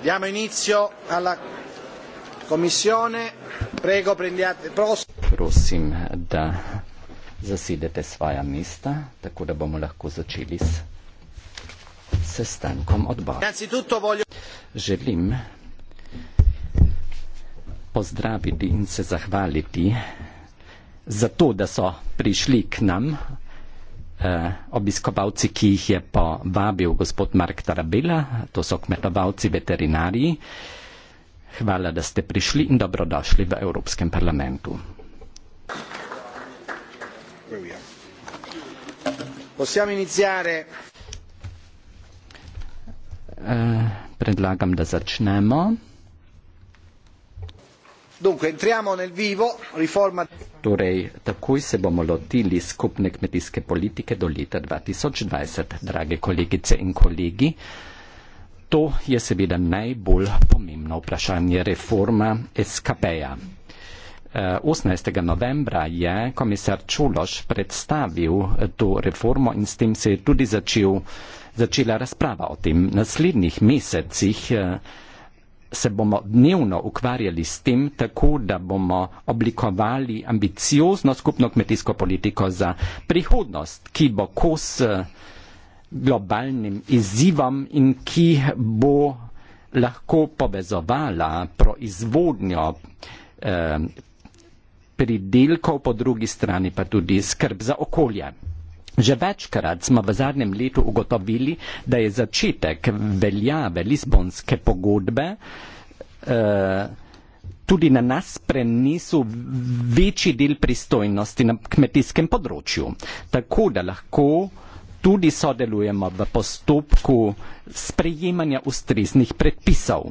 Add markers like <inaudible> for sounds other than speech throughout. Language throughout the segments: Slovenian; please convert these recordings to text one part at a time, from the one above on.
Diamo inizio alla Commissione. Prego, prendiate posto. Prosim da zasedete svoja mesta, tako da bomo lahko začeli s sestankom odbora. Innanzitutto voglio... Želim pozdraviti in se zahvaliti za to, da so prišli k nam Eh, obiskovalci, ki jih je povabil gospod Mark Tarabila, to so kmetovalci veterinariji. Hvala, da ste prišli in dobrodošli v Evropskem parlamentu. Eh, predlagam, da začnemo. Dunque, entriamo nel vivo, riforma... Torej, takoj se bomo lotili skupne kmetijske politike do leta 2020, drage kolegice in kolegi. To je seveda najbolj pomembno vprašanje reforma SKP-ja. 18. Eh, novembra je komisar Čuloš predstavil eh, to reformo in s tem se je tudi začel, začela razprava o tem. Naslednjih mesecih eh, se bomo dnevno ukvarjali s tem, tako da bomo oblikovali ambiciozno skupno kmetijsko politiko za prihodnost, ki bo kos eh, globalnim izzivom in ki bo lahko povezovala proizvodnjo eh, pridelkov, po drugi strani pa tudi skrb za okolje. Že večkrat smo v zadnjem letu ugotovili, da je začetek veljave Lisbonske pogodbe eh, tudi na nas prenesel večji del pristojnosti na kmetijskem področju, tako da lahko tudi sodelujemo v postopku sprejemanja ustreznih predpisov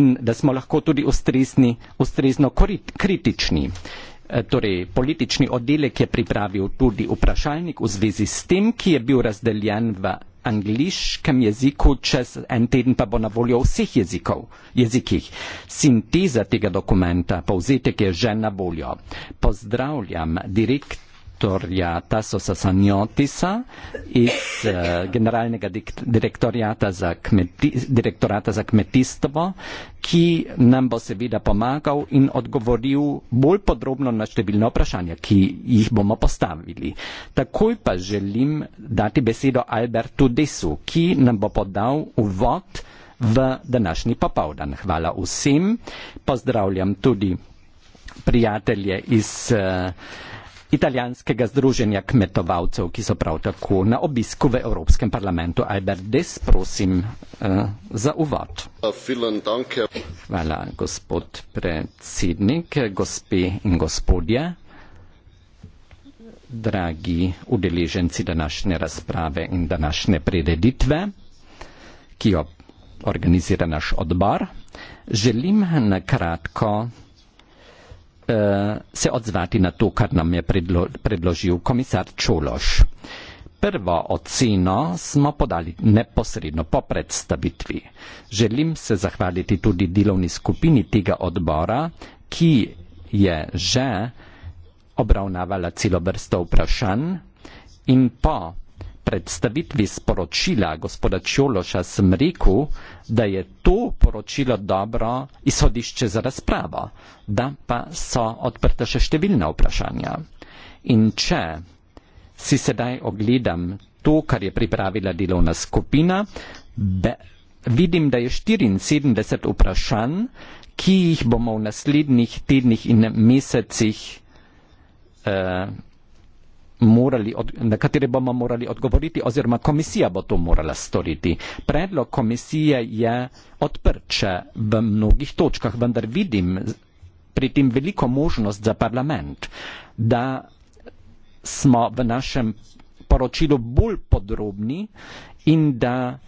in da smo lahko tudi ustrezni, ustrezno kritični. Eh, torej politični oddelek je pripravil tudi vprašalnik v zvezi s tem, ki je bil razdeljen v angliškem jeziku, čez en teden pa bo na voljo vseh jezikov, jezikih. Sinteza tega dokumenta, povzetek je že na voljo. Pozdravljam direkt direktorjata Sosasaniotisa, iz uh, generalnega direktorjata za, kmeti, direktorata za kmetijstvo, ki nam bo seveda pomagal in odgovoril bolj podrobno na številne vprašanja, ki jih bomo postavili. Takoj pa želim dati besedo Albertu Desu, ki nam bo podal uvod v današnji popovdan. Hvala vsem. Pozdravljam tudi prijatelje iz uh, italijanskega združenja kmetovalcev, ki so prav tako na obisku v Evropskem parlamentu. Albert Des, prosim uh, za uvod. Ja, Hvala, gospod predsednik, gospe in gospodje, dragi udeleženci današnje razprave in današnje prededitve, ki jo organizira naš odbor. Želim na kratko uh, se odzvati na to, kar nam je predlo predložil komisar Čološ. Prvo oceno smo podali neposredno po predstavitvi. Želim se zahvaliti tudi delovni skupini tega odbora, ki je že obravnavala celo vrsto vprašanj in po predstavitvi sporočila gospoda Čološa sem rekel, da je to poročilo dobro izhodišče za razpravo, da pa so odprta še številna vprašanja. In če si sedaj ogledam to, kar je pripravila delovna skupina, be, vidim, da je 74 vprašanj, ki jih bomo v naslednjih tednih in mesecih eh, morali, na katere bomo morali odgovoriti, oziroma komisija bo to morala storiti. Predlog komisije je odprče v mnogih točkah, vendar vidim pri tem veliko možnost za parlament, da smo v našem poročilu bolj podrobni in da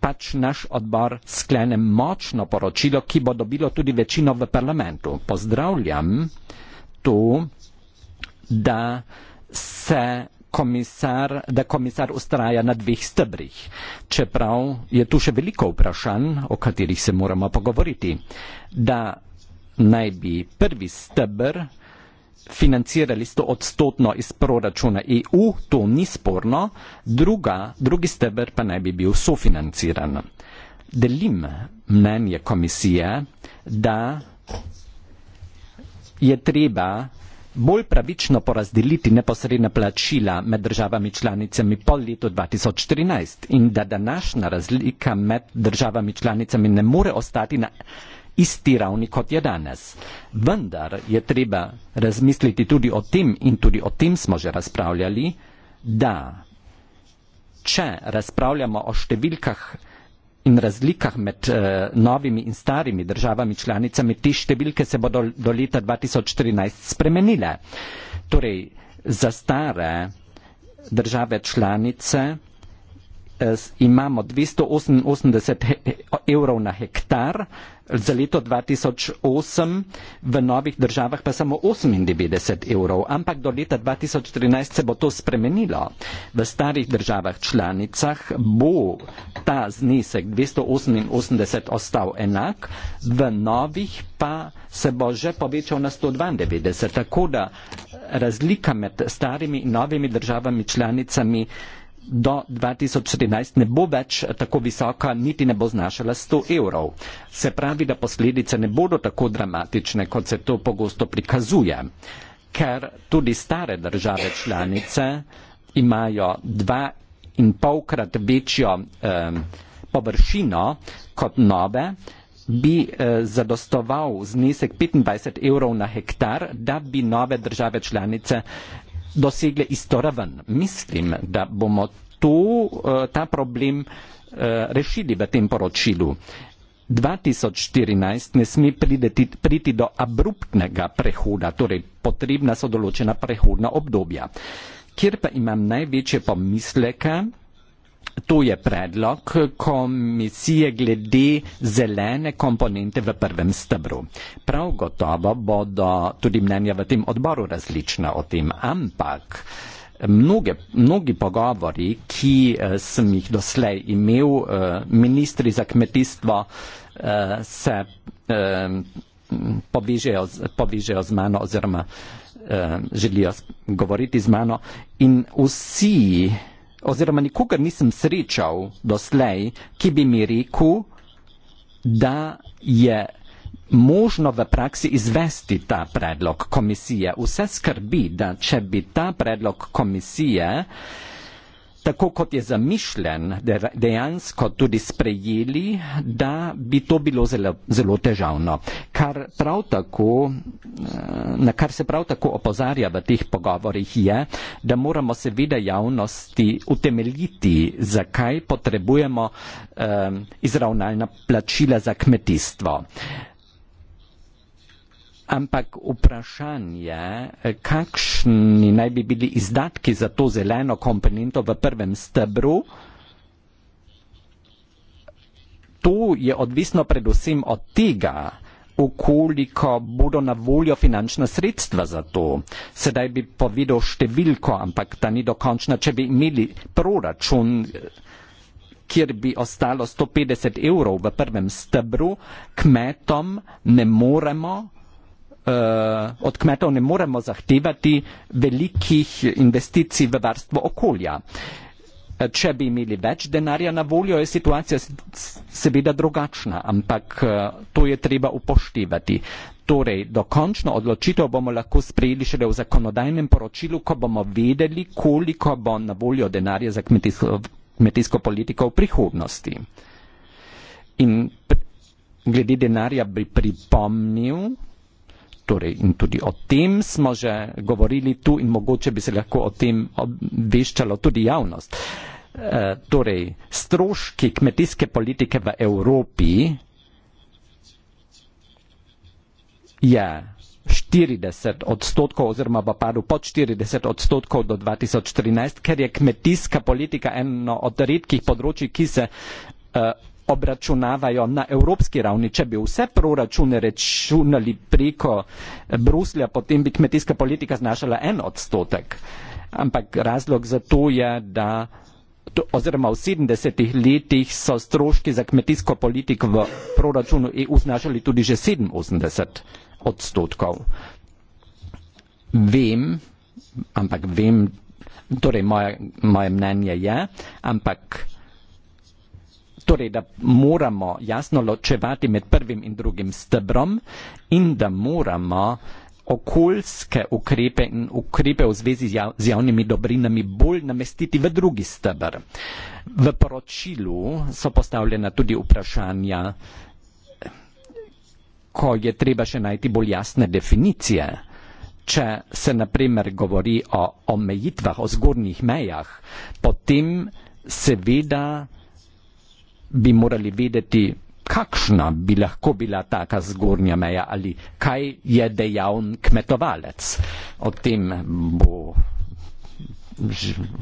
pač naš odbor sklene močno poročilo, ki bo dobilo tudi večino v parlamentu. Pozdravljam to, da uh, se komisar, da komisar ustraja na dveh stebrih. Čeprav je tu še veliko vprašanj, o katerih se moramo pogovoriti, da naj bi prvi stebr financirali sto odstotno iz proračuna EU, to ni sporno, druga, drugi stebr pa naj bi bil sofinanciran. Delim mnenje komisije, da je treba bolj pravično porazdeliti neposredna plačila med državami članicami po letu 2013 in da današnja razlika med državami članicami ne more ostati na isti ravni kot je danes. Vendar je treba razmisliti tudi o tem in tudi o tem smo že razpravljali, da če razpravljamo o številkah in razlikah med eh, novimi in starimi državami članicami, te številke se bodo do leta 2014 spremenile. Torej, za stare države članice imamo 288 evrov na hektar, za leto 2008 v novih državah pa samo 98 evrov, ampak do leta 2013 se bo to spremenilo. V starih državah članicah bo ta znesek 288 ostal enak, v novih pa se bo že povečal na 192, tako da razlika med starimi in novimi državami članicami do 2014 ne bo več tako visoka, niti ne bo znašala 100 evrov. Se pravi, da posledice ne bodo tako dramatične, kot se to pogosto prikazuje, ker tudi stare države članice imajo dva in polkrat večjo eh, površino kot nove, bi eh, zadostoval znesek 25 evrov na hektar, da bi nove države članice dosegle isto raven. Mislim, da bomo tu eh, ta problem eh, rešili v tem poročilu. 2014 ne sme prideti, priti do abruptnega prehoda, torej potrebna so določena prehodna obdobja. Kjer pa imam največje pomisleke, To je predlog komisije glede zelene komponente v prvem stebru. Prav gotovo bodo tudi mnenja v tem odboru različna o tem, ampak mnoge, mnogi pogovori, ki eh, sem jih doslej imel, eh, ministri za kmetijstvo eh, se povežejo, povežejo z mano oziroma želijo govoriti z mano in vsi oziroma nikogar nisem srečal doslej, ki bi mi rekel, da je možno v praksi izvesti ta predlog komisije. Vse skrbi, da če bi ta predlog komisije uh, tako kot je zamišljen, dejansko tudi sprejeli, da bi to bilo zelo, zelo težavno. Kar prav tako, eh, na kar se prav tako opozarja v teh pogovorih je, da moramo seveda javnosti utemeljiti, zakaj potrebujemo eh, izravnalna plačila za kmetijstvo. Eh, ampak vprašanje, eh, kakšni naj bi bili izdatki za to zeleno komponento v prvem stebru, to je odvisno predvsem od tega, ukoliko bodo na voljo finančna sredstva za to. Sedaj bi povedal številko, ampak ta ni dokončna, če bi imeli proračun, kjer bi ostalo 150 evrov v prvem stebru, kmetom ne moremo uh, od kmetov ne moremo zahtevati velikih investicij v varstvo okolja. Če bi imeli več denarja na voljo, je situacija seveda drugačna, ampak eh, to je treba upoštevati. Torej, dokončno odločitev bomo lahko sprejeli šele v zakonodajnem poročilu, ko bomo vedeli, koliko bo na voljo denarja za kmetijsko, kmetijsko politiko v prihodnosti. In glede denarja bi pripomnil, Torej, in tudi o tem smo že govorili tu in mogoče bi se lahko o tem obveščalo tudi javnost. E, torej, stroški kmetijske politike v Evropi je 40 odstotkov oziroma pa padu pod 40 odstotkov do 2013, ker je kmetijska politika eno od redkih področji, ki se uh, obračunavajo na evropski ravni. Če bi vse proračune računali preko Bruslja, potem bi kmetijska politika znašala en odstotek. Ampak razlog za to je, da oziroma v 70-ih letih so stroški za kmetijsko politiko v proračunu EU znašali tudi že 87 odstotkov. Vem, ampak vem, torej moje, moje mnenje je, ampak torej da moramo jasno ločevati med prvim in drugim stebrom in da moramo okoljske ukrepe in ukrepe v zvezi z javnimi dobrinami bolj namestiti v drugi stebr. V poročilu so postavljena tudi vprašanja, ko je treba še najti bolj jasne definicije. Če se na primer govori o omejitvah, o zgornjih mejah, potem seveda bi morali vedeti, kakšna bi lahko bila taka zgornja meja ali kaj je dejavn kmetovalec. O tem bo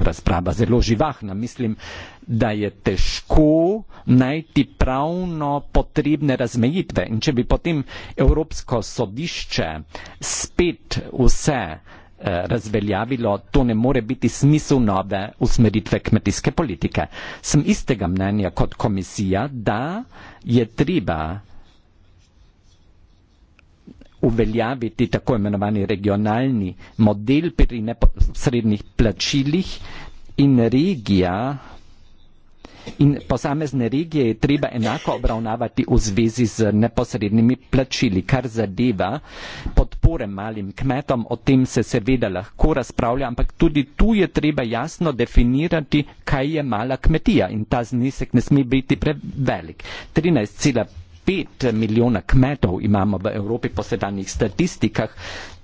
razprava zelo živahna. Mislim, da je težko najti pravno potrebne razmejitve. In če bi potem Evropsko sodišče spet vse uh, Eh, razveljavilo, to ne more biti smisel nove usmeritve kmetijske politike. Sem istega mnenja kot komisija, da je treba uveljaviti tako imenovani regionalni model pri neposrednih plačilih in regija in posamezne regije je treba enako obravnavati v zvezi z neposrednimi plačili, kar zadeva podpore malim kmetom, o tem se seveda lahko razpravlja, ampak tudi tu je treba jasno definirati, kaj je mala kmetija in ta znesek ne sme biti prevelik. 13, pet milijona kmetov imamo v Evropi po sedanjih statistikah,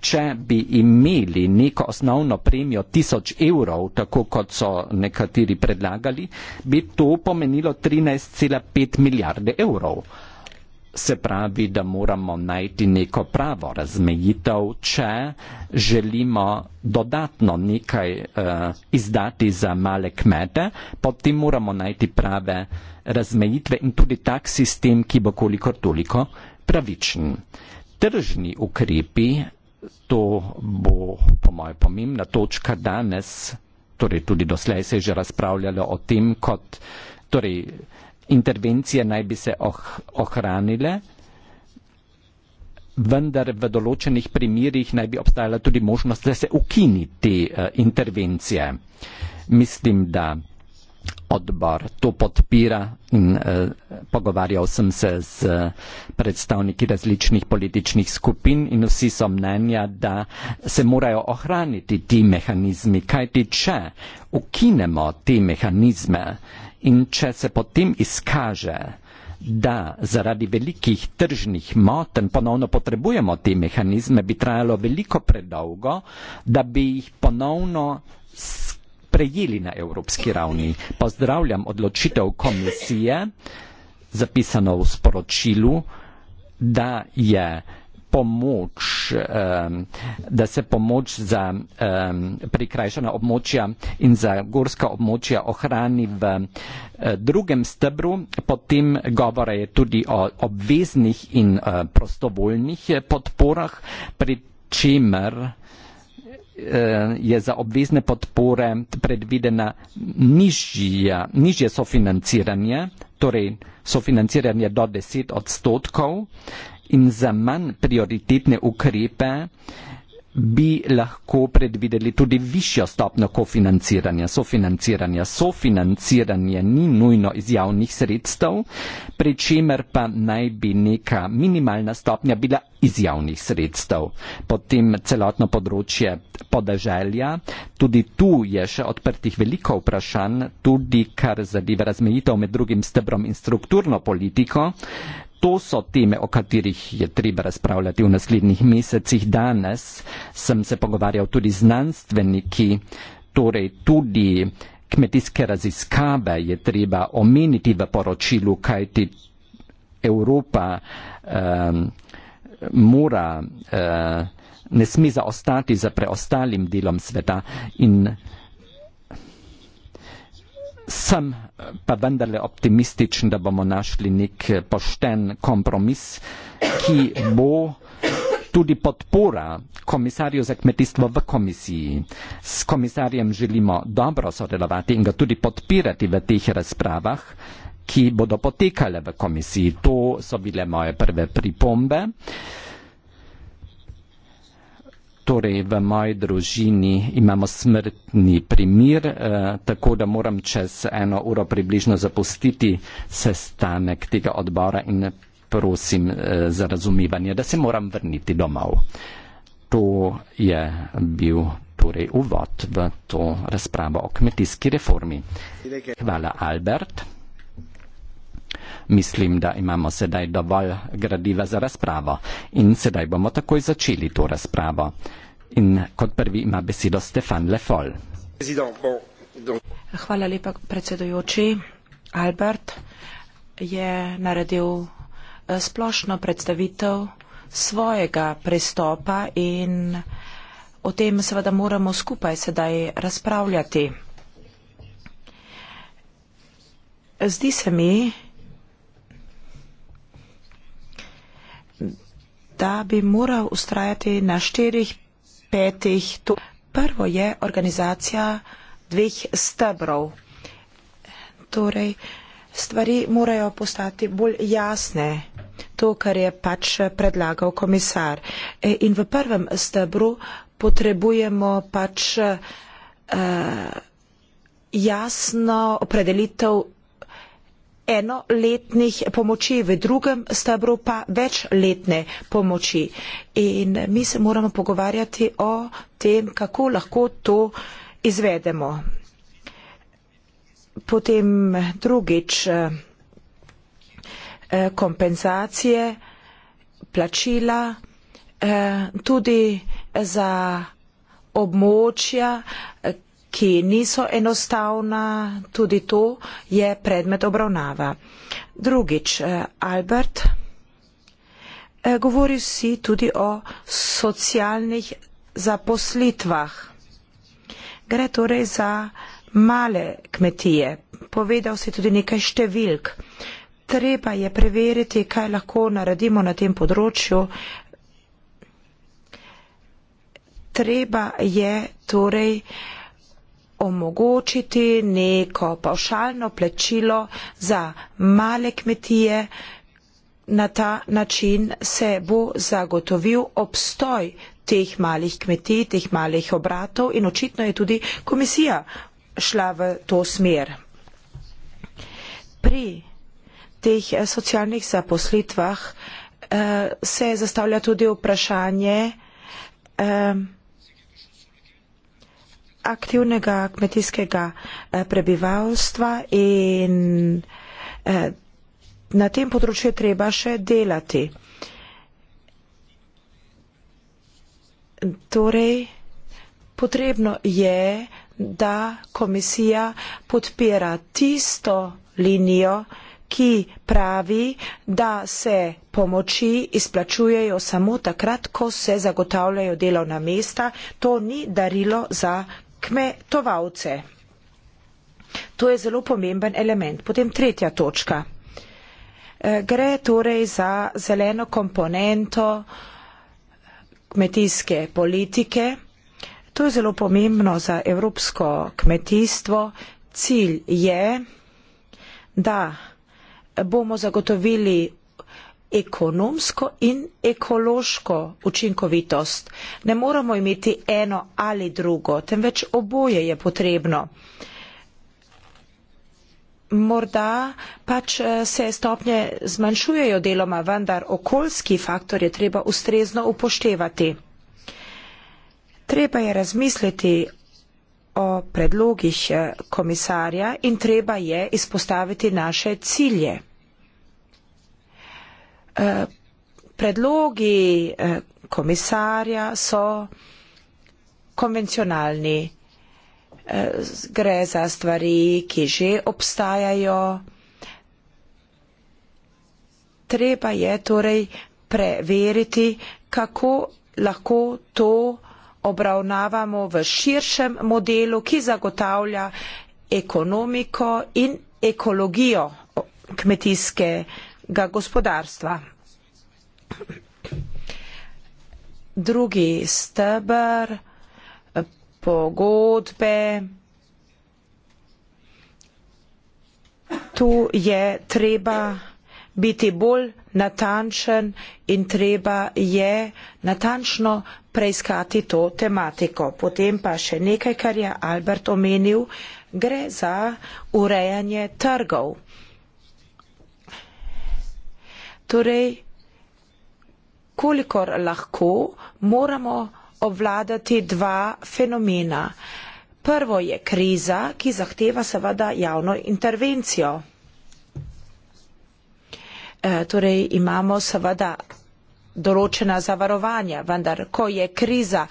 če bi imeli neko osnovno premijo tisoč evrov, tako kot so nekateri predlagali, bi to pomenilo 13,5 milijarde evrov se pravi, da moramo najti neko pravo razmejitev, če želimo dodatno nekaj uh, izdati za male kmete, potem moramo najti prave razmejitve in tudi tak sistem, ki bo kolikor toliko pravičen. Tržni ukrepi, to bo po mojem pomembna točka danes, torej tudi doslej se je že razpravljalo o tem, kot torej, intervencije naj bi se oh, ohranile, vendar v določenih primerjih naj bi obstajala tudi možnost, da se ukini te uh, intervencije. Mislim, da odbor to podpira in uh, pogovarjal sem se z uh, predstavniki različnih političnih skupin in vsi so mnenja, da se morajo ohraniti ti mehanizmi, kajti če ukinemo te mehanizme In če se potem izkaže, da zaradi velikih tržnih moten ponovno potrebujemo te mehanizme, bi trajalo veliko predolgo, da bi jih ponovno prejeli na evropski ravni. Pozdravljam odločitev komisije, zapisano v sporočilu, da je pomoč, da se pomoč za prikrajšana območja in za gorska območja ohrani v eh, drugem stebru, potem govora je tudi o obveznih in eh, prostovoljnih podporah, pri čemer eh, je za obvezne podpore predvidena nižja, nižje sofinanciranje, torej sofinanciranje do 10 odstotkov, in za manj prioritetne ukrepe bi lahko predvideli tudi višjo stopno kofinanciranja, sofinanciranja. Sofinanciranje ni nujno iz javnih sredstev, pri čemer pa naj bi neka minimalna stopnja bila iz javnih sredstev. Potem celotno področje podeželja, tudi tu je še odprtih veliko vprašanj, tudi kar zadeva razmejitev med drugim stebrom in strukturno politiko, to so teme, o katerih je treba razpravljati v naslednjih mesecih. Danes sem se pogovarjal tudi z znanstveniki, torej tudi kmetijske raziskave je treba omeniti v poročilu, kajti Evropa eh, mora, eh, ne sme zaostati za preostalim delom sveta. In, sem pa vendarle optimističen, da bomo našli nek pošten kompromis, ki bo tudi podpora komisarju za kmetijstvo v komisiji. S komisarjem želimo dobro sodelovati in ga tudi podpirati v teh razpravah, ki bodo potekale v komisiji. To so bile moje prve pripombe. Uh, torej v moji družini imamo smrtni primir, eh, tako da moram čez eno uro približno zapustiti sestanek tega odbora in prosim eh, za razumivanje, da se moram vrniti domov. To je bil torej uvod v to razpravo o kmetijski reformi. Hvala, Albert. Mislim, da imamo sedaj dovolj gradiva za razpravo in sedaj bomo takoj začeli to razpravo. In kot prvi ima besedo Stefan Lefol. Hvala lepa, predsedojoči. Albert je naredil eh, splošno predstavitev svojega prestopa in o tem seveda moramo skupaj sedaj razpravljati. Zdi se mi, da bi moral ustrajati na štirih, petih. To. Prvo je organizacija dveh stebrov. Torej, stvari morajo postati bolj jasne, to, kar je pač predlagal komisar. E, in v prvem stebru potrebujemo pač uh, jasno opredelitev enoletnih pomoči, v drugem stebru pa večletne pomoči. In mi se moramo pogovarjati o tem, kako lahko to izvedemo. Potem drugič eh, eh, kompenzacije, plačila, eh, tudi za območja, ki niso enostavna, tudi to je predmet obravnava. Drugič, eh, Albert, eh, govoril si tudi o socialnih zaposlitvah. Gre torej za male kmetije. Povedal si tudi nekaj številk. Treba je preveriti, kaj lahko naredimo na tem področju. Treba je torej eh, omogočiti neko pavšalno plečilo za male kmetije. Na ta način se bo zagotovil obstoj teh malih kmetij, teh malih obratov in očitno je tudi komisija šla v to smer. Pri teh eh, socialnih zaposlitvah eh, se zastavlja tudi vprašanje, eh, aktivnega kmetijskega eh, prebivalstva in eh, na tem področju treba še delati. Torej, potrebno je, da komisija podpira tisto linijo, ki pravi, da se pomoči izplačujejo samo takrat, ko se zagotavljajo delovna mesta. To ni darilo za kmetovalce. To je zelo pomemben element. Potem tretja točka. E, gre torej za zeleno komponento kmetijske politike. To je zelo pomembno za evropsko kmetijstvo. Cilj je, da bomo zagotovili ekonomsko in ekološko učinkovitost. Ne moramo imeti eno ali drugo, temveč oboje je potrebno. Morda pač eh, se stopnje zmanjšujejo deloma, vendar okoljski faktor je treba ustrezno upoštevati. Treba je razmisliti o predlogih eh, komisarja in treba je izpostaviti naše cilje. Eh, predlogi eh, komisarja so konvencionalni. Eh, gre za stvari, ki že obstajajo. Treba je torej preveriti, kako lahko to obravnavamo v širšem modelu, ki zagotavlja ekonomiko in ekologijo kmetijske ga gospodarstva. Drugi stebr, pogodbe, tu je treba biti bolj natančen in treba je natančno preiskati to tematiko. Potem pa še nekaj, kar je Albert omenil, gre za urejanje trgov. Torej, kolikor lahko, moramo obvladati dva fenomena. Prvo je kriza, ki zahteva seveda javno intervencijo. E, torej, imamo seveda določena zavarovanja, vendar, ko je kriza,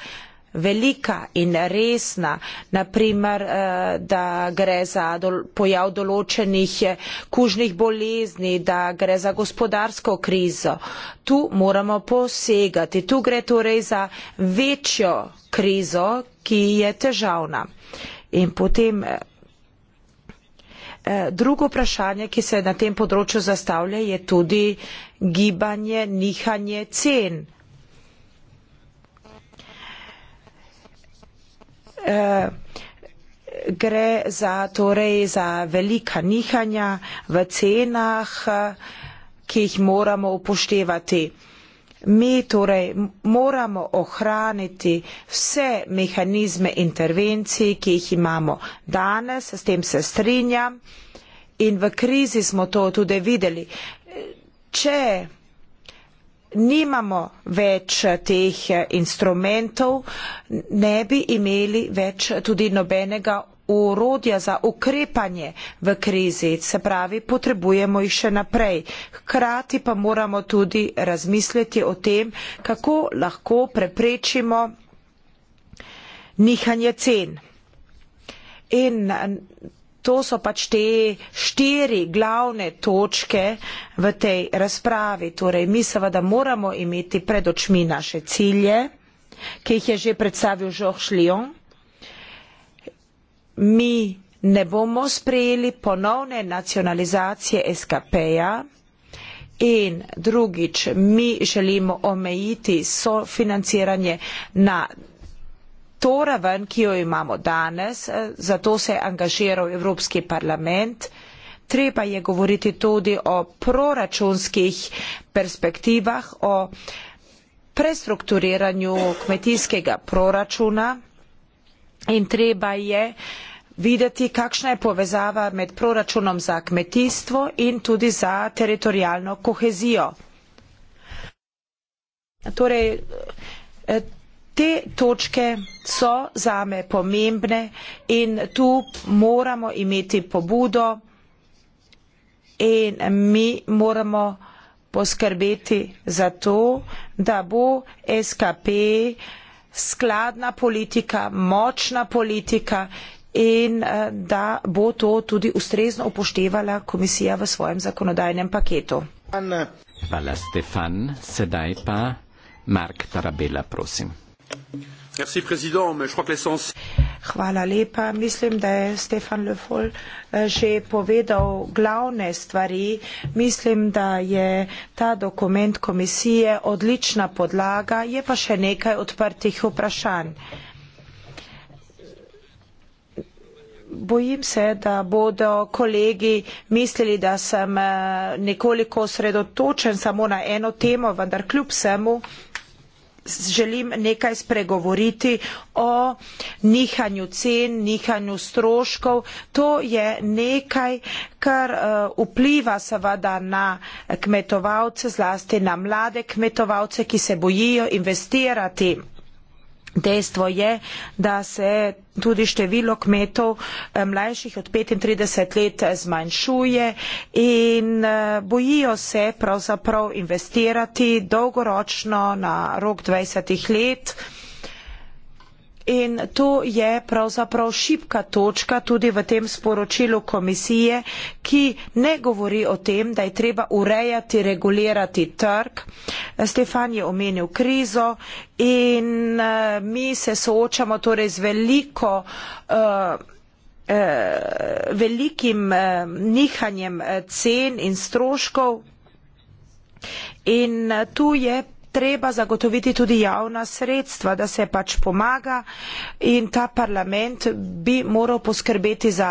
velika in resna, naprimer, eh, da gre za pojav določenih eh, kužnih bolezni, da gre za gospodarsko krizo. Tu moramo posegati, tu gre torej za večjo krizo, ki je težavna. In potem eh, drugo vprašanje, ki se na tem področju zastavlja, je tudi gibanje, nihanje cen Eh, gre za, torej, za velika nihanja v cenah, eh, ki jih moramo upoštevati. Mi torej moramo ohraniti vse mehanizme intervencij, ki jih imamo danes, s tem se strinjam. In v krizi smo to tudi videli. Eh, če nimamo več teh eh, instrumentov, ne bi imeli več tudi nobenega urodja za ukrepanje v krizi, se pravi, potrebujemo jih še naprej. Hkrati pa moramo tudi razmisliti o tem, kako lahko preprečimo nihanje cen. In eh, to so pač te štiri glavne točke v tej razpravi. Torej, mi seveda moramo imeti pred očmi naše cilje, ki jih je že predstavil Žoš Lyon. Mi ne bomo sprejeli ponovne nacionalizacije SKP-ja. In drugič, mi želimo omejiti sofinanciranje na to raven, ki jo imamo danes, eh, zato se je angažiral Evropski parlament. Treba je govoriti tudi o proračunskih perspektivah, o prestrukturiranju kmetijskega proračuna in treba je videti, kakšna je povezava med proračunom za kmetijstvo in tudi za teritorijalno kohezijo. Torej, eh, Te točke so zame pomembne in tu moramo imeti pobudo in mi moramo poskrbeti za to, da bo SKP skladna politika, močna politika in eh, da bo to tudi ustrezno upoštevala komisija v svojem zakonodajnem paketu. Hvala Stefan, sedaj pa Mark Tarabela, prosim. Merci, président, mais je crois que Hvala lepa. Mislim, da je Stefan Lefol eh, že povedal glavne stvari. Mislim, da je ta dokument komisije odlična podlaga, je pa še nekaj odprtih vprašanj. Bojim se, da bodo kolegi mislili, da sem eh, nekoliko osredotočen samo na eno temo, vendar kljub vsemu želim nekaj spregovoriti o nihanju cen, nihanju stroškov. To je nekaj, kar eh, vpliva seveda na kmetovalce, zlasti na mlade kmetovalce, ki se bojijo investirati Dejstvo je, da se tudi število kmetov eh, mlajših od 35 let zmanjšuje in eh, bojijo se pravzaprav investirati dolgoročno na rok 20 let. In to je pravzaprav šipka točka tudi v tem sporočilu komisije, ki ne govori o tem, da je treba urejati, regulirati trg. Stefan je omenil krizo in eh, mi se soočamo torej z veliko. Uh, velikim nihanjem cen in stroškov. In tu je treba zagotoviti tudi javna sredstva, da se pač pomaga in ta parlament bi moral poskrbeti za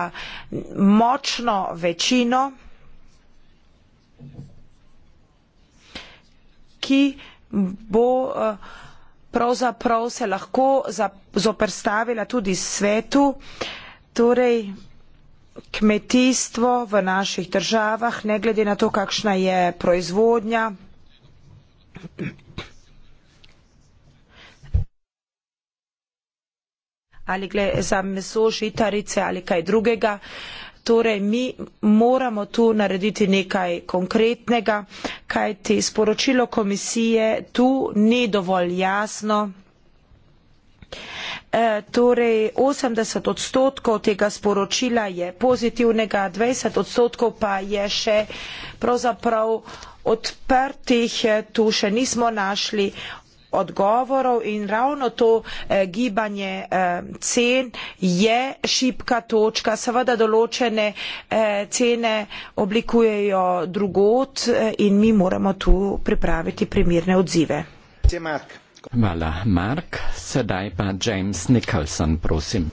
močno večino, ki bo eh, pravzaprav se lahko zoprstavila tudi svetu, torej kmetijstvo v naših državah, ne glede na to, kakšna je proizvodnja, ali gre za meso, žitarice ali kaj drugega. Torej, mi moramo tu narediti nekaj konkretnega, kajti sporočilo komisije tu ni dovolj jasno. E, torej, 80 odstotkov tega sporočila je pozitivnega, 20 odstotkov pa je še pravzaprav odprtih, eh, tu še nismo našli odgovorov in ravno to eh, gibanje eh, cen je šipka točka. Seveda določene eh, cene oblikujejo drugot eh, in mi moramo tu pripraviti primirne odzive. Hvala, Mark. Sedaj pa James Nicholson, prosim.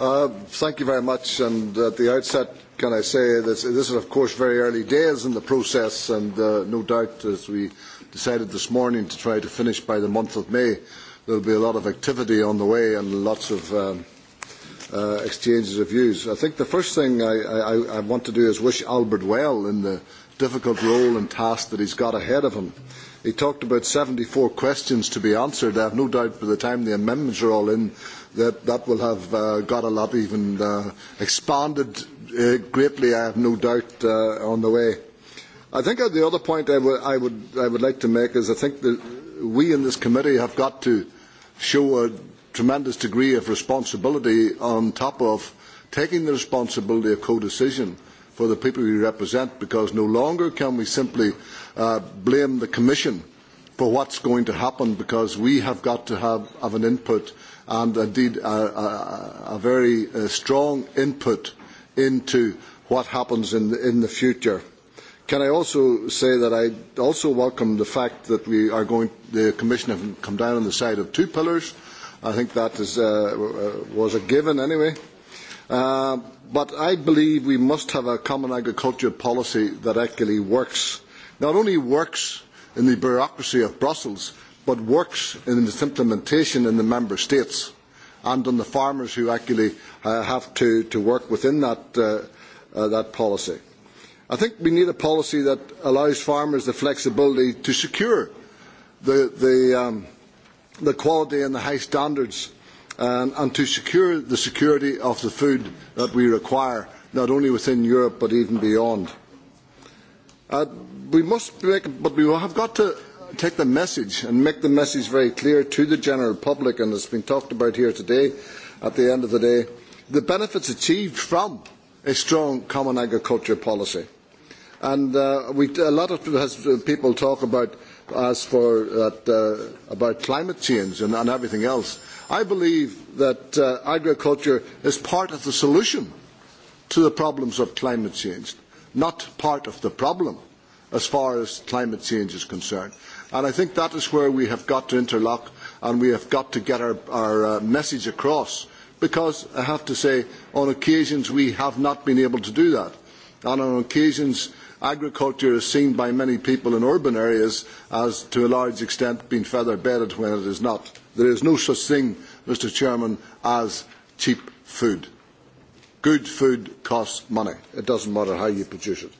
Uh, thank you very much. And at the outset, can I say that this is, of course, very early days in the process, and uh, no doubt, as we decided this morning to try to finish by the month of May, there will be a lot of activity on the way and lots of um, uh, exchanges of views. I think the first thing I, I, I want to do is wish Albert well in the difficult role and task that he's got ahead of him. He talked about 74 questions to be answered. I have no doubt by the time the amendments are all in, that that will have uh, got a lot even uh, expanded uh, greatly. I uh, have no doubt uh, on the way. I think uh, the other point I, w- I would I would like to make is I think that we in this committee have got to show a tremendous degree of responsibility on top of taking the responsibility of co-decision for the people we represent because no longer can we simply uh, blame the Commission for what's going to happen because we have got to have, have an input uh, and uh, indeed a, a, a very uh, strong input into what happens in the, in the future. Can I also say that I also welcome the fact that we are going, the Commission have come down on the side of two pillars. I think that is, uh, uh was a given anyway. Uh, but I believe we must have a common agriculture policy that actually works. Not only works in the bureaucracy of Brussels, but works in its implementation in the member states and on the farmers who actually uh, have to, to work within that, uh, uh, that policy. I think we need a policy that allows farmers the flexibility to secure the, the, um, the quality and the high standards and, um, and to secure the security of the food that we require, not only within Europe but even beyond. Uh, we must make, but we have got to take the message and make the message very clear to the general public, and it's been talked about here today, at the end of the day, the benefits achieved from a strong common agriculture policy. And uh, we, a lot of people talk about us for that, uh, about climate change and, and everything else. I believe that uh, agriculture is part of the solution to the problems of climate change, not part of the problem as far as climate change is concerned. And I think that is where we have got to interlock and we have got to get our, our uh, message across. Because I have to say, on occasions we have not been able to do that. And on occasions, agriculture is seen by many people in urban areas as to a large extent being feather bedded when it is not. There is no such thing, Mr. Chairman, as cheap food. Good food costs money. It doesn't matter how you produce it.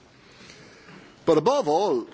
But above all,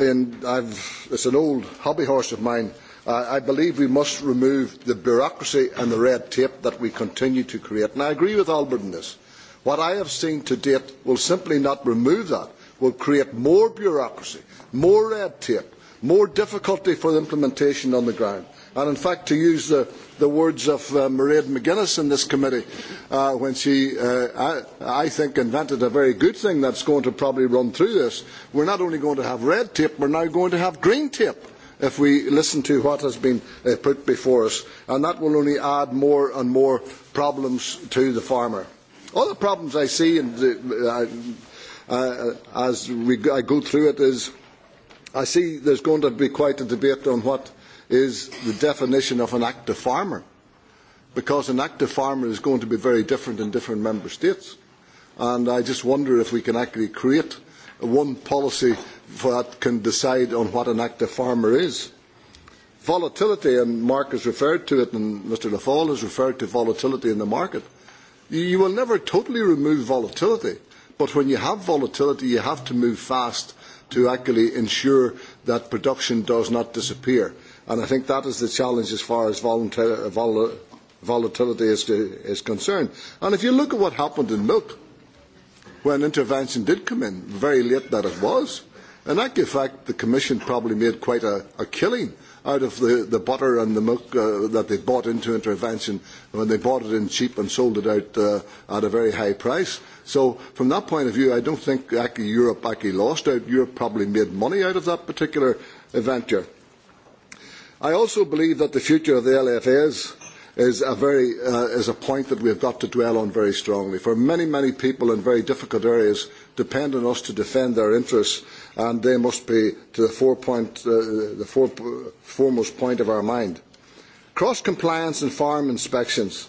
in, I've, it's an old hobby horse of mine. Uh, I believe we must remove the bureaucracy and the red tape that we continue to create. And I agree with Albert in this. What I have seen to date will simply not remove that, will create more bureaucracy, more red tape, more difficulty for the implementation on the ground. And in fact, to use the, the words of uh, Mairead McGuinness in this committee, uh, when she, uh, I, I think, invented a very good thing that's going to probably run through this, we're not only going to have red tape, we're now going to have green tape if we listen to what has been uh, put before us. And that will only add more and more problems to the farmer. Other problems I see in the, uh, uh, as we, I go through it is I see there's going to be quite a debate on what is the definition of an active farmer. Because an active farmer is going to be very different in different member states. And I just wonder if we can actually create one policy that can decide on what an active farmer is. Volatility, and Mark has referred to it, and Mr. LaFall has referred to volatility in the market. You will never totally remove volatility, but when you have volatility, you have to move fast to actually ensure that production does not disappear. And I think that is the challenge as far as volatil- vol- volatility is, to, is concerned. And if you look at what happened in milk, when intervention did come in, very late that it was, in actual fact, the Commission probably made quite a, a killing out of the, the butter and the milk uh, that they bought into intervention when they bought it in cheap and sold it out uh, at a very high price. So from that point of view, I don't think actually Europe actually lost out. Europe probably made money out of that particular venture. I also believe that the future of the LFA is, is, a very, uh, is a point that we have got to dwell on very strongly. For many, many people in very difficult areas depend on us to defend their interests, and they must be to the, four point, uh, the four, foremost point of our mind. Cross compliance and farm inspections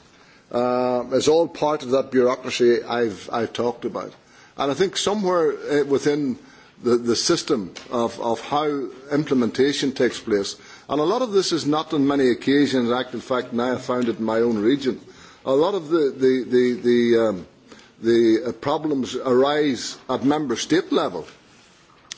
uh, is all part of that bureaucracy I've, I've talked about. And I think somewhere uh, within the, the system of, of how implementation takes place, And a lot of this is not on many occasions, in fact, now I found it in my own region. A lot of the, the, the, the, um, the uh, problems arise at member state level,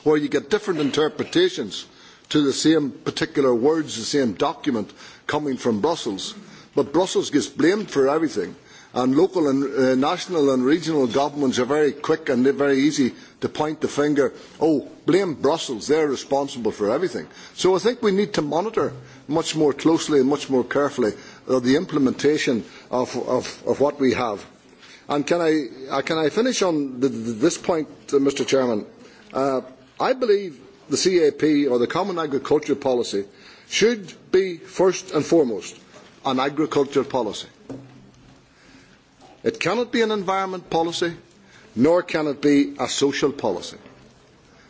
where you get different interpretations to the same particular words, the same document coming from Brussels. But Brussels gets blamed for everything. And local and uh, national and regional governments are very quick and they're very easy to point the finger. Oh, blame Brussels, they're responsible for everything. So I think we need to monitor much more closely and much more carefully uh, the implementation of, of, of what we have. And can I, uh, can I finish on the, the, this point, uh, Mr Chairman? Uh, I believe the CAP, or the Common Agriculture Policy, should be first and foremost an agriculture policy. It cannot be an environment policy, nor can it be a social policy.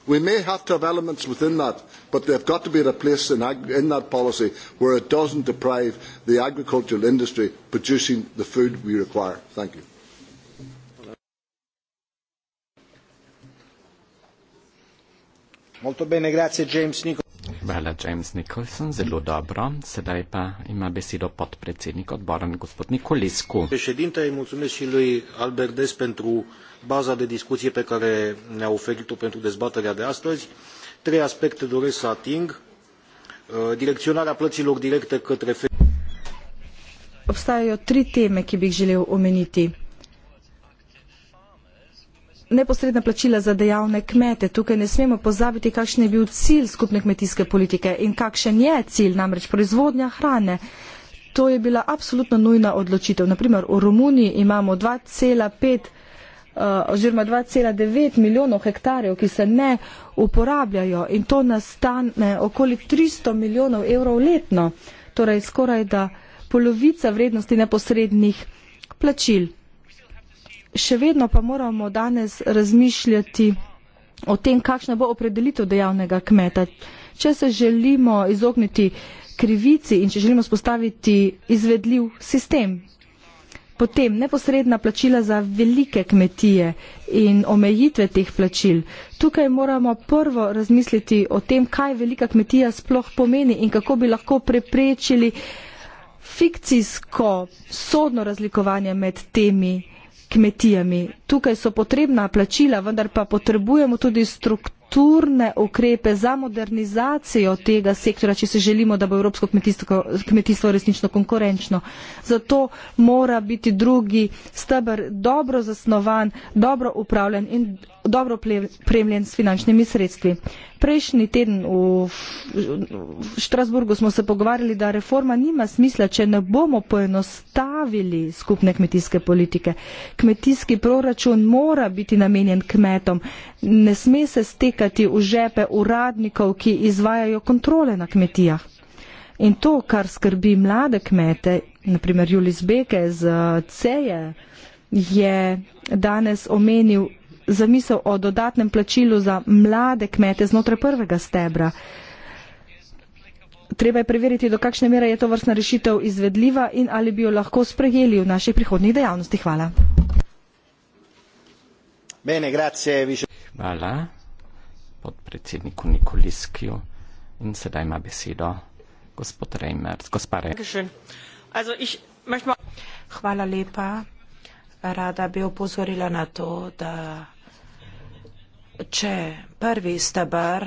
We may have to have elements within that, but they've got to be at a place in, ag- in that policy where it doesn't deprive the agricultural industry producing the food we require. Thank you. Molto bene, grazie James Nicol- Hvala, James Nicholson, zelo dobro. Sedaj pa ima besedo podpredsednik odbora, gospod Nikolescu. Președinte, îi mulțumesc și lui Albert Des pentru baza de discuție pe care ne-a oferit-o pentru dezbaterea de astăzi. Trei aspecte doresc să ating. Uh, direcționarea plăților directe către... Obstaiau trei teme, care bih želeu omeniti neposredna plačila za dejavne kmete. Tukaj ne smemo pozabiti, kakšen je bil cilj skupne kmetijske politike in kakšen je cilj, namreč proizvodnja hrane. To je bila absolutno nujna odločitev. Naprimer, v Romuniji imamo 2,5. Eh, oziroma 2,9 milijonov hektarjev, ki se ne uporabljajo in to nastane okoli 300 milijonov evrov letno, torej skoraj da polovica vrednosti neposrednih plačil še vedno pa moramo danes razmišljati o tem, kakšna bo opredelitev dejavnega kmeta. Če se želimo izogniti krivici in če želimo spostaviti izvedljiv sistem, potem neposredna plačila za velike kmetije in omejitve teh plačil. Tukaj moramo prvo razmisliti o tem, kaj velika kmetija sploh pomeni in kako bi lahko preprečili fikcijsko sodno razlikovanje med temi kmetijami kmetijami. Tukaj so potrebna plačila, vendar pa potrebujemo tudi strukturo strukturne ukrepe za modernizacijo tega sektora, če se želimo, da bo evropsko kmetijstvo resnično konkurenčno. Zato mora biti drugi stebr dobro zasnovan, dobro upravljen in dobro premljen s finančnimi sredstvi. Prejšnji teden v Štrasburgu smo se pogovarjali, da reforma nima smisla, če ne bomo poenostavili skupne kmetijske politike. Kmetijski proračun mora biti namenjen kmetom. Ne sme se stek tekati v žepe uradnikov, ki izvajajo kontrole na kmetijah. In to, kar skrbi mlade kmete, naprimer Julis Beke z eh, CEJE, je danes omenil zamisel o dodatnem plačilu za mlade kmete znotraj prvega stebra. Treba je preveriti, do kakšne mere je to vrstna rešitev izvedljiva in ali bi jo lahko sprejeli v naših prihodnih dejavnostih. Hvala. Bene, grazie, vice... Hvala podpredsedniku Nikoliskiju in sedaj ima besedo gospod Reimers. Gospa Reimers. Hvala lepa. Rada bi opozorila na to, da če prvi stebr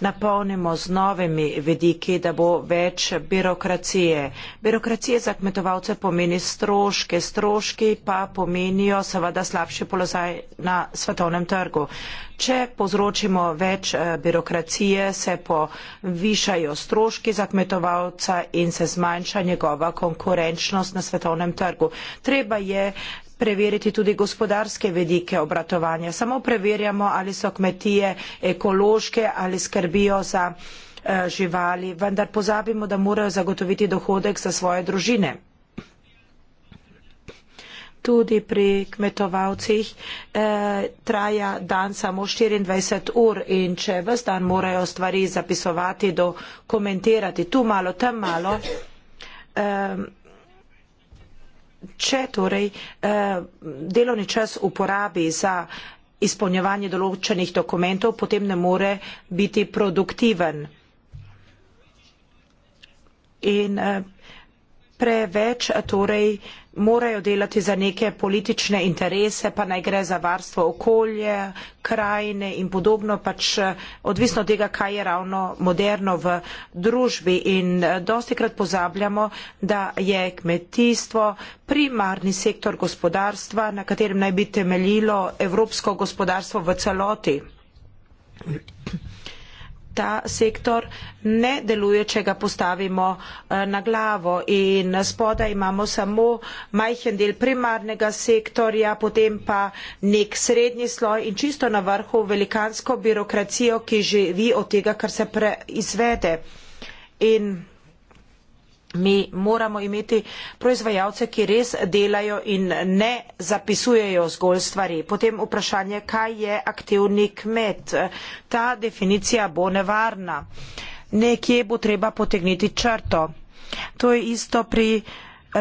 napolnimo z novimi vediki, da bo več birokracije. Birokracije za kmetovalce pomeni stroške, stroški pa pomenijo seveda slabši položaj na svetovnem trgu. Če povzročimo več eh, birokracije, se povišajo stroški za kmetovalca in se zmanjša njegova konkurenčnost na svetovnem trgu. Treba je preveriti tudi gospodarske vedike obratovanja. Samo preverjamo, ali so kmetije ekološke, ali skrbijo za eh, živali, vendar pozabimo, da morajo zagotoviti dohodek za svoje družine. Tudi pri kmetovalcih eh, traja dan samo 24 ur in če vse dan morajo stvari zapisovati, dokumentirati, tu malo, tam malo, eh, Če torej eh, delovni čas uporabi za izpolnjevanje določenih dokumentov, potem ne more biti produktiven. In eh, preveč eh, torej eh, morajo delati za neke politične interese, pa naj gre za varstvo okolje, krajine in podobno, pač eh, odvisno od tega, kaj je ravno moderno v družbi. In eh, dosti krat pozabljamo, da je kmetijstvo primarni sektor gospodarstva, na katerem naj bi temeljilo evropsko gospodarstvo v celoti ta sektor ne deluje, če ga postavimo eh, na glavo. In spodaj imamo samo majhen del primarnega sektorja, potem pa nek srednji sloj in čisto na vrhu velikansko birokracijo, ki živi od tega, kar se preizvede. In Mi moramo imeti proizvajalce, ki res delajo in ne zapisujejo zgolj stvari. Potem vprašanje, kaj je aktivni kmet. Ta definicija bo nevarna. Nekje bo treba potegniti črto. To je isto pri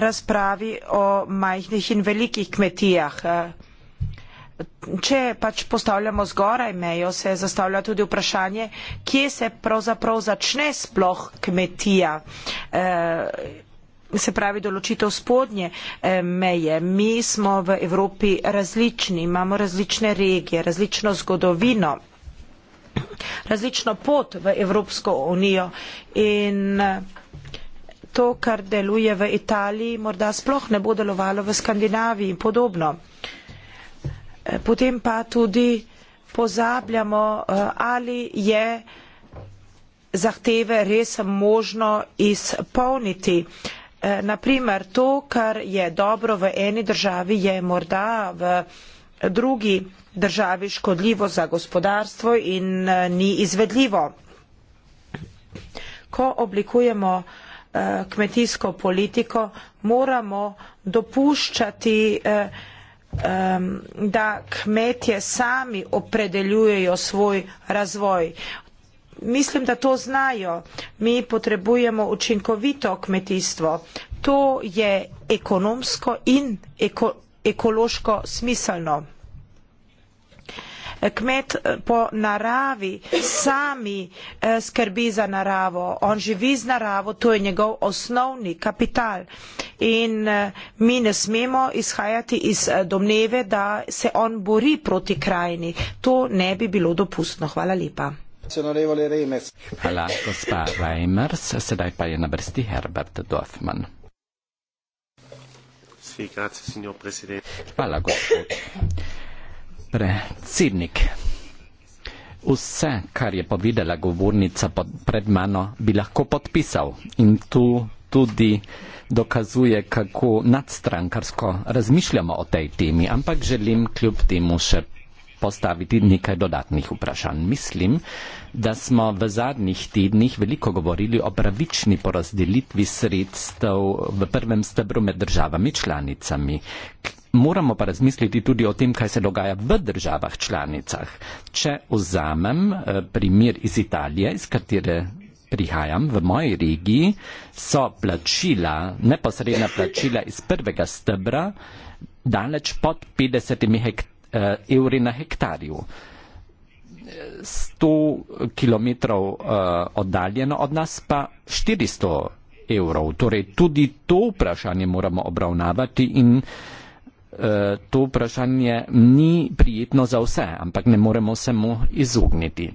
razpravi o majhnih in velikih kmetijah. Če pač postavljamo zgoraj mejo, se zastavlja tudi vprašanje, kje se pravzaprav začne sploh kmetija. E, se pravi določitev spodnje eh, meje. Mi smo v Evropi različni, imamo različne regije, različno zgodovino, različno pot v Evropsko unijo in eh, to, kar deluje v Italiji, morda sploh ne bo delovalo v Skandinaviji in podobno. Eh, potem pa tudi pozabljamo, eh, ali je zahteve res možno izpolniti. Eh, Naprimer, to, kar je dobro v eni državi, je morda v drugi državi škodljivo za gospodarstvo in ni izvedljivo. Ko oblikujemo kmetijsko politiko, moramo dopuščati eh, um, da kmetje sami opredeljujejo svoj razvoj. Mislim, da to znajo. Mi potrebujemo učinkovito kmetijstvo. To je ekonomsko in eko ekološko smiselno kmet eh, po naravi sami eh, skrbi za naravo, on živi z naravo, to je njegov osnovni kapital. In eh, mi ne smemo izhajati iz domneve, da se on bori proti krajini. To ne bi bilo dopustno. Hvala lepa. Hvala, gospa Reimers. Sedaj pa je na vrsti Herbert Dorfman. Hvala, gospod predsednik. Vse, kar je povedala govornica pod, pred mano, bi lahko podpisal in tu tudi dokazuje, kako nadstrankarsko razmišljamo o tej temi, ampak želim kljub temu še postaviti nekaj dodatnih vprašanj. Mislim, da smo v zadnjih tednih veliko govorili o pravični porazdelitvi sredstev v prvem stebru med državami članicami. Moramo pa razmisliti tudi o tem, kaj se dogaja v državah članicah. Če vzamem eh, primer iz Italije, iz katere prihajam v moji regiji, so plačila, neposredna plačila iz prvega stebra daleč pod 50 hektarjev Eh, evri na hektarju. 100 km eh, oddaljeno od nas pa 400 evrov. Torej tudi to vprašanje moramo obravnavati in eh, to vprašanje ni prijetno za vse, ampak ne moremo se mu izogniti.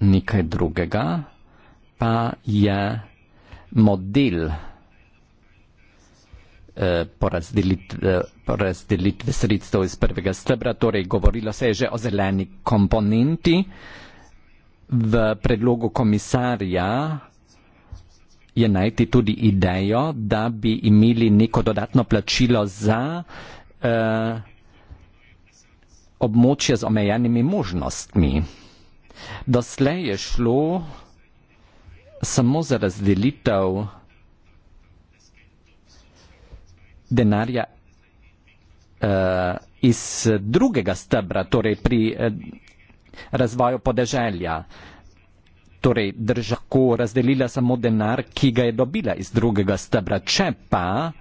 Nekaj drugega pa je model. Eh, po, razdelit, eh, po razdelitvi sredstev iz prvega stebra. Torej, govorilo se je že o zeleni komponenti. V predlogu komisarja je najti tudi idejo, da bi imeli neko dodatno plačilo za eh, območje z omejenimi možnostmi. Doslej je šlo samo za razdelitev denarja uh, iz drugega stebra, torej pri uh, razvoju podeželja. Torej, držako razdelila samo denar, ki ga je dobila iz drugega stebra. Če pa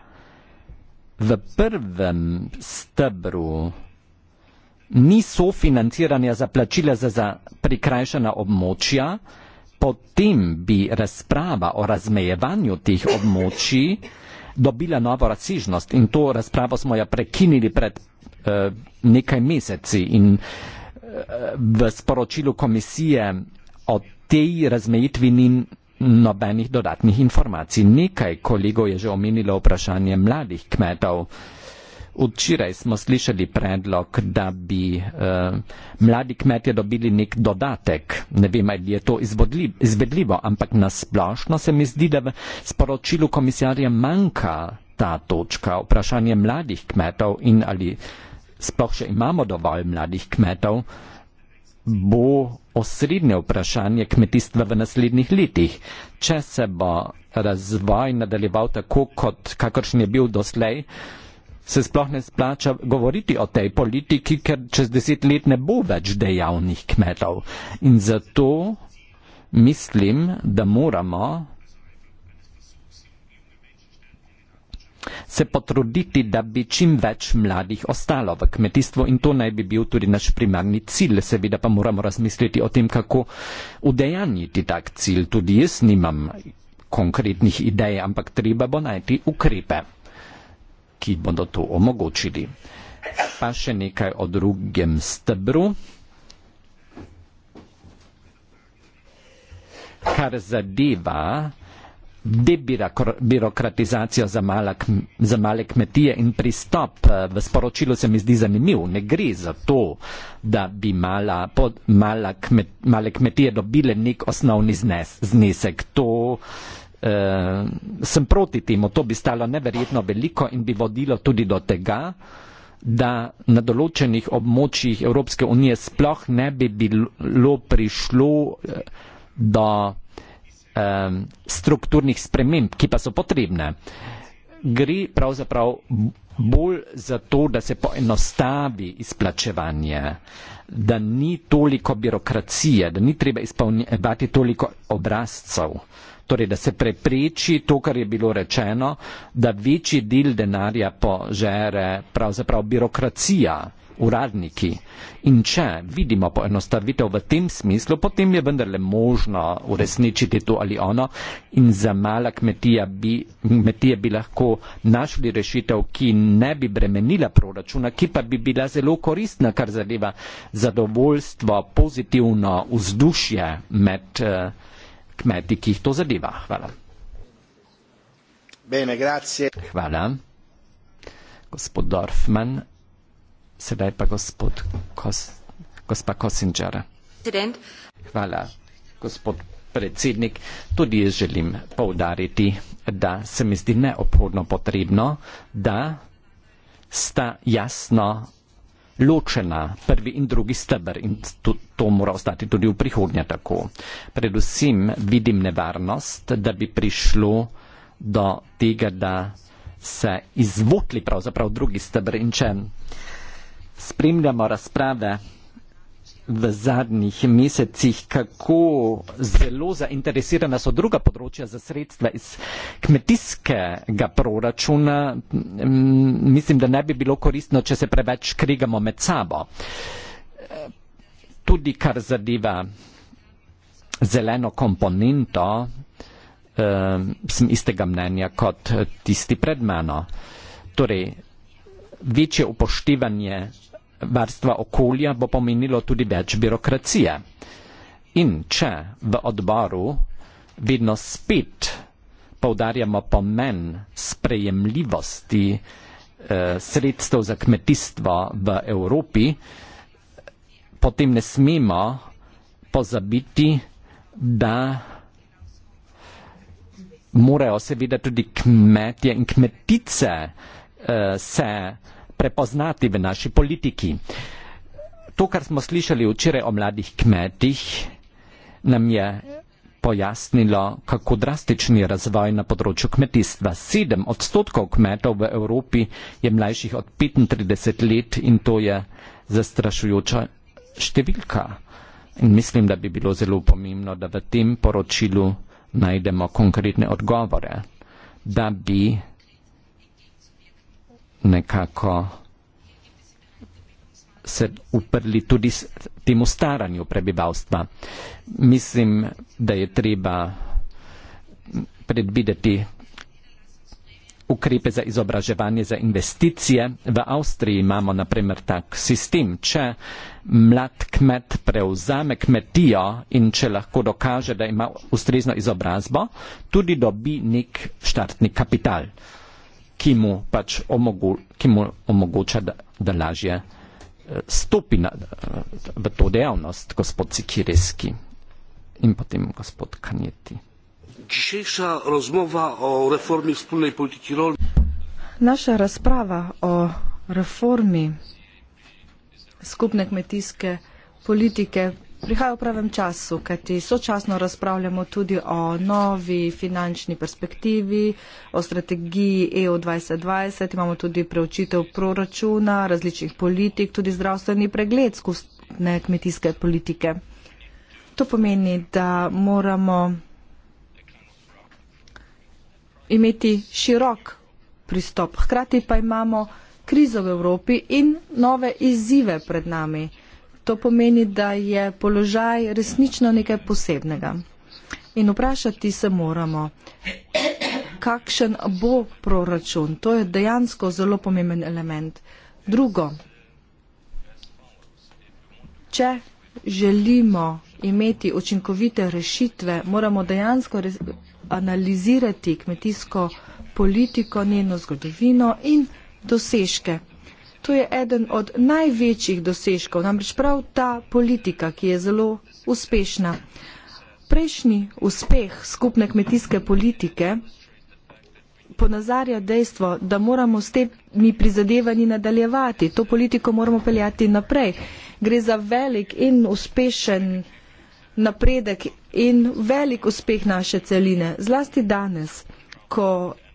v prvem stebru ni sofinanciranja za plačila za, za prikrajšana območja, potem bi razprava o razmejevanju teh območij dobila novo razsežnost in to razpravo smo jo prekinili pred eh, nekaj meseci in eh, v sporočilu komisije o tej razmejitvi ni nobenih dodatnih informacij. Nekaj kolegov je že omenilo vprašanje mladih kmetov. Eh, Včeraj smo slišali predlog, da bi uh, mladi kmetje dobili nek dodatek. Ne vem, ali je to izvedljivo, ampak nasplošno se mi zdi, da v sporočilu komisarja manjka ta točka, vprašanje mladih kmetov in ali sploh še imamo dovolj mladih kmetov, bo osrednje vprašanje kmetijstva v naslednjih letih. Če se bo razvoj nadaljeval tako, kot kakršen je bil doslej, se sploh ne splača govoriti o tej politiki, ker čez deset let ne bo več dejavnih kmetov. In zato mislim, da moramo se potruditi, da bi čim več mladih ostalo v kmetijstvu in to naj bi bil tudi naš primarni cilj. Seveda pa moramo razmisliti o tem, kako udejanjiti tak cilj. Tudi jaz nimam konkretnih idej, ampak treba bo najti ukrepe ki bodo to omogočili. Pa še nekaj o drugem stebru. Kar zadeva debirokratizacijo za, za male kmetije in pristop eh, v sporočilu se mi zdi zanimiv. Ne gre za to, da bi mala, pod, mala kmet, male kmetije dobile nek osnovni znes, znesek. To eh, sem proti temu, to bi stalo neverjetno veliko in bi vodilo tudi do tega, da na določenih območjih Evropske unije sploh ne bi bilo prišlo eh, do eh, strukturnih sprememb, ki pa so potrebne. Gre pravzaprav bolj za to, da se poenostavi izplačevanje, da ni toliko birokracije, da ni treba izpolnjevati toliko obrazcev torej da se prepriči to, kar je bilo rečeno, da večji del denarja požere pravzaprav birokracija, uradniki. In če vidimo poenostavitev v tem smislu, potem je vendarle možno uresničiti to ali ono in za mala kmetija bi, kmetije bi lahko našli rešitev, ki ne bi bremenila proračuna, ki pa bi bila zelo koristna, kar zadeva zadovoljstvo, pozitivno vzdušje med uh, kmeti, ki jih to zadeva. Hvala. Bene, Hvala. Gospod Dorfman, sedaj pa gospod Kos, gospa Kosinčar. Hvala, gospod predsednik. Tudi jaz želim poudariti, da se mi zdi neobhodno potrebno, da sta jasno ločena, prvi in drugi stebr in to, to mora ostati tudi v prihodnje tako. Predvsem vidim nevarnost, da bi prišlo do tega, da se izvotli pravzaprav drugi stebr in če spremljamo razprave v zadnjih mesecih, kako zelo zainteresirana so druga področja za sredstva iz kmetijskega proračuna. Mislim, da ne bi bilo koristno, če se preveč krigamo med sabo. Tudi kar zadeva zeleno komponento, sem istega mnenja kot tisti pred mano. Torej, večje upoštevanje varstva okolja bo pomenilo tudi več birokracije. In če v odboru vedno spet poudarjamo pomen sprejemljivosti eh, sredstev za kmetijstvo v Evropi, potem ne smemo pozabiti, da morajo seveda tudi kmetje in kmetice eh, se prepoznati v naši politiki. To, kar smo slišali včeraj o mladih kmetih, nam je pojasnilo, kako drastičen je razvoj na področju kmetijstva. Sedem odstotkov kmetov v Evropi je mlajših od 35 let in to je zastrašujoča številka. In mislim, da bi bilo zelo pomembno, da v tem poročilu najdemo konkretne odgovore, da bi nekako se uprli tudi temu staranju prebivalstva. Mislim, da je treba predvideti ukrepe za izobraževanje, za investicije. V Avstriji imamo naprimer tak sistem, če mlad kmet prevzame kmetijo in če lahko dokaže, da ima ustrezno izobrazbo, tudi dobi nek štartni kapital ki mu pač omogoča, da, da lažje eh, stopi na, eh, v to dejavnost, gospod Sikireski in potem gospod Kanjeti. Naša razprava o reformi skupne kmetijske politike Prihaja v pravem času, kajti sočasno razpravljamo tudi o novi finančni perspektivi, o strategiji EU 2020, imamo tudi preučitev proračuna, različnih politik, tudi zdravstveni pregled skupne kmetijske politike. To pomeni, da moramo imeti širok pristop. Hkrati pa imamo krizo v Evropi in nove izzive pred nami. To pomeni, da je položaj resnično nekaj posebnega. In vprašati se moramo, kakšen bo proračun. To je dejansko zelo pomemben element. Drugo, če želimo imeti učinkovite rešitve, moramo dejansko res, analizirati kmetijsko politiko, njeno zgodovino in dosežke. To je eden od največjih dosežkov, namreč prav ta politika, ki je zelo uspešna. Prejšnji uspeh skupne kmetijske politike ponazarja dejstvo, da moramo s temi prizadevanji nadaljevati. To politiko moramo peljati naprej. Gre za velik in uspešen napredek in velik uspeh naše celine. Zlasti danes, ko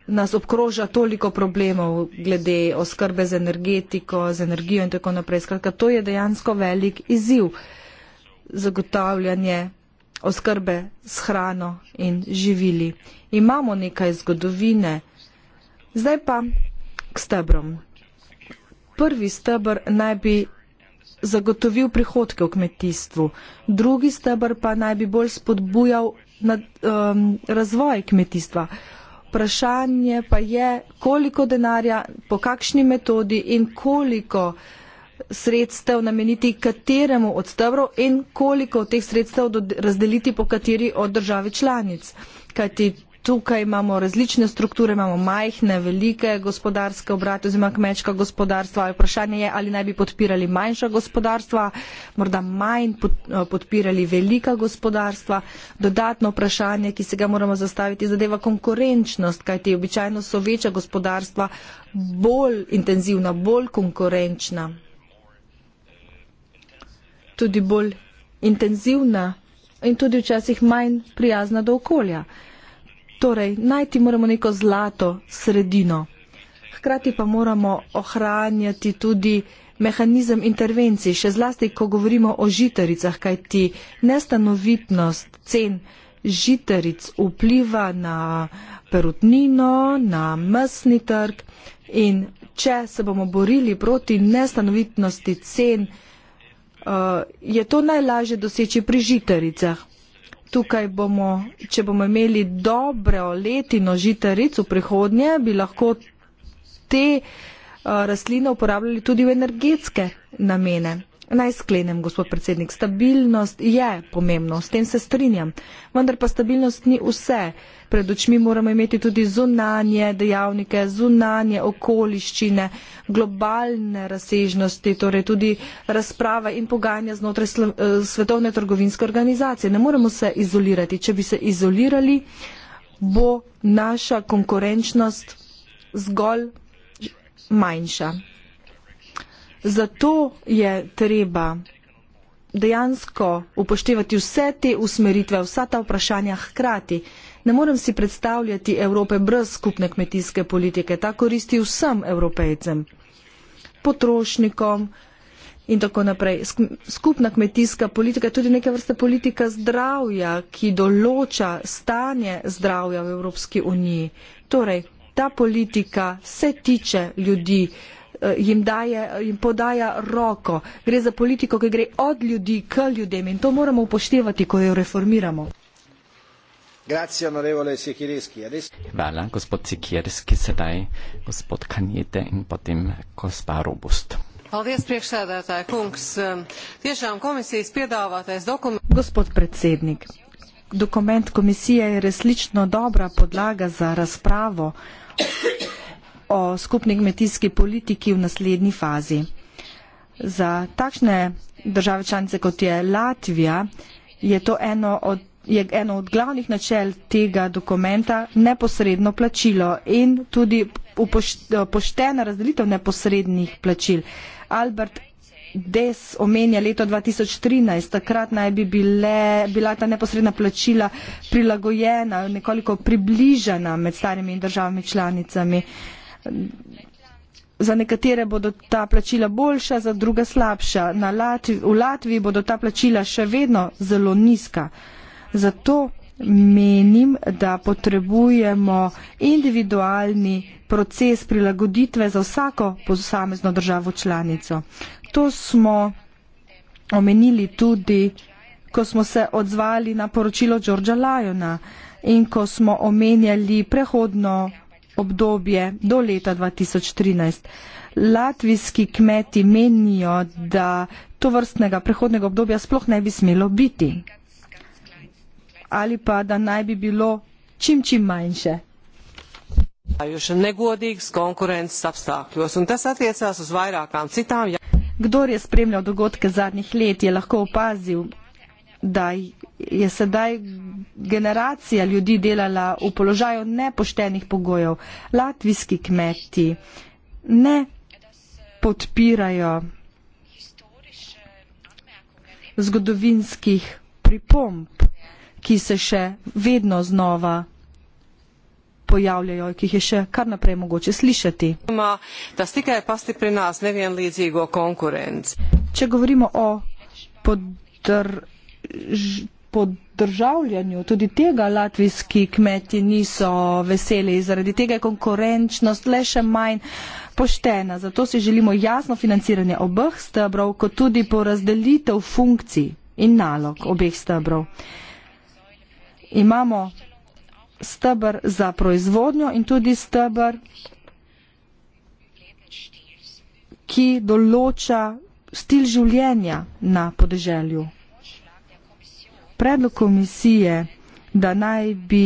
nas obkroža toliko problemov glede oskrbe z energetiko, z energijo in tako naprej. Skratka, to je dejansko velik izziv zagotavljanje oskrbe s hrano in živili. Imamo nekaj zgodovine. Zdaj pa k stebrom. Prvi stebr naj bi zagotovil prihodke v kmetijstvu, drugi stebr pa naj bi bolj spodbujal nad, um, razvoj kmetijstva. Uh, vprašanje pa je, koliko denarja, po kakšni metodi in koliko sredstev nameniti kateremu od stebrov in koliko teh sredstev razdeliti po kateri od državi članic. Kajti tukaj imamo različne strukture, imamo majhne, velike gospodarske obrate oziroma kmečka gospodarstva. Vprašanje je, ali naj bi podpirali manjša gospodarstva, morda manj eh, podpirali velika gospodarstva. Dodatno vprašanje, ki se ga moramo zastaviti, zadeva konkurenčnost, kajti običajno so večja gospodarstva bolj intenzivna, bolj konkurenčna. Tudi bolj intenzivna in tudi včasih manj prijazna do okolja. Torej, najti moramo neko zlato sredino. Hkrati pa moramo ohranjati tudi mehanizem intervencij, še zlasti, ko govorimo o žitaricah, kajti nestanovitnost cen žitaric vpliva na perutnino, na mesni trg in če se bomo borili proti nestanovitnosti cen, eh, je to najlažje doseči pri žitaricah tukaj bomo, če bomo imeli dobre letino žitaric v prihodnje, bi lahko te uh, rastline uporabljali tudi v energetske namene. Naj sklenem, gospod predsednik, stabilnost je pomembno, s tem se strinjam, vendar pa stabilnost ni vse. Pred očmi moramo imeti tudi zunanje dejavnike, zunanje okoliščine, globalne razsežnosti, torej tudi razprava in pogajanja znotraj eh, svetovne trgovinske organizacije. Ne moremo se izolirati. Če bi se izolirali, bo naša konkurenčnost zgolj manjša. Zato je treba dejansko upoštevati vse te usmeritve, vsa ta vprašanja hkrati. Ne morem si predstavljati Evrope brez skupne kmetijske politike. Ta koristi vsem evropejcem, potrošnikom in tako naprej. Skupna kmetijska politika je tudi neke vrste politika zdravja, ki določa stanje zdravja v Evropski uniji. Torej, ta politika se tiče ljudi. Eh, jim, daje, jim podaja roko. Gre za politiko, ki gre od ljudi k ljudem in to moramo upoštevati, ko jo reformiramo. Hvala, gospod Sikirski, sedaj gospod Kanjete in potem gospa Robust. Gospod predsednik, dokument komisije je resnično dobra podlaga za razpravo o skupni kmetijski politiki v naslednji fazi. Za takšne države članice, kot je Latvija, je to eno od, je eno od glavnih načel tega dokumenta neposredno plačilo in tudi poštena razdelitev neposrednih plačil. Albert Des omenja leto 2013, takrat naj bi bile, bila ta neposredna plačila prilagojena, nekoliko približana med starimi državami članicami. Uh, za nekatere bodo ta plačila boljša, za druga slabša. Latvi, v Latviji bodo ta plačila še vedno zelo nizka. Zato menim, da potrebujemo individualni proces prilagoditve za vsako posamezno državo članico. To smo omenili tudi, ko smo se odzvali na poročilo Đorđa Lajona in ko smo omenjali prehodno obdobje do leta 2013. Latvijski kmeti menijo, da to vrstnega prehodnega obdobja sploh ne bi smelo biti ali pa da naj bi bilo čim, čim manjše. Kdor je spremljal dogodke zadnjih let, je lahko opazil, da je sedaj generacija ljudi delala v položaju nepoštenih pogojev. Latvijski kmeti ne podpirajo zgodovinskih pripomp, ki se še vedno znova pojavljajo, ki jih je še kar naprej mogoče slišati. Da stika je pasti pri nas, ne vem, lizigo konkurenc. Če govorimo o podr podržavljanju. Tudi tega latvijski kmeti niso veseli. Zaradi tega je konkurenčnost le še manj poštena. Zato si želimo jasno financiranje obeh stebrov, kot tudi porazdelitev funkcij in nalog obeh stebrov. Imamo stebr za proizvodnjo in tudi stebr, ki določa stil življenja na podeželju predlog komisije, da naj bi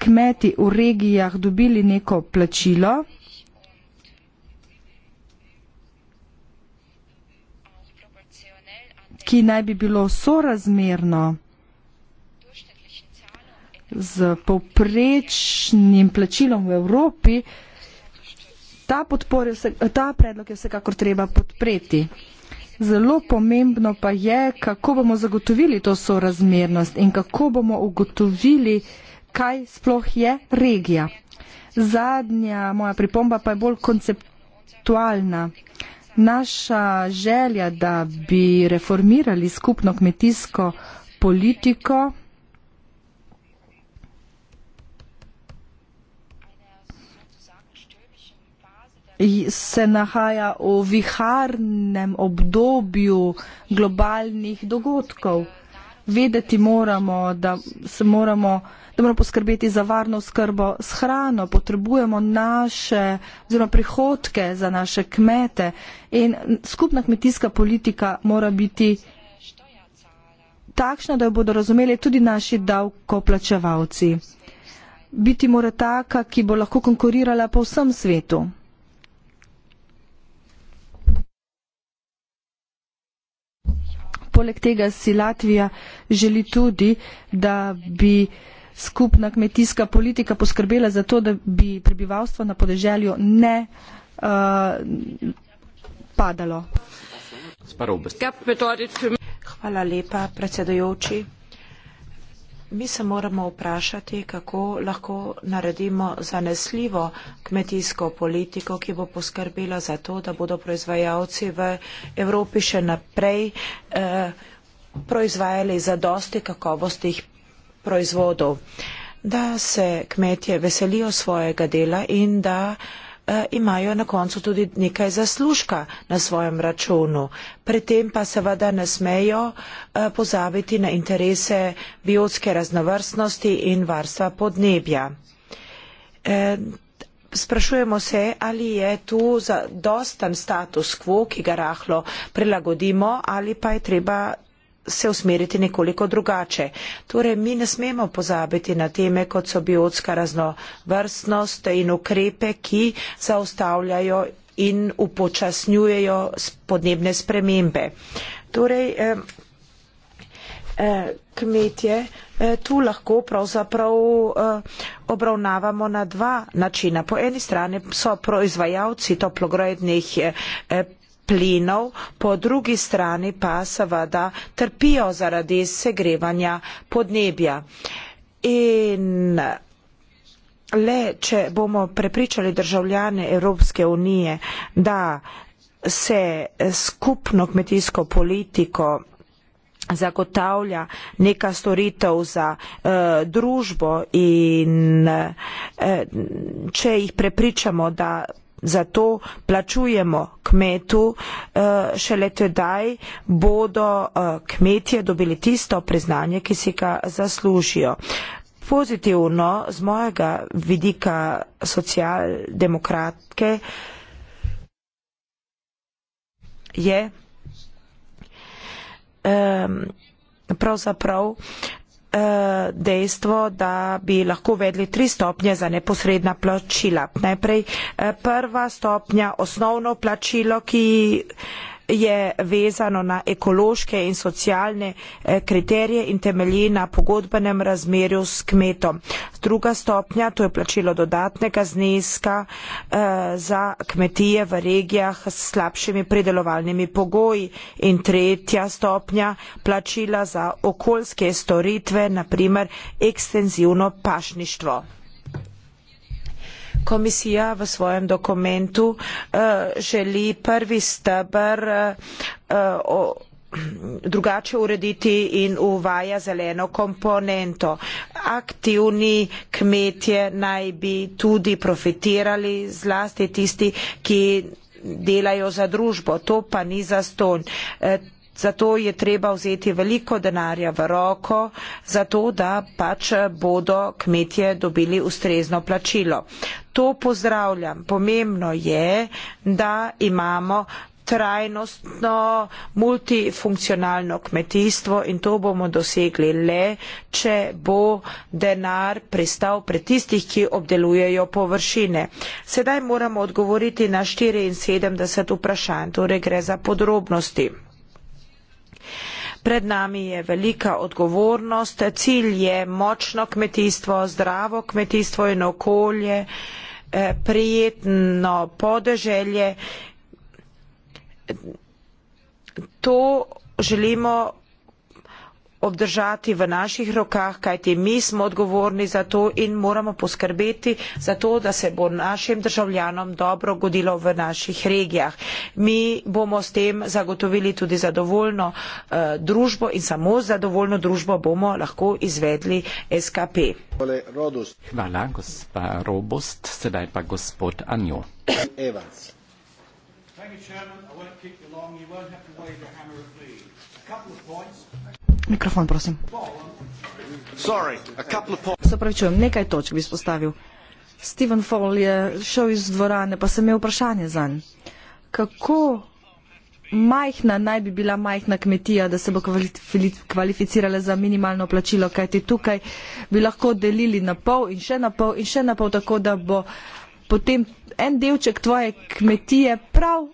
kmeti v regijah dobili neko plačilo. ki naj bi bilo sorazmerno z poprečnim plačilom v Evropi, ta, podpor, ta predlog je vsekakor treba podpreti. Zelo pomembno pa je, kako bomo zagotovili to sorazmernost in kako bomo ugotovili, kaj sploh je regija. Zadnja moja pripomba pa je bolj konceptualna. Naša želja, da bi reformirali skupno kmetijsko politiko se nahaja v viharnem obdobju globalnih dogodkov. Vedeti moramo, da moramo, da moramo poskrbeti za varno skrbo s hrano, potrebujemo naše oziroma prihodke za naše kmete in skupna kmetijska politika mora biti takšna, da jo bodo razumeli tudi naši davkoplačevalci. Biti mora taka, ki bo lahko konkurirala po vsem svetu. Poleg tega si Latvija želi tudi, da bi skupna kmetijska politika poskrbela za to, da bi prebivalstvo na podeželju ne uh, padalo. Ja, Hvala lepa, predsedujoči. Mi se moramo vprašati, kako lahko naredimo zanesljivo kmetijsko politiko, ki bo poskrbila za to, da bodo proizvajalci v Evropi še naprej eh, proizvajali za dosti kakovostih proizvodov, da se kmetje veselijo svojega dela in da eh, Eh, imajo na koncu tudi nekaj zaslužka na svojem računu. Pri tem pa seveda ne smejo eh, pozabiti na interese biotske raznovrstnosti in varstva podnebja. Eh, sprašujemo se, ali je tu zadosten status quo, ki ga rahlo prilagodimo, ali pa je treba se usmeriti nekoliko drugače. Torej, mi ne smemo pozabiti na teme, kot so biotska raznovrstnost in ukrepe, ki zaustavljajo in upočasnjujejo podnebne spremembe. Torej, eh, eh, kmetje, eh, tu lahko pravzaprav obravnavamo na dva načina. Po eni strani so proizvajalci toplogrednih plinov, po drugi strani pa seveda trpijo zaradi segrevanja podnebja. In le, če bomo prepričali državljane Evropske unije, da se skupno kmetijsko politiko zagotavlja neka storitev za eh, družbo in eh, če jih prepričamo, da zato plačujemo kmetu, eh, šele tedaj bodo eh, kmetje dobili tisto priznanje, ki si ga zaslužijo. Pozitivno z mojega vidika socialdemokratke je um, pravzaprav, Eh, dejstvo, da bi lahko vedli tri stopnje za neposredna plačila. Najprej eh, prva stopnja, osnovno plačilo, ki je vezano na ekološke in socialne eh, kriterije in temelji na pogodbenem razmerju s kmetom. Druga stopnja, to je plačilo dodatnega zneska eh, za kmetije v regijah s slabšimi predelovalnimi pogoji. In tretja stopnja, plačila za okoljske storitve, naprimer ekstenzivno pašništvo komisija v svojem dokumentu eh, želi prvi stebr eh, drugače urediti in uvaja zeleno komponento. Aktivni kmetje naj bi tudi profitirali zlasti tisti, ki delajo za družbo. To pa ni zastonj. Eh, zato je treba vzeti veliko denarja v roko, zato da pač bodo kmetje dobili ustrezno plačilo. To pozdravljam. Pomembno je, da imamo trajnostno multifunkcionalno kmetijstvo in to bomo dosegli le, če bo denar pristal pred tistih, ki obdelujejo površine. Sedaj moramo odgovoriti na 74 vprašanj, torej gre za podrobnosti. Pred nami je velika odgovornost, cilj je močno kmetijstvo, zdravo kmetijstvo in okolje, eh, prijetno podeželje. To želimo obdržati v naših rokah, kajti mi smo odgovorni za to in moramo poskrbeti za to, da se bo našim državljanom dobro godilo v naših regijah. Mi bomo s tem zagotovili tudi zadovoljno eh, družbo in samo zadovoljno družbo bomo lahko izvedli SKP. Hvala, gospa Robost. Sedaj pa gospod Anjo. Evans. Chairman, I won't keep you long. You won't have to wave the hammer at me. A couple of points mikrofon, prosim. Se pravi, čujem, nekaj točk bi spostavil. Steven Fall je šel iz dvorane, pa sem imel vprašanje za nj. Kako majhna naj bi bila majhna kmetija, da se bo kvalificirala za minimalno plačilo, kajti tukaj bi lahko delili na pol in še na pol in še na pol, tako da bo potem en delček tvoje kmetije prav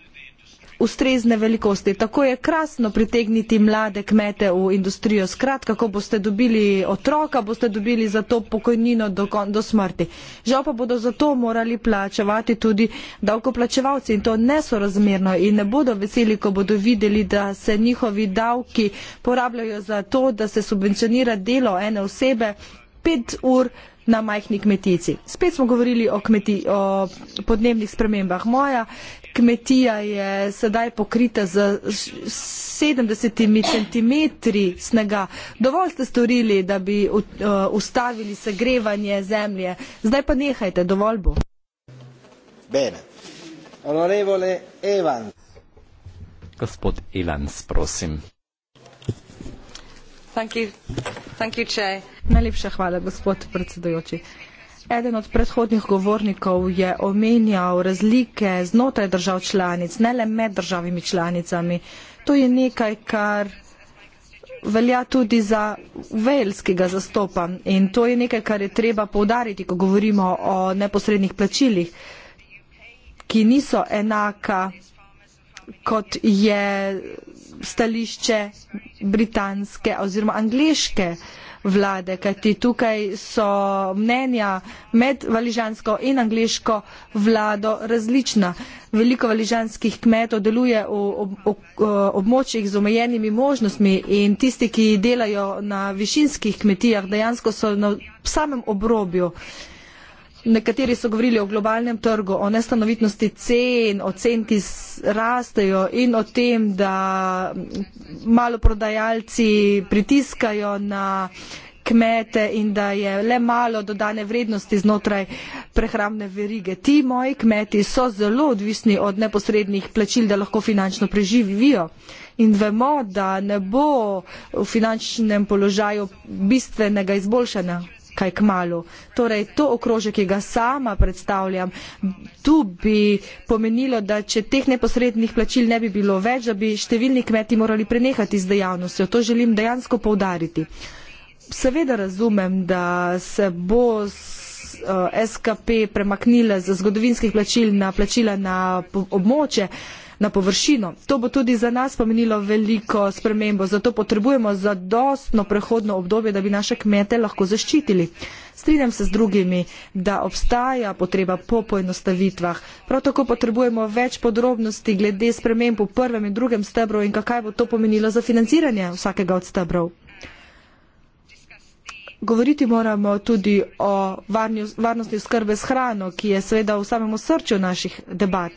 ustrezne velikosti. Tako je krasno pritegniti mlade kmete v industrijo. Skratka, ko boste dobili otroka, boste dobili za to pokojnino do, kon, do smrti. Žal pa bodo za to morali plačevati tudi davkoplačevalci in to nesorazmerno in ne bodo veseli, ko bodo videli, da se njihovi davki porabljajo za to, da se subvencionira delo ene osebe pet ur na majhni kmetici. Spet smo govorili o, kmeti, o podnebnih spremembah. Moja kmetija je sedaj pokrita z 70 centimetri snega. Dovolj ste storili, da bi uh, ustavili segrevanje zemlje. Zdaj pa nehajte, dovolj bo. Bene. Onorevole Evans. Gospod Evans, prosim. Thank you. Thank you, Najlepša hvala, gospod predsedujoči. Eden od predhodnih govornikov je omenjal razlike znotraj držav članic, ne le med državimi članicami. To je nekaj, kar velja tudi za Wales, ki ga zastopa in to je nekaj, kar je treba povdariti, ko govorimo o neposrednih plačilih, ki niso enaka kot je stališče britanske oziroma angliške uh, vlade, kajti tukaj so mnenja med valižansko in angliško vlado različna. Veliko valižanskih kmetov deluje v območjih z omejenimi možnostmi in tisti, ki delajo na višinskih kmetijah, dejansko so na samem obrobju. Nekateri so govorili o globalnem trgu, o nestanovitnosti cen, o cen, ki rastejo in o tem, da maloprodajalci pritiskajo na kmete in da je le malo dodane vrednosti znotraj prehrambne verige. Ti moji kmeti so zelo odvisni od neposrednih plačil, da lahko finančno preživijo. In vemo, da ne bo v finančnem položaju bistvenega izboljšanja kaj k malu. Torej, to okrožje, ki ga sama predstavljam, tu bi pomenilo, da če teh neposrednih plačil ne bi bilo več, da bi številni kmeti morali prenehati z dejavnostjo. To želim dejansko povdariti. Seveda razumem, da se bo SKP eh, premaknila z zgodovinskih plačil na plačila na območje na površino. To bo tudi za nas pomenilo veliko spremembo, zato potrebujemo zadostno prehodno obdobje, da bi naše kmete lahko zaščitili. Strinjam se z drugimi, da obstaja potreba po poenostavitvah. Prav tako potrebujemo več podrobnosti glede sprememb v prvem in drugem stebru in kaj bo to pomenilo za financiranje vsakega od stebrov. Govoriti moramo tudi o varnosti skrbe s hrano, ki je seveda v samem srču naših debat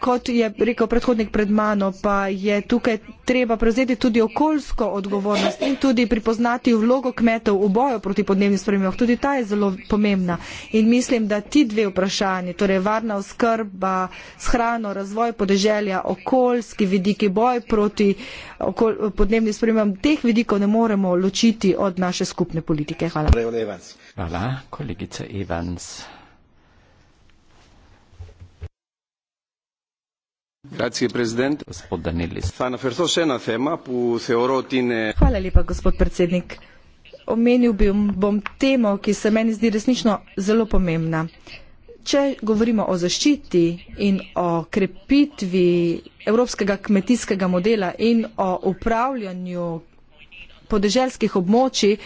kot je rekel predhodnik pred mano, pa je tukaj treba prevzeti tudi okoljsko odgovornost in tudi pripoznati vlogo kmetov v boju proti podnebnim spremembam. Tudi ta je zelo pomembna. In mislim, da ti dve vprašanje, torej varna oskrba, shrano, razvoj podeželja, okoljski vidiki, boj proti podnebnim spremembam, teh vidikov ne moremo ločiti od naše skupne politike. Hvala. Hvala, kolegica Evans. Θα αναφερθώ σε ένα θέμα που θεωρώ ότι είναι. Χάλα λίπα, κύριε Πρεσίδνικ. Ομένιου μπιμ μπομ τέμα, ki se meni zdi resnično zelo pomembna. Če govorimo o zaščiti in o krepitvi evropskega kmetijskega modela in o upravljanju podeželskih območij,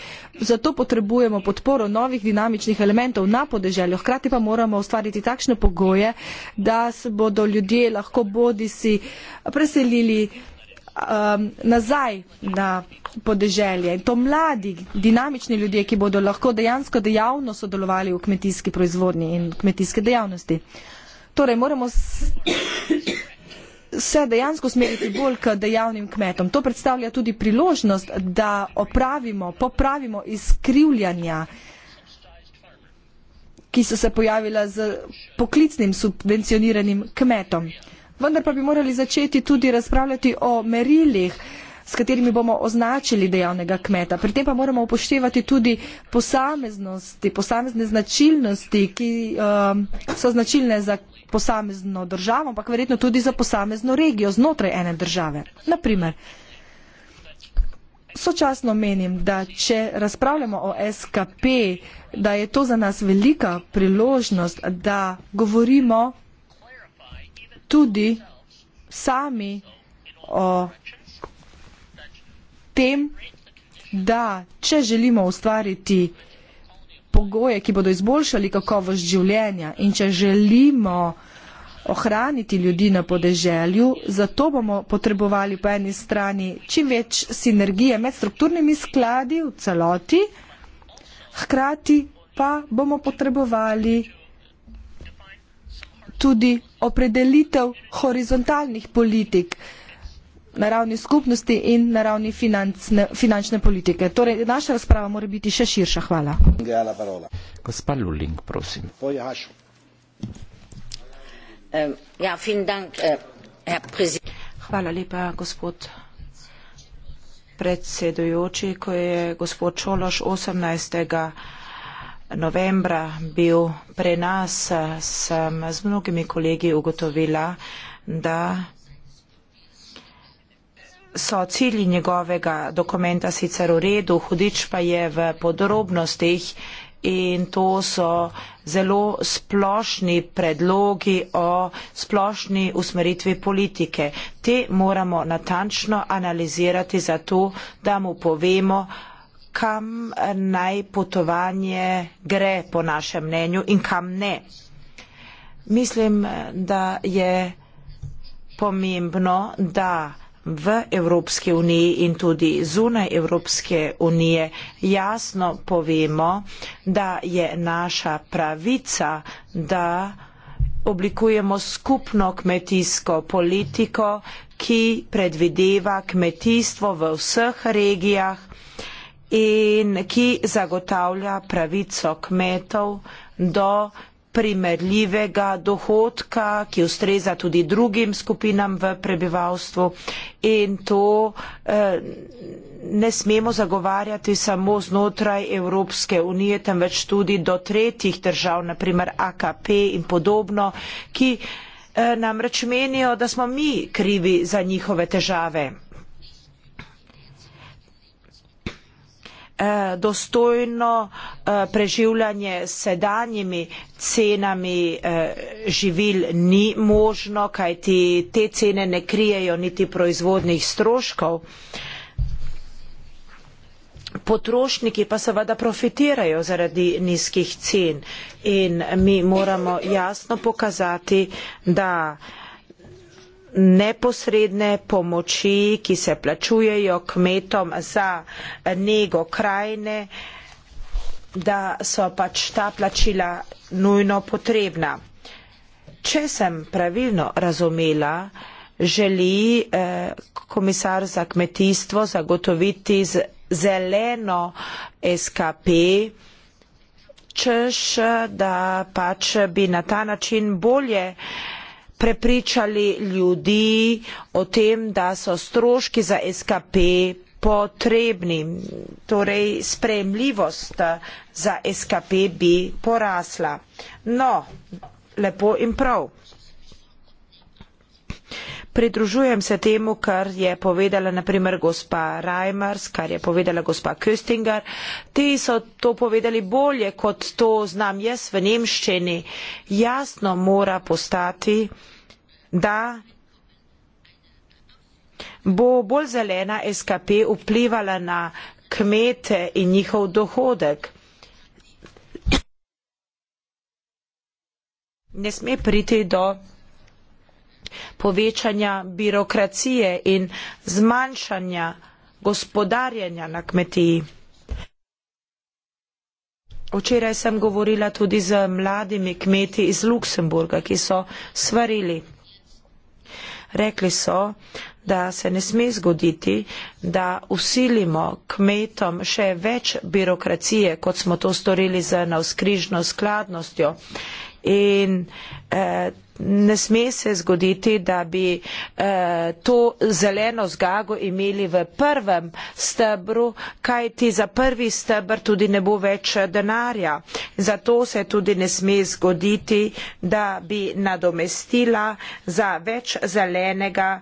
zato potrebujemo podporo novih dinamičnih elementov na podeželju. Hkrati pa moramo ustvariti takšne pogoje, da se bodo ljudje lahko bodi si preselili um, nazaj na podeželje. In to mladi, dinamični ljudje, ki bodo lahko dejansko dejavno sodelovali v kmetijski proizvodnji in kmetijske dejavnosti. Torej, moramo se dejansko smeriti bolj k dejavnim kmetom. To predstavlja tudi priložnost, da opravimo, popravimo izkrivljanja, ki so se pojavila z poklicnim subvencioniranim kmetom. Vendar pa bi morali začeti tudi razpravljati o merilih, s katerimi bomo označili dejavnega kmeta. Pri tem pa moramo upoštevati tudi posameznosti, posamezne značilnosti, ki um, so značilne za posamezno državo, ampak verjetno tudi za posamezno regijo znotraj ene države. Naprimer, sočasno menim, da če razpravljamo o SKP, da je to za nas velika priložnost, da govorimo tudi sami o tem, da če želimo ustvariti pogoje, ki bodo izboljšali kakovost življenja in če želimo ohraniti ljudi na podeželju, zato bomo potrebovali po eni strani čim več sinergije med strukturnimi skladi v celoti, hkrati pa bomo potrebovali tudi opredelitev horizontalnih politik, na ravni skupnosti in na ravni finančne, finančne politike. Torej, naša razprava mora biti še širša. Hvala. Gospa Luling, prosim. Ja, eh, Hvala lepa, gospod predsedujoči, ko je gospod Čološ 18. novembra bil pri nas, sem z mnogimi kolegi ugotovila, da so cilji njegovega dokumenta sicer v redu, hudič pa je v podrobnostih in to so zelo splošni predlogi o splošni usmeritvi politike. Te moramo natančno analizirati zato, da mu povemo, kam naj potovanje gre po našem mnenju in kam ne. Mislim, da je pomembno, da v Evropski uniji in tudi zunaj Evropske unije jasno povemo, da je naša pravica, da oblikujemo skupno kmetijsko politiko, ki predvideva kmetijstvo v vseh regijah in ki zagotavlja pravico kmetov do primerljivega dohodka, ki ustreza tudi drugim skupinam v prebivalstvu in to eh, ne smemo zagovarjati samo znotraj Evropske unije, temveč tudi do tretjih držav, naprimer AKP in podobno, ki eh, namreč menijo, da smo mi krivi za njihove težave. Eh, dostojno eh, preživljanje sedanjimi cenami eh, živil ni možno, kajti te cene ne krijejo niti proizvodnih stroškov. Potrošniki pa seveda profitirajo zaradi nizkih cen in mi moramo jasno pokazati, da neposredne pomoči, ki se plačujejo kmetom za nego krajine, da so pač ta plačila nujno potrebna. Če sem pravilno razumela, želi eh, komisar za kmetijstvo zagotoviti z zeleno SKP, češ, da pač bi na ta način bolje eh, prepričali ljudi o tem, da so stroški za SKP potrebni. Torej, spremljivost eh, za SKP bi porasla. No, lepo in prav. Pridružujem se temu, kar je povedala naprimer gospa Reimers, kar je povedala gospa Köstinger. Ti so to povedali bolje, kot to znam jaz v nemščini. Jasno mora postati, da bo bolj zelena SKP vplivala na kmete in njihov dohodek. Ne sme priti do povečanja birokracije in zmanjšanja gospodarjanja na kmetiji. Včeraj sem govorila tudi z mladimi kmeti iz Luksemburga, ki so svarili. Rekli so, da se ne sme zgoditi, da usilimo kmetom še več birokracije, kot smo to storili z navskrižno skladnostjo. In eh, ne sme se zgoditi, da bi eh, to zeleno zgago imeli v prvem stebru, kaj ti za prvi stebr tudi ne bo več denarja. Zato se tudi ne sme zgoditi, da bi nadomestila za več zelenega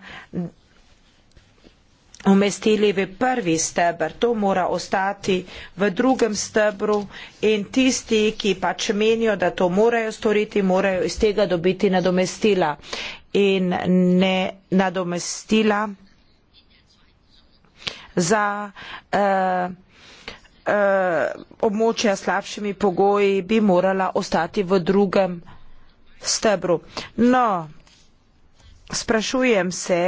umestili v prvi stebr, to mora ostati v drugem stebru in tisti, ki pač menijo, da to morajo storiti, morajo iz tega dobiti nadomestila. In ne nadomestila za uh, uh, območja slabšimi pogoji bi morala ostati v drugem stebru. No, sprašujem se,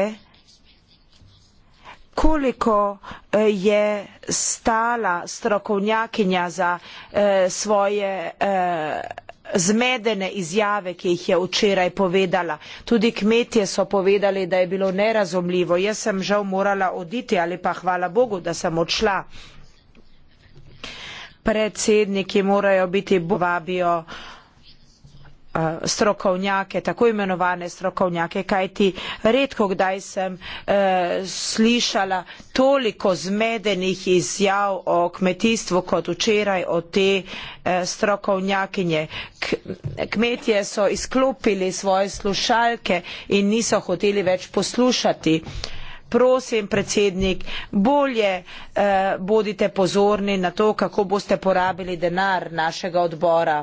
koliko eh, je stala strokovnjakinja za eh, svoje eh, zmedene izjave ki jih je včeraj povedala tudi kmetje so povedali da je bilo nerazumljivo jaz sem žal morala oditi ali pa hvala bogu da sem odšla predsedniki morajo biti vabijo Eh, strokovnjake, tako imenovane strokovnjake, kajti redko kdaj sem eh, slišala toliko zmedenih izjav o kmetijstvu kot včeraj o te eh, strokovnjakinje. Kmetje so izklopili svoje slušalke in niso hoteli več poslušati. Prosim, predsednik, bolje eh, bodite pozorni na to, kako boste porabili denar našega odbora.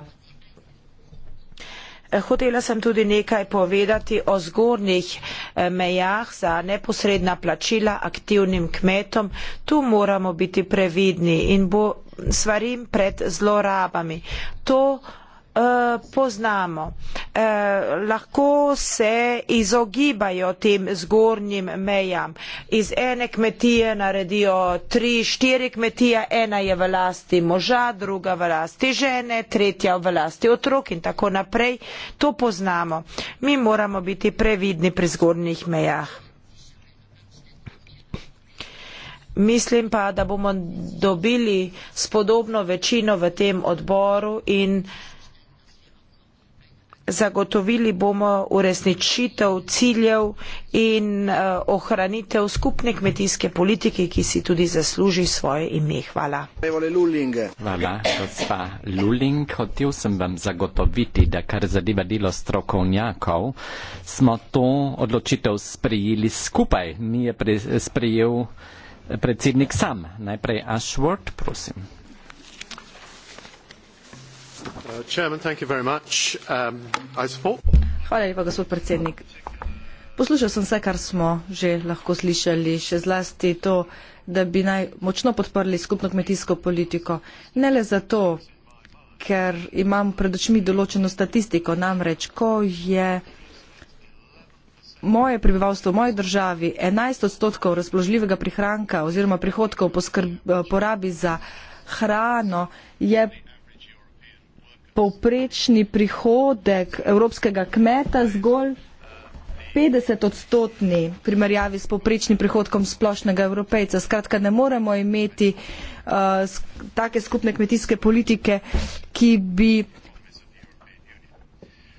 Hotela sem tudi nekaj povedati o zgornjih eh, mejah za neposredna plačila aktivnim kmetom. Tu moramo biti previdni in bo svarim pred zlorabami. To Eh, poznamo. Eh, lahko se izogibajo tem zgornjim mejam. Iz ene kmetije naredijo tri, štiri kmetije, ena je v lasti moža, druga v lasti žene, tretja v lasti otrok in tako naprej. To poznamo. Mi moramo biti previdni pri zgornjih mejah. Mislim pa, da bomo dobili spodobno večino v tem odboru in uh, zagotovili bomo uresničitev ciljev in uh, ohranitev skupne kmetijske politike, ki si tudi zasluži svoje ime. Hvala. Hvala, gospa Luling. Hotel sem vam zagotoviti, da kar zadeva delo strokovnjakov, smo to odločitev sprijeli skupaj. Ni je pre, sprijel eh, predsednik sam. Najprej Ashworth, prosim. Uh, um, Hvala lepa, gospod predsednik. Poslušal sem vse, kar smo že lahko slišali, še zlasti to, da bi naj močno podprli skupno kmetijsko politiko. Ne le zato, ker imam pred očmi določeno statistiko, namreč, ko je moje prebivalstvo v moji državi 11 odstotkov razpoložljivega prihranka oziroma prihodkov poskrb, eh, porabi za hrano, je povprečni prihodek evropskega kmeta zgolj 50 odstotni v primerjavi s povprečnim prihodkom splošnega evropejca. Skratka, ne moremo imeti uh, take skupne kmetijske politike, ki bi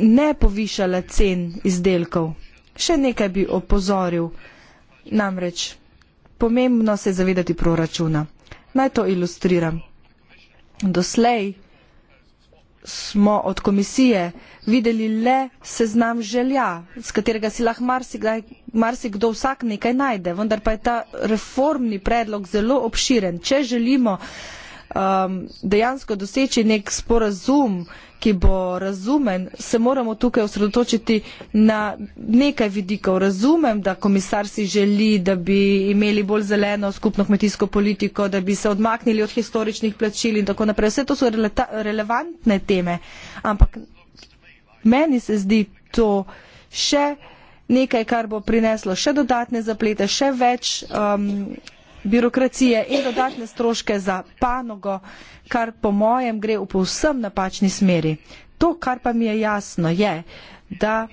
ne povišale cen izdelkov. Še nekaj bi opozoril, namreč pomembno se je zavedati proračuna. Naj to ilustriram. Doslej smo od komisije videli le seznam želja, z katerega si lahko marsikdaj, marsikdo vsak nekaj najde, vendar pa je ta reformni predlog zelo obširen. Če želimo um, dejansko doseči nek sporazum, ki bo razumen, se moramo tukaj osredotočiti na nekaj vidikov. Razumem, da komisar si želi, da bi imeli bolj zeleno skupno kmetijsko politiko, da bi se odmaknili od historičnih plačil in tako naprej. Vse to so rele relevantne teme, ampak meni se zdi to še nekaj, kar bo prineslo še dodatne zaplete, še več. Um, birokracije in dodatne stroške za panogo, kar po mojem gre v povsem napačni smeri. To, kar pa mi je jasno, je, da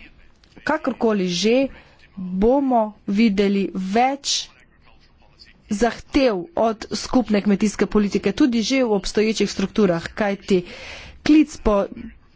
kakorkoli že bomo videli več zahtev od skupne kmetijske politike, tudi že v obstoječih strukturah, kajti klic po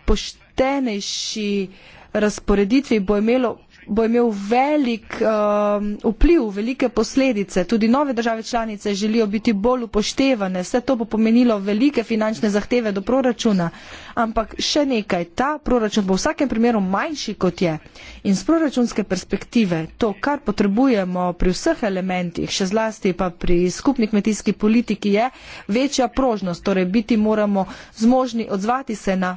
poštenejši razporeditvi bo imelo bo imel velik um, vpliv, velike posledice. Tudi nove države članice želijo biti bolj upoštevane. Vse to bo pomenilo velike finančne zahteve do proračuna. Ampak še nekaj, ta proračun bo v vsakem primeru manjši, kot je. In z proračunske perspektive to, kar potrebujemo pri vseh elementih, še zlasti pa pri skupni kmetijski politiki, je večja prožnost. Torej biti moramo zmožni odzvati se na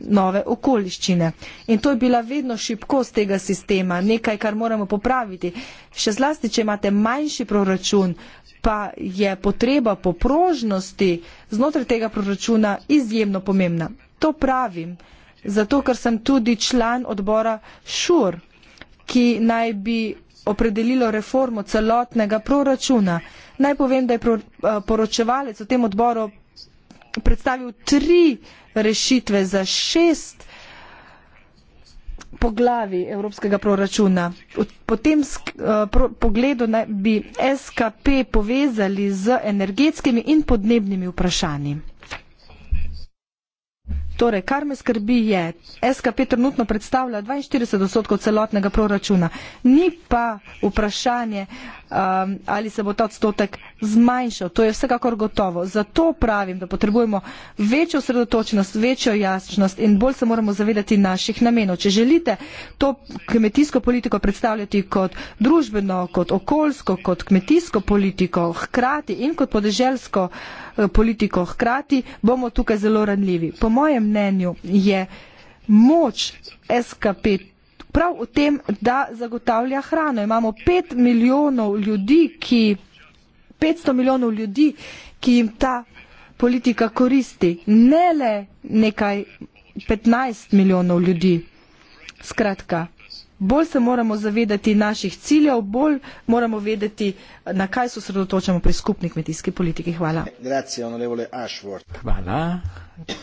nove okoliščine. In to je bila vedno šibkost tega sistema, nekaj, kar moramo popraviti. Še zlasti, če imate manjši proračun, pa je potreba po prožnosti znotraj tega proračuna izjemno pomembna. To pravim, zato ker sem tudi član odbora ŠUR, ki naj bi opredelilo reformo celotnega proračuna. Naj povem, da je eh, poročevalec v tem odboru predstavil tri rešitve za šest poglavi evropskega proračuna. Po tem eh, pogledu bi SKP povezali z energetskimi in podnebnimi vprašanji. Torej, kar me skrbi je, SKP trenutno predstavlja 42 odstotkov celotnega proračuna. Ni pa vprašanje uh, um, ali se bo ta odstotek zmanjšal. To je vsekakor gotovo. Zato pravim, da potrebujemo večjo osredotočenost, večjo jasnost in bolj se moramo zavedati naših namenov. Če želite to kmetijsko politiko predstavljati kot družbeno, kot okoljsko, kot kmetijsko politiko hkrati in kot podeželsko eh, politiko hkrati, bomo tukaj zelo ranljivi. Po mojem mnenju je moč SKP prav v tem, da zagotavlja hrano. Imamo 5 milijonov ljudi, ki, 500 milijonov ljudi, ki jim ta politika koristi. Ne le nekaj 15 milijonov ljudi. Skratka, bolj se moramo zavedati naših ciljev, bolj moramo vedeti, na kaj se sredotočamo pri skupni kmetijski politiki. Hvala. Grazie, Hvala,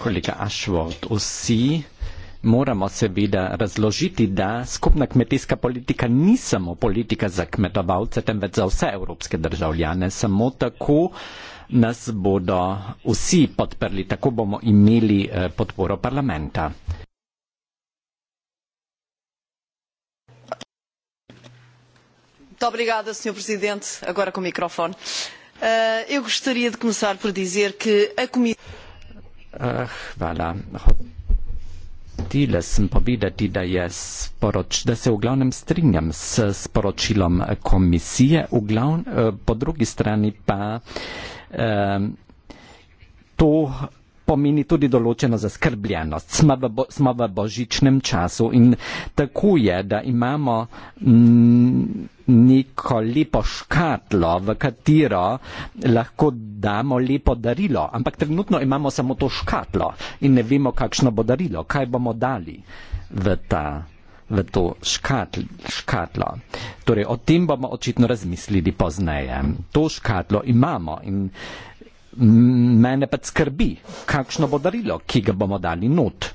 kolega Ashworth. Vsi moramo seveda razložiti, da skupna kmetijska politika ni samo politika za kmetovalce, temveč za vse evropske državljane. Samo tako nas bodo vsi podprli, tako bomo imeli eh, podporo parlamenta. Muito obrigada, Sr. Presidente. Agora com o microfone. Uh, eu gostaria de começar por dizer que a Comissão. Uh, ah, voilà. Tile sem povedati, da, sporoč, da se v glavnem strinjam s sporočilom komisije, glavn, eh, po drugi strani pa eh, to pomeni tudi določeno zaskrbljenost. Smo v, bo, smo v božičnem času in tako je, da imamo neko lepo škatlo, v katero lahko damo lepo darilo, ampak trenutno imamo samo to škatlo in ne vemo, kakšno bo darilo, kaj bomo dali v ta v to škatl, škatlo. Torej, o tem bomo očitno razmislili pozneje. To škatlo imamo in mene pa skrbi, kakšno bo darilo, ki ga bomo dali not.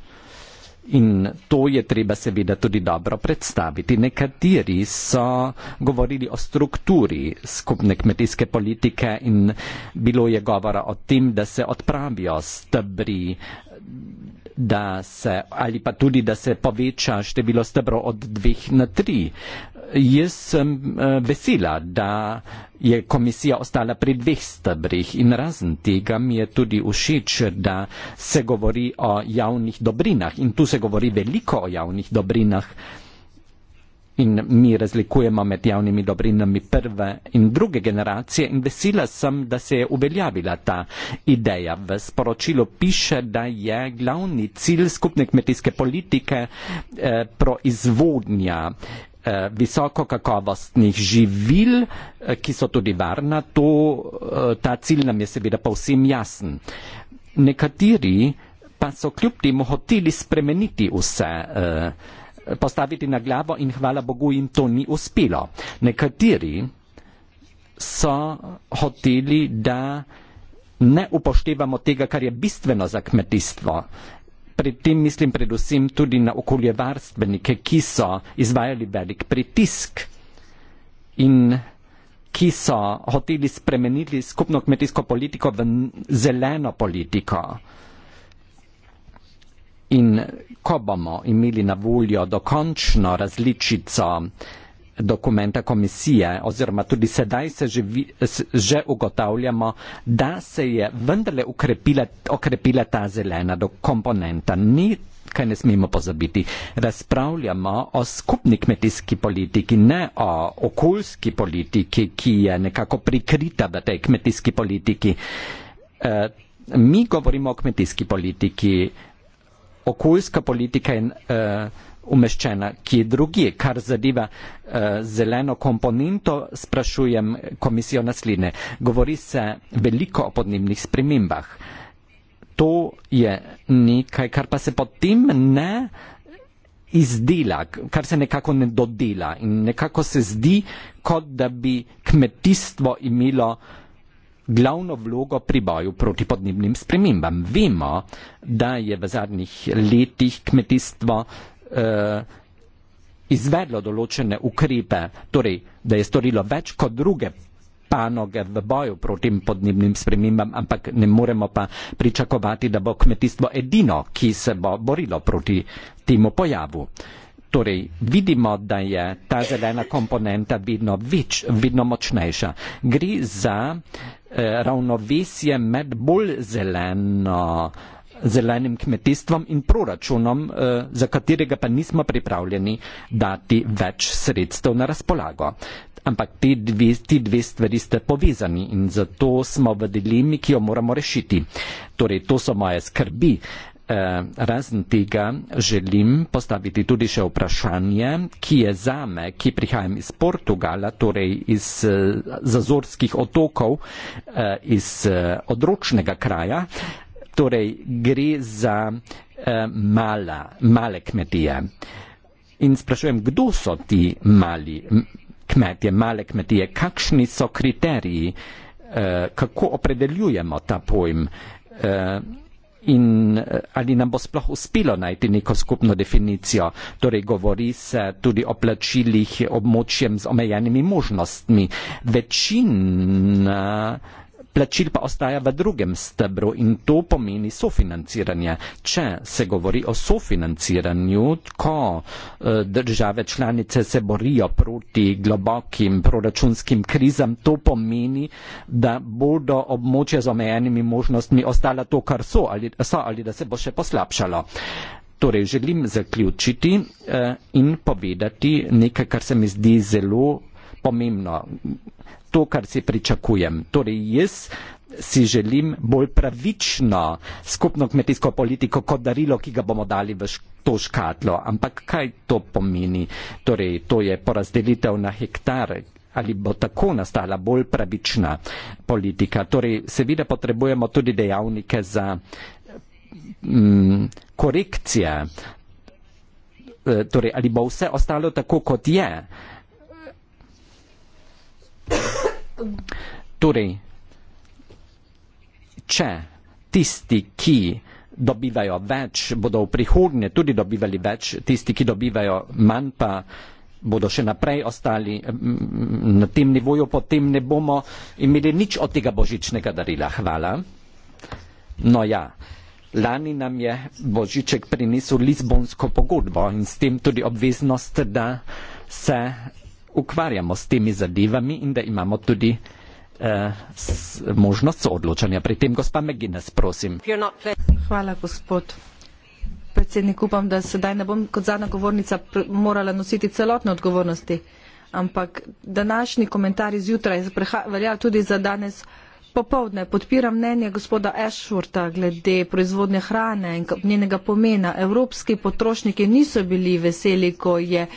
In to je treba seveda tudi dobro predstaviti. Nekateri so govorili o strukturi skupne kmetijske politike in bilo je govora o tem, da se odpravijo stebri, da se, ali pa tudi, da se poveča število stebrov od dveh na tri jaz sem uh, vesela, da je komisija ostala pri dveh stebrih in razen tega mi je tudi všeč, da se govori o javnih dobrinah in tu se govori veliko o javnih dobrinah in mi razlikujemo med javnimi dobrinami prve in druge generacije in vesela sem, da se je uveljavila ta ideja. V sporočilu piše, da je glavni cilj skupne kmetijske politike eh, proizvodnja eh, Eh, visoko kakovostnih živil, eh, ki so tudi varna, to, eh, ta cilj nam je seveda povsem jasen. Nekateri pa so kljub temu hoteli spremeniti vse, postaviti na glavo in hvala Bogu jim to ni uspelo. Nekateri so hoteli, da ne upoštevamo tega, kar je bistveno za kmetijstvo, pri tem mislim predvsem tudi na okoljevarstvenike, ki so izvajali velik pritisk in ki so hoteli spremeniti skupno kmetijsko politiko v zeleno politiko. In ko bomo imeli na voljo dokončno različico dokumenta komisije, oziroma tudi sedaj se že, vi, že ugotavljamo, da se je vendarle ukrepila, okrepila ta zelena komponenta. Ni kaj ne smemo pozabiti. Razpravljamo o skupni kmetijski politiki, ne o okoljski politiki, ki je nekako prikrita v tej kmetijski politiki. E, mi govorimo o kmetijski politiki. Okoljska politika je. E, umeščena kje drugi. Kar zadeva uh, zeleno komponento, sprašujem komisijo naslednje. Govori se veliko o podnebnih spremembah. To je nekaj, kar pa se potem ne izdela, kar se nekako ne dodela in nekako se zdi, kot da bi kmetijstvo imelo glavno vlogo pri boju proti podnebnim spremembam. Vemo, da je v zadnjih letih kmetijstvo uh, Eh, izvedlo določene ukrepe, torej da je storilo več kot druge panoge v boju proti podnebnim spremembam, ampak ne moremo pa pričakovati, da bo kmetijstvo edino, ki se bo borilo proti temu pojavu. Torej, vidimo, da je ta zelena komponenta vedno, več, vedno močnejša. Gre za eh, ravnovesje med bolj zeleno eh, zelenim kmetijstvom in proračunom, eh, za katerega pa nismo pripravljeni dati več sredstev na razpolago. Ampak ti dve, ti dve stvari ste povezani in zato smo v dilemi, ki jo moramo rešiti. Torej, to so moje skrbi. Eh, razen tega želim postaviti tudi še vprašanje, ki je zame, ki prihajam iz Portugala, torej iz eh, Zazorskih otokov, iz odročnega kraja torej gre za eh, mala, male kmetije. In sprašujem, kdo so ti mali kmetje, male kmetije, kakšni so kriteriji, eh, kako opredeljujemo ta pojm eh, in eh, ali nam bo sploh uspelo najti neko skupno definicijo. Torej, govori se tudi o plačilih območjem z omejenimi možnostmi. Večina plačil pa ostaja v drugem stebru in to pomeni sofinanciranje. Če se govori o sofinanciranju, ko eh, države članice se borijo proti globokim proračunskim krizam, to pomeni, da bodo območja z omejenimi možnostmi ostala to, kar so ali, so, ali da se bo še poslabšalo. Torej, želim zaključiti eh, in povedati nekaj, kar se mi zdi zelo pomembno, to, kar si pričakujem. Torej, jaz si želim bolj pravično skupno kmetijsko politiko kot darilo, ki ga bomo dali v to škatlo. Ampak kaj to pomeni? Torej, to je porazdelitev na hektare. Ali bo tako nastala bolj pravična politika? Torej, seveda potrebujemo tudi dejavnike za mm, korekcije. E, torej, ali bo vse ostalo tako, kot je? E, Torej, če tisti, ki dobivajo več, bodo v prihodnje tudi dobivali več, tisti, ki dobivajo manj, pa bodo še naprej ostali na tem nivoju, potem ne bomo imeli nič od tega božičnega darila. Hvala. No ja, lani nam je božiček prinesel Lizbonsko pogodbo in s tem tudi obveznost, da se ukvarjamo s temi zadevami in da imamo tudi eh, možnost soodločanja. Pri tem, gospa Megines, prosim. Hvala, gospod predsednik. Upam, da sedaj ne bom kot zadnja govornica morala nositi celotne odgovornosti, ampak današnji komentar izjutraj velja tudi za danes. Popovdne podpiram mnenje gospoda Ashworta glede proizvodnje hrane in njenega pomena. Evropski potrošniki niso bili veseli, ko je uh,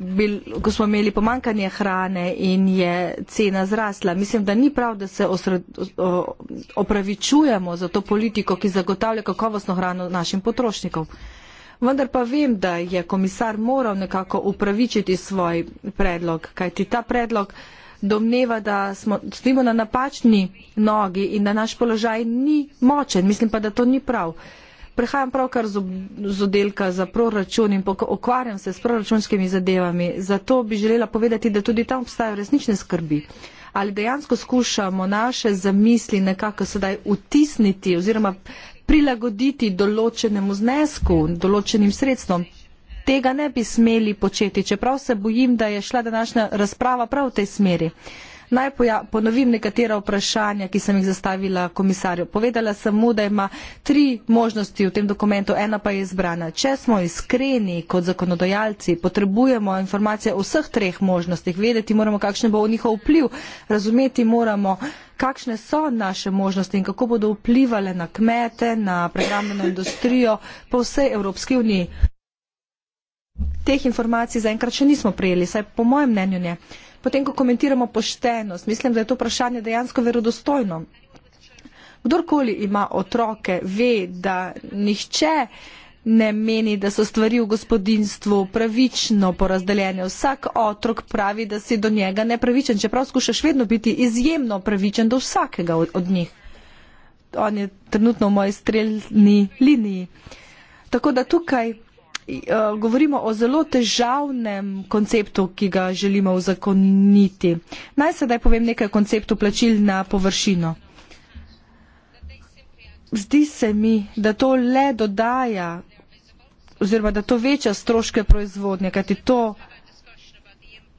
bil, ko smo imeli pomankanje hrane in je cena zrasla. Mislim, da ni prav, da se osred, o, opravičujemo za to politiko, ki zagotavlja kakovostno hrano našim potrošnikom. Vendar pa vem, da je komisar moral nekako upravičiti svoj predlog, kajti ta predlog domneva, da smo, stojimo na napačni nogi in da naš položaj ni močen. Mislim pa, da to ni prav prihajam pravkar z oddelka za proračun in okvarjam se s proračunskimi zadevami. Zato bi želela povedati, da tudi tam obstajajo resnične skrbi. Ali dejansko skušamo naše zamisli nekako sedaj utisniti oziroma prilagoditi določenemu znesku, določenim sredstvom. Tega ne bi smeli početi, čeprav se bojim, da je šla današnja razprava prav v tej smeri. Uh, Naj ponovim nekatera vprašanja, ki sem jih zastavila komisarju. Povedala sem mu, da ima tri možnosti v tem dokumentu, ena pa je izbrana. Če smo iskreni kot zakonodajalci, potrebujemo informacije o vseh treh možnostih, vedeti moramo, kakšen bo njihov vpliv, razumeti moramo kakšne so naše možnosti in kako bodo vplivali na kmete, na prehrambeno industrijo po vsej Evropski uniji. Teh informacij zaenkrat še nismo prijeli, saj po mojem mnenju ne. Uh, potem ko komentiramo poštenost, mislim, da je to vprašanje dejansko verodostojno. Kdorkoli ima otroke, ve, da nihče ne meni, da so stvari v gospodinstvu pravično porazdeljene. Vsak otrok pravi, da si do njega nepravičen, čeprav skušaš vedno biti izjemno pravičen do vsakega od njih. On je trenutno v moji streljni liniji. Tako da tukaj E, govorimo o zelo težavnem konceptu, ki ga želimo uzakoniti. Naj sedaj povem nekaj o konceptu plačil na površino. Zdi se mi, da to le dodaja oziroma da to veča stroške proizvodnje, kajti to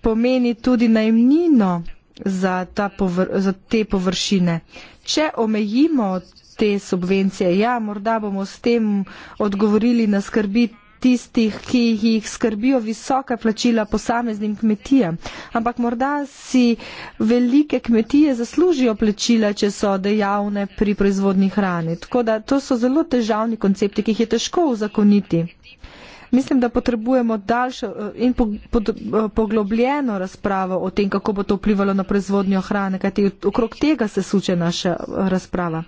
pomeni tudi najmnino za, povr za te površine. Če omejimo te subvencije, ja, morda bomo s tem odgovorili na skrbi tistih, ki jih skrbijo visoka plačila posameznim kmetijam. Ampak morda si velike kmetije zaslužijo plačila, če so dejavne pri proizvodni hrani. Tako da to so zelo težavni koncepti, ki jih je težko uzakoniti. Mislim, da potrebujemo daljšo eh, in eh, poglobljeno razpravo o tem, kako bo to vplivalo na proizvodnjo hrane, kajti okrog tega se suče naša eh, razprava.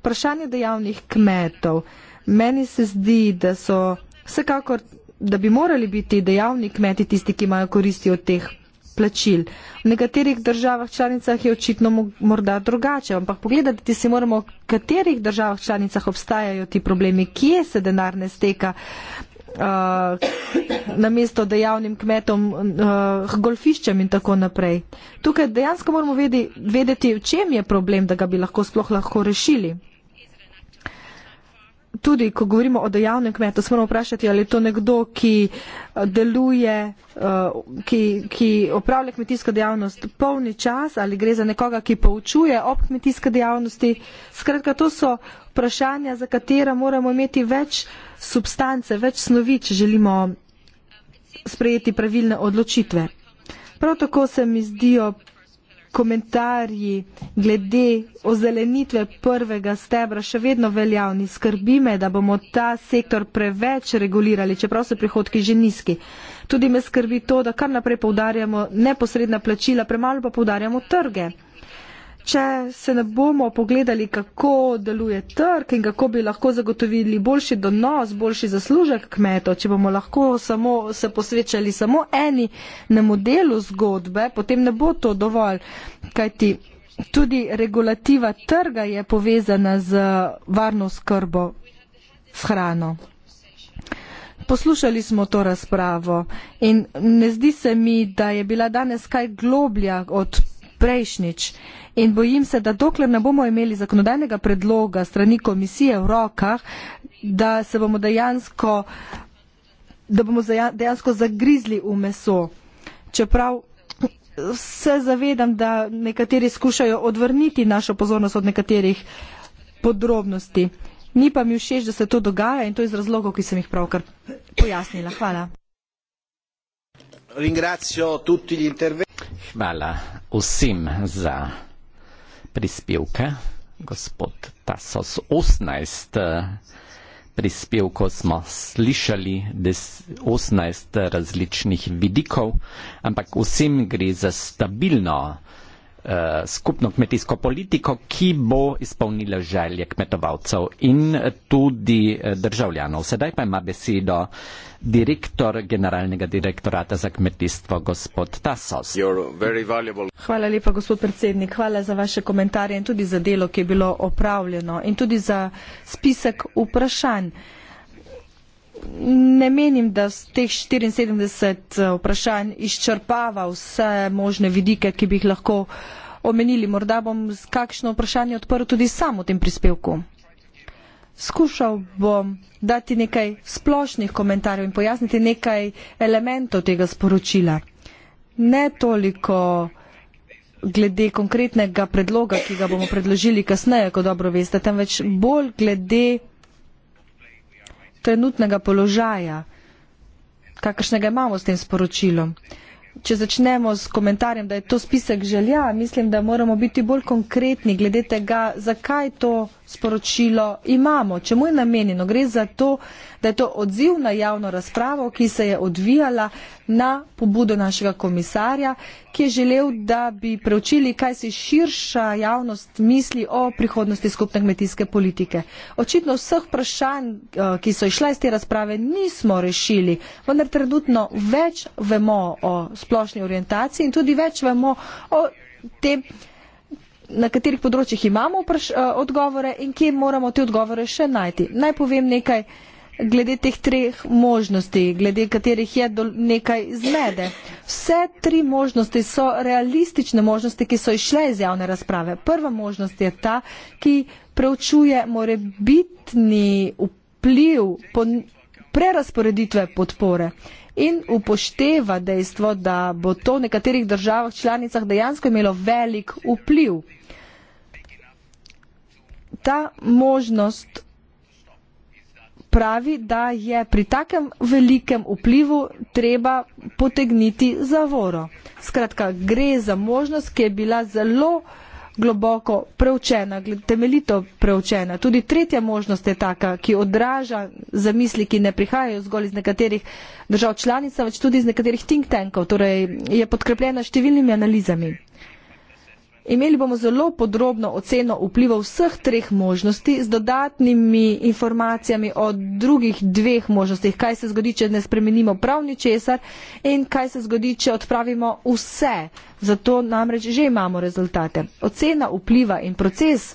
Vprašanje dejavnih kmetov. Meni se zdi, da so Vsekakor, da bi morali biti dejavni kmeti tisti, ki imajo koristi od teh plačil. V nekaterih državah članicah je očitno morda drugače, ampak pogledati si moramo, v katerih državah članicah obstajajo ti problemi, kje se denar ne steka. Uh, na mesto dejavnim kmetom, uh, golfiščem in tako naprej. Tukaj dejansko moramo vedeti, vedeti, v čem je problem, da ga bi lahko sploh lahko rešili tudi, ko govorimo o dejavnem kmetu, se moramo vprašati, ali je to nekdo, ki eh, deluje, eh, ki, ki opravlja kmetijsko dejavnost polni čas, ali gre za nekoga, ki poučuje ob kmetijske dejavnosti. Skratka, to so vprašanja, za katera moramo imeti več substance, več snovi, če želimo sprejeti pravilne odločitve. Prav tako se mi zdijo komentarji glede ozelenitve prvega stebra še vedno veljavni. Skrbi me, da bomo ta sektor preveč regulirali, čeprav so prihodki že nizki. Tudi me skrbi to, da kar naprej poudarjamo neposredna plačila, premalo pa poudarjamo trge. Če se ne bomo pogledali, kako deluje trg in kako bi lahko zagotovili boljši donos, boljši zaslužek kmetov, če bomo lahko samo, se posvečali samo eni na modelu zgodbe, potem ne bo to dovolj. Kajti tudi regulativa trga je povezana z varno skrbo s hrano. Poslušali smo to razpravo in ne zdi se mi, da je bila danes kaj globlja od prejšnjič. In bojim se, da dokler ne bomo imeli zakonodajnega predloga strani komisije v rokah, da se bomo dejansko, da bomo ja, dejansko zagrizli v meso. Čeprav se zavedam, da nekateri skušajo odvrniti našo pozornost od nekaterih podrobnosti. Ni pa mi všeč, da se to dogaja in to iz razlogov, ki sem jih pravkar pojasnila. Hvala. Hvala vsem za prispevke. Gospod Tasos, 18 eh, prispevkov smo slišali, 18 eh, različnih vidikov, ampak vsem gre za stabilno Eh, skupno kmetijsko politiko, ki bo izpolnila želje kmetovalcev in eh, tudi eh, državljanov. Sedaj pa ima besedo direktor generalnega direktorata za kmetijstvo, gospod Tasos. Hvala lepa, gospod predsednik. Hvala za vaše komentarje in tudi za delo, ki je bilo opravljeno in tudi za spisek vprašanj ne menim, da teh 74 eh, vprašanj izčrpava vse možne vidike, ki bi jih lahko omenili. Morda bom z kakšno vprašanje odprl tudi sam v tem prispevku. Skušal bom dati nekaj splošnih komentarjev in pojasniti nekaj elementov tega sporočila. Ne toliko glede konkretnega predloga, ki ga bomo predložili kasneje, kot dobro veste, temveč bolj glede trenutnega položaja, kakršnega imamo s tem sporočilom. Če začnemo s komentarjem, da je to spisek želja, mislim, da moramo biti bolj konkretni glede tega, zakaj to sporočilo imamo, čemu je namenjeno. Gre za to, da je to odziv na javno razpravo, ki se je odvijala na pobudo našega komisarja, ki je želel, da bi preučili, kaj si širša javnost misli o prihodnosti skupne kmetijske politike. Očitno vseh vprašanj, eh, ki so išla iz te razprave, nismo rešili, vendar trenutno več vemo o splošni orientaciji in tudi več vemo o tem, na katerih področjih imamo vpraš, eh, odgovore in kje moramo te odgovore še najti. Naj povem nekaj glede teh treh možnosti, glede katerih je do nekaj zmede. Vse tri možnosti so realistične možnosti, ki so išle iz javne razprave. Prva možnost je ta, ki preučuje morebitni vpliv prerasporeditve podpore in upošteva dejstvo, da bo to v nekaterih državah članicah dejansko imelo velik vpliv ta možnost pravi, da je pri takem velikem vplivu treba potegniti zavoro. Skratka, gre za možnost, ki je bila zelo globoko preučena, temeljito preučena. Tudi tretja možnost je taka, ki odraža zamisli, ki ne prihajajo zgolj iz nekaterih držav članic, več tudi iz nekaterih think tankov, torej je podkrepljena številnimi analizami. Imeli bomo zelo podrobno oceno vplivov vseh treh možnosti z dodatnimi informacijami o drugih dveh možnostih, kaj se zgodi, če ne spremenimo prav ničesar in kaj se zgodi, če odpravimo vse. Zato namreč že imamo rezultate. Ocena vpliva in proces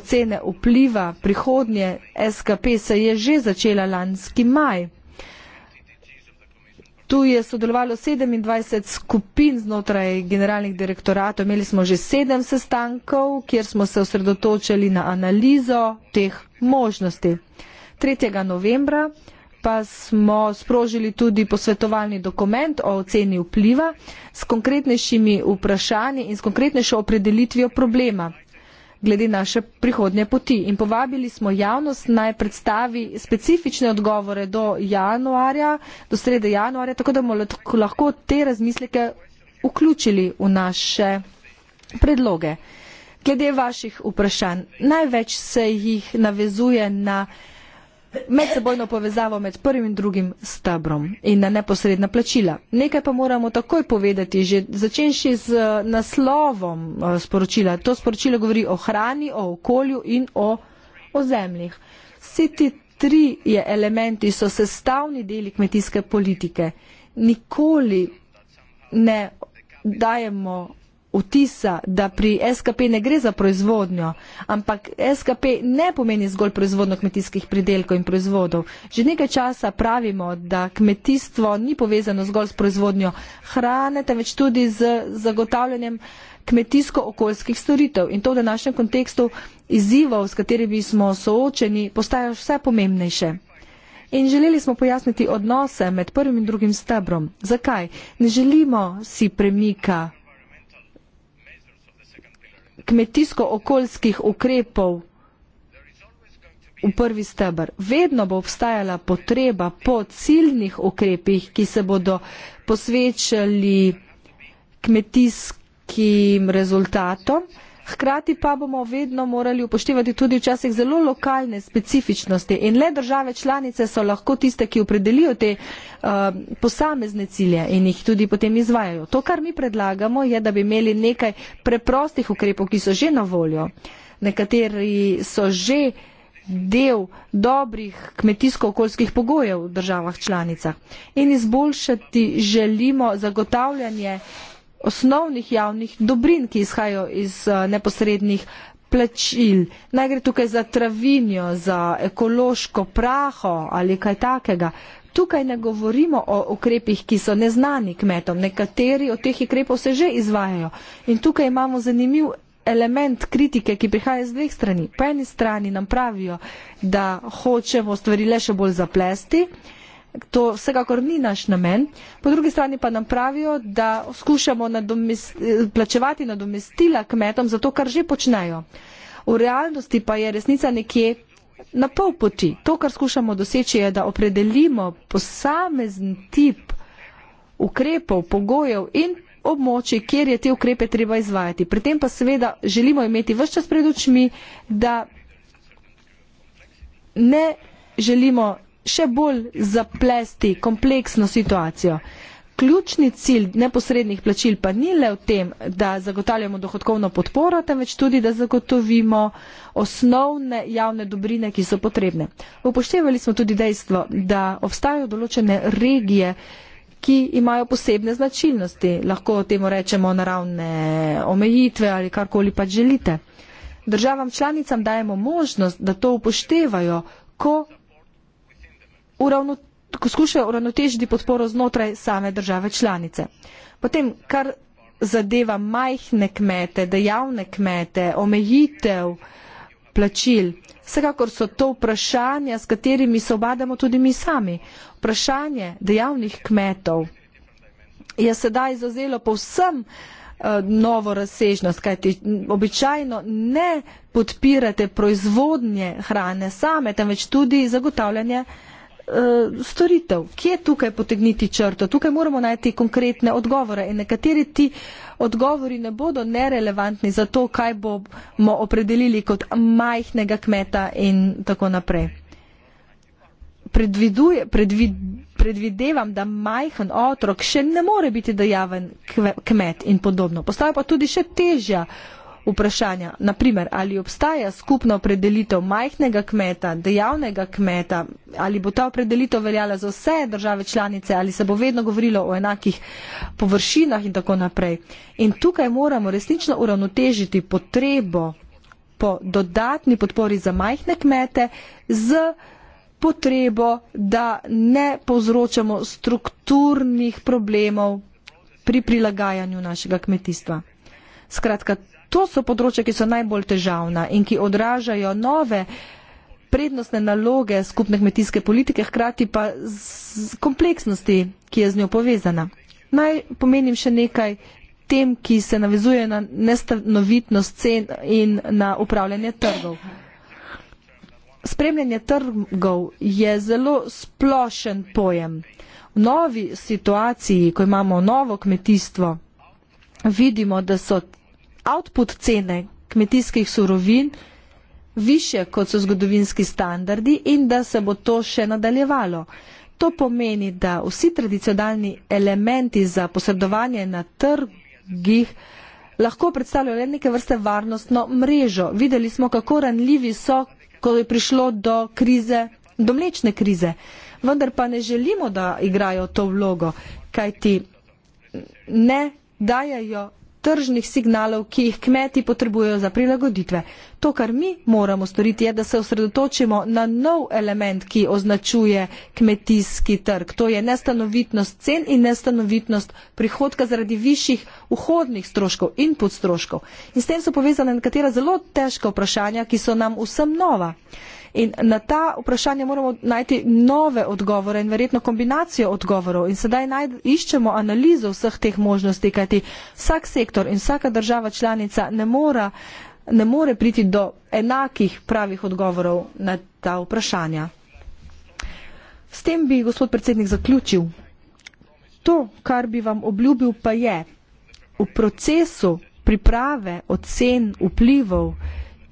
ocene vpliva prihodnje SKP se je že začela lanski maj. Tu je sodelovalo 27 skupin znotraj generalnih direktoratov. Imeli smo že sedem sestankov, kjer smo se osredotočili na analizo teh možnosti. 3. novembra pa smo sprožili tudi posvetovalni dokument o oceni vpliva s konkretnejšimi vprašanji in s konkretnejšo opredelitvijo problema glede naše prihodnje poti. In povabili smo javnost naj predstavi specifične odgovore do januarja, do srede januarja, tako da bomo lahko te razmisleke vključili v naše predloge. Glede vaših vprašanj, največ se jih navezuje na medsebojno povezavo med prvim in drugim stebrom in na neposredna plačila. Nekaj pa moramo takoj povedati, že začenši z eh, naslovom eh, sporočila. To sporočilo govori o hrani, o okolju in o, o zemljih. Vsi ti tri elementi so sestavni deli kmetijske politike. Nikoli ne dajemo vtisa, da pri SKP ne gre za proizvodnjo, ampak SKP ne pomeni zgolj proizvodno kmetijskih pridelkov in proizvodov. Že nekaj časa pravimo, da kmetijstvo ni povezano zgolj s proizvodnjo hrane, temveč tudi z zagotavljanjem kmetijsko-okoljskih storitev. In to v današnjem kontekstu izzivov, s katerimi smo soočeni, postaja vse pomembnejše. In želeli smo pojasniti odnose med prvim in drugim stebrom. Zakaj? Ne želimo si premika kmetijsko-okoljskih ukrepov v prvi stebr. Vedno bo obstajala potreba po ciljnih ukrepih, ki se bodo posvečali kmetijskim rezultatom, hkrati pa bomo vedno morali upoštevati tudi včasih zelo lokalne specifičnosti in le države članice so lahko tiste, ki opredelijo te uh, posamezne cilje in jih tudi potem izvajajo. To, kar mi predlagamo, je, da bi imeli nekaj preprostih ukrepov, ki so že na voljo, nekateri so že del dobrih kmetijsko-okoljskih pogojev v državah članicah. In izboljšati želimo zagotavljanje osnovnih javnih dobrin, ki izhajajo iz eh, neposrednih plačil. Naj gre tukaj za travinjo, za ekološko praho ali kaj takega. Tukaj ne govorimo o ukrepih, ki so neznani kmetom. Nekateri od teh ukrepov se že izvajajo. In tukaj imamo zanimiv element kritike, ki prihaja z dveh strani. Po eni strani nam pravijo, da hočemo stvari le še bolj zaplesti, To vsekakor ni naš namen. Po drugi strani pa nam pravijo, da skušamo nadomest, plačevati nadomestila kmetom za to, kar že počnejo. V realnosti pa je resnica nekje na pol poti. To, kar skušamo doseči, je, da opredelimo posamezen tip ukrepov, pogojev in območij, kjer je te ukrepe treba izvajati. Pri tem pa seveda želimo imeti vse čas pred očmi, da ne želimo še bolj zaplesti kompleksno situacijo. Ključni cilj neposrednih plačil pa ni le v tem, da zagotavljamo dohodkovno podporo, temveč tudi, da zagotovimo osnovne javne dobrine, ki so potrebne. Upoštevali smo tudi dejstvo, da obstajajo določene regije, ki imajo posebne značilnosti, lahko temu rečemo naravne omejitve ali karkoli pač želite. Državam članicam dajemo možnost, da to upoštevajo, ko skušajo uravnotežiti podporo znotraj same države članice. Potem, kar zadeva majhne kmete, dejavne kmete, omejitev plačil, vsekakor so to vprašanja, s katerimi se obadamo tudi mi sami. Vprašanje dejavnih kmetov je sedaj zazelo povsem eh, novo razsežnost, kajti običajno ne podpirate proizvodnje hrane same, temveč tudi zagotavljanje hrane Eh, storitev? Kje tukaj potegniti črto? Tukaj moramo najti konkretne odgovore in nekateri ti odgovori ne bodo nerelevantni za to, kaj bomo opredelili kot majhnega kmeta in tako naprej. Predviduje, predvid, predvidevam, da majhen otrok še ne more biti dejaven kmet in podobno. Postaja pa tudi še težja vprašanja. Naprimer, ali obstaja skupna opredelitev majhnega kmeta, dejavnega kmeta, ali bo ta opredelitev veljala za vse države članice, ali se bo vedno govorilo o enakih površinah in tako naprej. In tukaj moramo resnično uravnotežiti potrebo po dodatni podpori za majhne kmete z potrebo, da ne povzročamo strukturnih problemov pri prilagajanju našega kmetijstva. Skratka, To so področja, ki so najbolj težavna in ki odražajo nove prednostne naloge skupne kmetijske politike, hkrati pa z kompleksnosti, ki je z njo povezana. Naj pomenim še nekaj tem, ki se navezuje na nestanovitnost cen in na upravljanje trgov. Spremljanje trgov je zelo splošen pojem. V novi situaciji, ko imamo novo kmetijstvo, vidimo, da so output cene kmetijskih surovin više, kot so zgodovinski standardi in da se bo to še nadaljevalo. To pomeni, da vsi tradicionalni elementi za posredovanje na trgih lahko predstavljajo le neke vrste varnostno mrežo. Videli smo, kako ranljivi so, ko je prišlo do krize, do mlečne krize. Vendar pa ne želimo, da igrajo to vlogo, kajti ne dajajo tržnih signalov, ki jih kmeti potrebujejo za prilagoditve. To, kar mi moramo storiti, je, da se osredotočimo na nov element, ki označuje kmetijski trg. To je nestanovitnost cen in nestanovitnost prihodka zaradi višjih vhodnih stroškov in podstroškov. In s tem so povezane nekatera zelo težka vprašanja, ki so nam vsem nova. In na ta vprašanja moramo najti nove odgovore in verjetno kombinacijo odgovorov. In sedaj naj, iščemo analizo vseh teh možnosti, kajti vsak sektor in vsaka država članica ne, mora, ne more priti do enakih pravih odgovorov na ta vprašanja. S tem bi gospod predsednik zaključil. To, kar bi vam obljubil, pa je v procesu priprave ocen vplivov,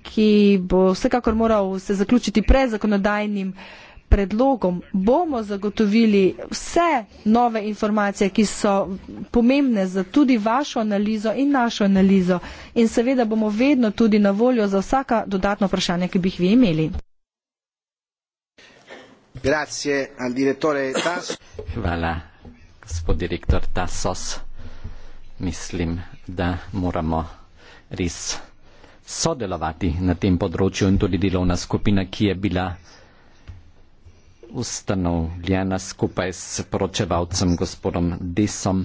ki bo vsekakor moral se zaključiti pred zakonodajnim predlogom, bomo zagotovili vse nove informacije, ki so pomembne za tudi vašo analizo in našo analizo in seveda bomo vedno tudi na voljo za vsaka dodatna vprašanja, ki bi jih vi imeli. Grazie al direttore Tassos. Hvala, gospod direktor Tassos. Mislim, da moramo res sodelovati na tem področju in tudi delovna skupina, ki je bila ustanovljena skupaj s poročevalcem gospodom Desom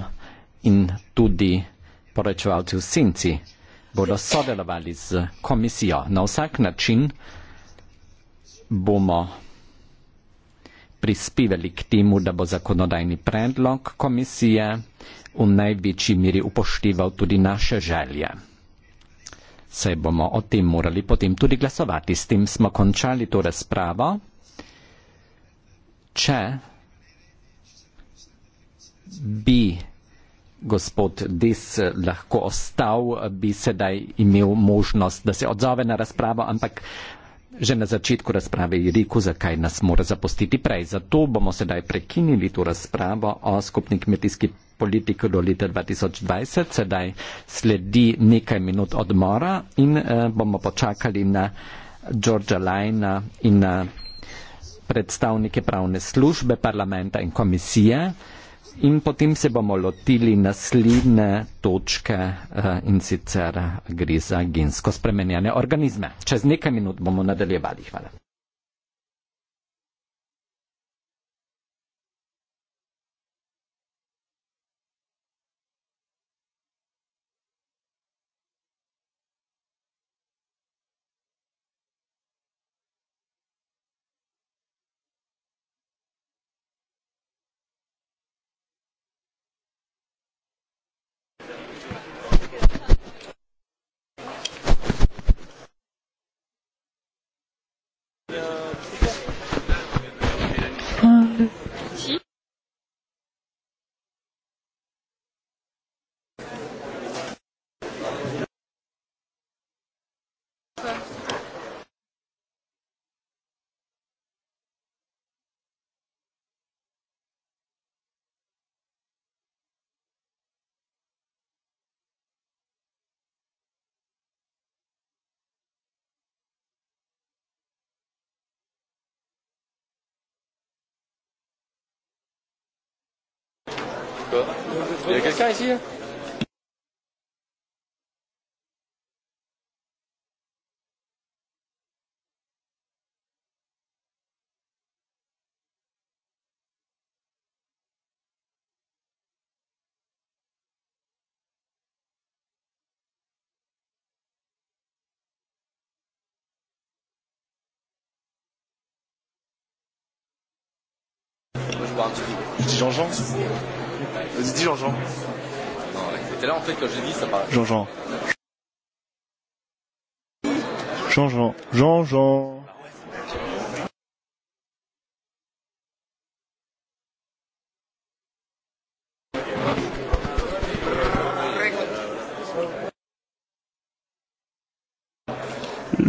in tudi poročevalci v Senci bodo sodelovali z komisijo. Na vsak način bomo prispevali k temu, da bo zakonodajni predlog komisije v največji miri upošteval tudi naše želje se bomo o tem morali potem tudi glasovati. S tem smo končali to razpravo. Če bi gospod Des lahko ostal, bi sedaj imel možnost, da se odzove na razpravo, ampak že na začetku razprave je rekel, zakaj nas mora zapustiti prej. Zato bomo sedaj prekinili to razpravo o skupni kmetijski politiko do leta 2020. Sedaj sledi nekaj minut odmora in eh, bomo počakali na Georgia Lina in na predstavnike pravne službe parlamenta in komisije in potem se bomo lotili naslednje točke eh, in sicer gre za gensko spremenjene organizme. Čez nekaj minut bomo nadaljevali. Hvala. quoi. Il y a quelqu'un ici Jean-Jean Vas-y, dis Jean-Jean. C'était là en fait quand j'ai dit ça paraît. Jean-Jean. Jean-Jean. Jean-Jean.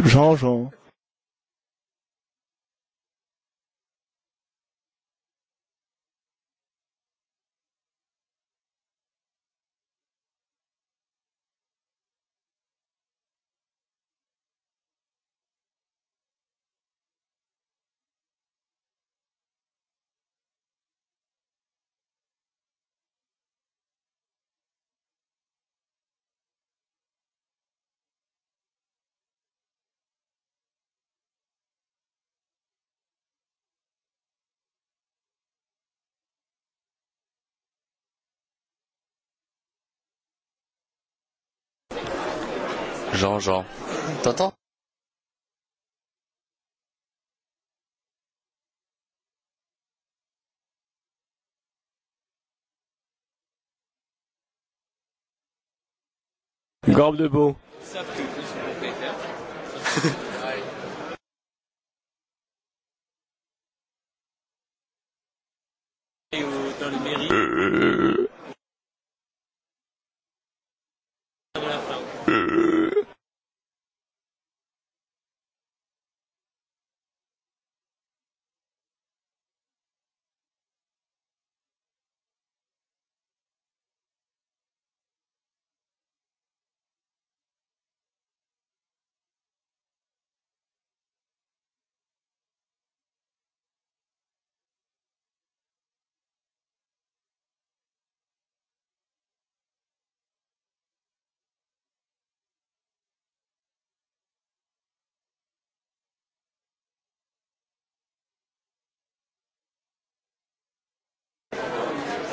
Jean-Jean. Jean Jean. T'entends Gorbe de beau. Ils savent tout, ils sont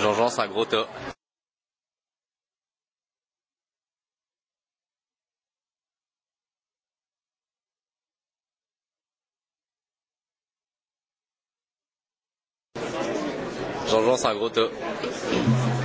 Jean-Jean Sagrota. Jean-Jean Sagrota.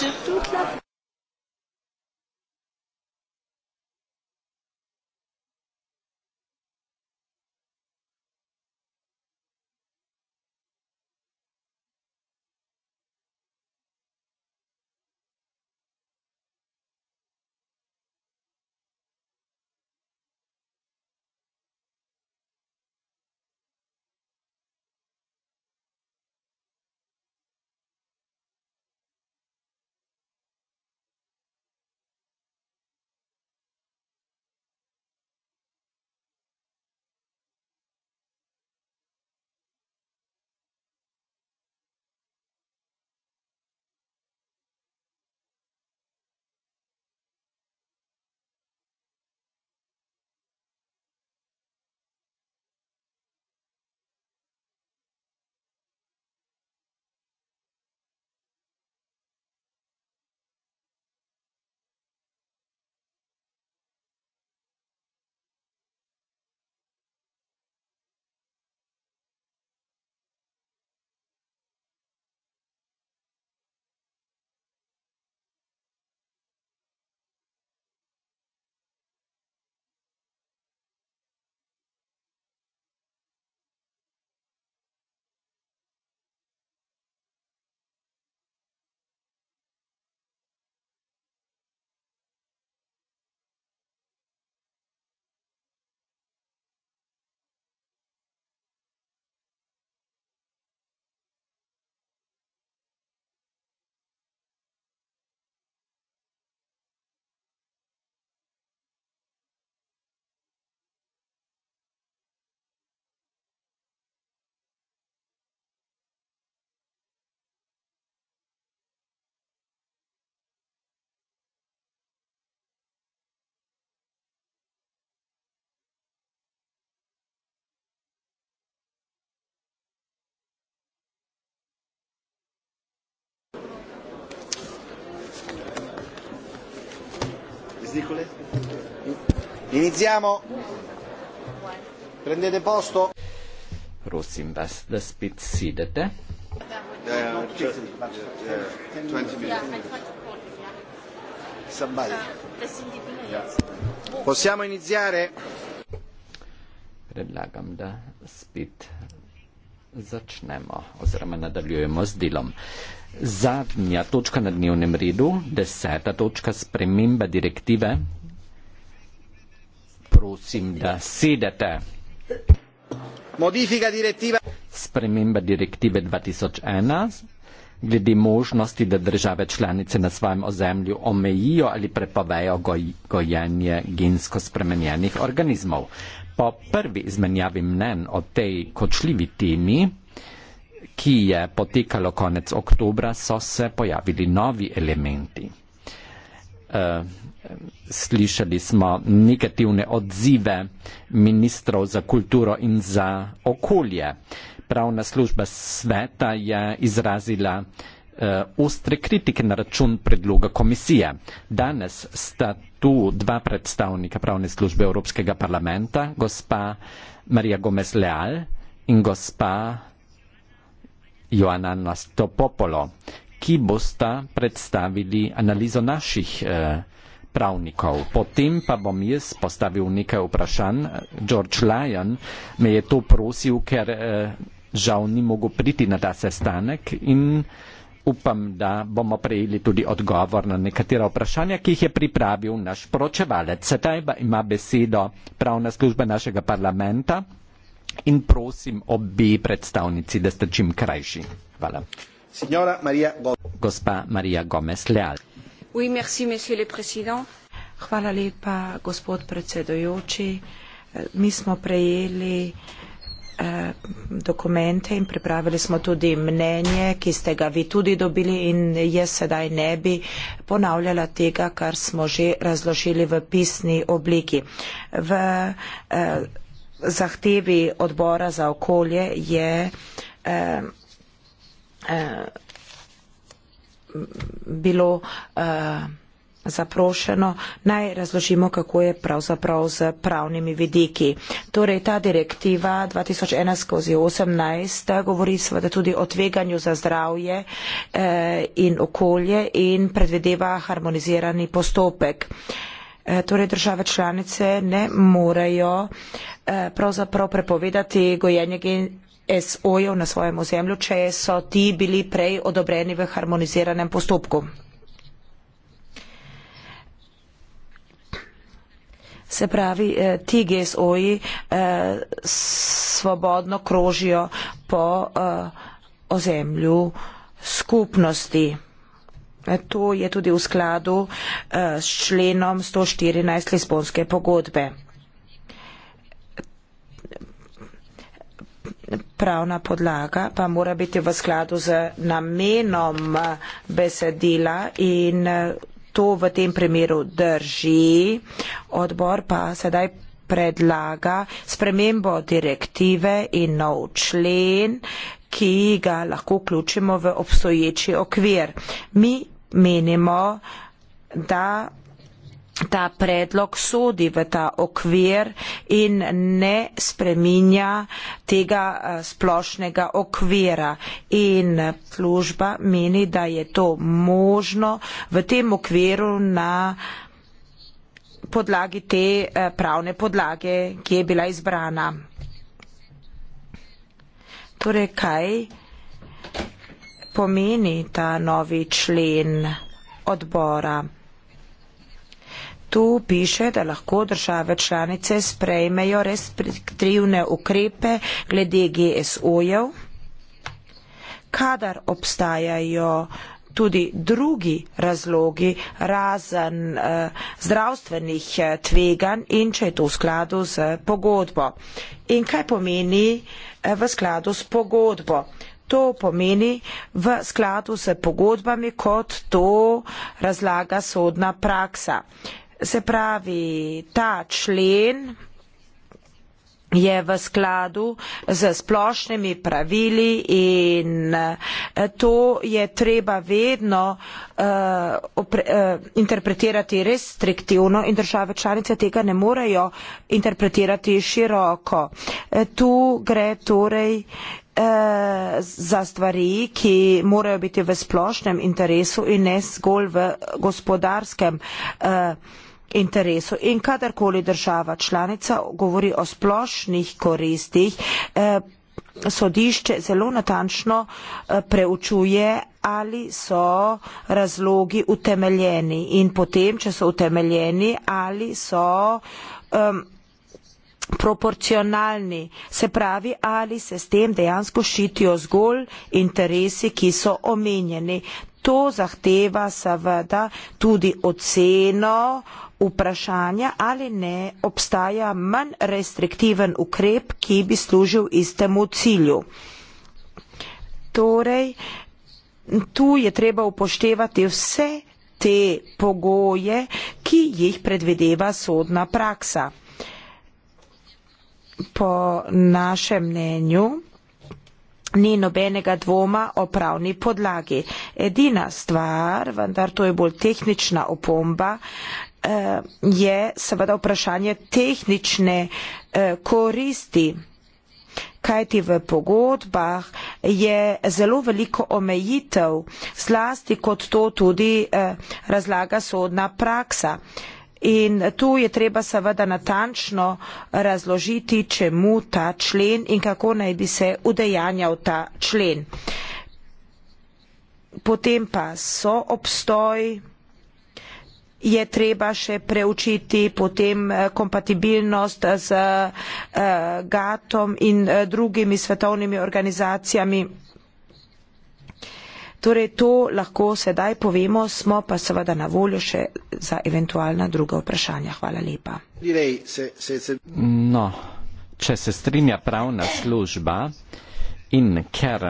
surtout la Zicole. Iniziamo. Prendete posto. Rossi in best the speed seated. Possiamo iniziare? Predlagam da speed začnemo oziroma nadaljujemo z delom. Zadnja točka na dnevnem redu, deseta točka sprememba direktive. Prosim, da sedete. Modifica direktiva. Sprememba direktive 2001 glede možnosti, da države članice na svojem ozemlju omejijo ali prepovejo goj, gojenje gensko spremenjenih organizmov. Po prvi izmenjavi mnen o tej kočljivi temi, ki je potekalo konec oktobra, so se pojavili novi elementi. E, slišali smo negativne odzive ministrov za kulturo in za okolje pravna služba sveta je izrazila eh, ostre kritike na račun predloga komisije. Danes sta tu dva predstavnika pravne službe Evropskega parlamenta, gospa Marija Gomez Leal in gospa Joana Nastopopolo, ki bosta predstavili analizo naših eh, pravnikov. Potem pa bom jaz postavil nekaj vprašanj. George Lyon me je to prosil, ker eh, žal ni mogel priti na ta sestanek in upam, da bomo prejeli tudi odgovor na nekatera vprašanja, ki jih je pripravil naš pročevalec. Sedaj ima besedo pravna služba našega parlamenta in prosim obi predstavnici, da ste čim krajši. Hvala. Maria Gospa Marija Gomez Leal. Oui, merci, monsieur le président. Hvala lepa, gospod predsedojoči. Mi smo prejeli Eh, dokumente in pripravili smo tudi mnenje, ki ste ga vi tudi dobili in jaz sedaj ne bi ponavljala tega, kar smo že razložili v pisni obliki. V eh, zahtevi odbora za okolje je eh, bilo zaprošeno, naj razložimo, kako je pravzaprav z pravnimi vidiki. Torej, ta direktiva 2001-18 govori seveda tudi o tveganju za zdravje eh, in okolje in predvedeva harmonizirani postopek. Eh, torej, države članice ne morejo eh, pravzaprav prepovedati gojenje SO-jev na svojem ozemlju, če so ti bili prej odobreni v harmoniziranem postopku. Se pravi, eh, ti GSO-ji eh, svobodno krožijo po eh, ozemlju skupnosti. E, to je tudi v skladu s členom 114 Lisbonske pogodbe. Pravna podlaga pa mora biti v skladu z namenom besedila in to v tem primeru drži. Odbor pa sedaj predlaga spremembo direktive in nov člen, ki ga lahko vključimo v obstoječi okvir. Mi menimo, da ta predlog sodi v ta okvir in ne spreminja tega eh, splošnega okvira. In služba meni, da je to možno v tem okviru na podlagi te eh, pravne podlage, ki je bila izbrana. Torej, kaj pomeni ta novi člen odbora? tu piše, da lahko države članice sprejmejo restriktivne ukrepe glede GSO-jev, kadar obstajajo tudi drugi razlogi razen eh, zdravstvenih eh, tveganj in če je to v skladu z pogodbo. In kaj pomeni eh, v skladu s pogodbo? To pomeni v skladu s pogodbami, kot to razlaga sodna praksa. Se pravi, ta člen je v skladu z splošnimi pravili in eh, to je treba vedno uh, opre, uh, interpretirati restriktivno in države članice tega ne morejo interpretirati široko. Tu gre torej za stvari, ki morajo biti v splošnem interesu in ne zgolj v gospodarskem eh, interesu in kadarkoli država članica govori o splošnih koristih, eh, sodišče zelo natančno eh, preučuje, ali so razlogi utemeljeni in potem, če so utemeljeni, ali so proporcionalni, se pravi, ali se s tem dejansko ščitijo zgolj interesi, ki so omenjeni. To zahteva seveda tudi oceno vprašanja, ali ne obstaja manj restriktiven ukrep, ki bi služil istemu cilju. Torej, tu je treba upoštevati vse te pogoje, ki jih predvideva sodna praksa. Po našem mnenju ni nobenega dvoma o pravni podlagi. Edina stvar, vendar to je bolj tehnična opomba, Eh, je seveda vprašanje tehnične eh, koristi. Kaj ti v pogodbah je zelo veliko omejitev, zlasti kot to tudi eh, razlaga sodna praksa. In tu je treba seveda natančno razložiti, čemu ta člen in kako naj bi se udejanjal ta člen. Potem pa so obstoj je treba še preučiti potem eh, kompatibilnost z eh, GATOM in eh, drugimi svetovnimi organizacijami. Torej, to lahko sedaj povemo, smo pa seveda na voljo še za eventualna druga vprašanja. Hvala lepa. No, če se strinja pravna služba in ker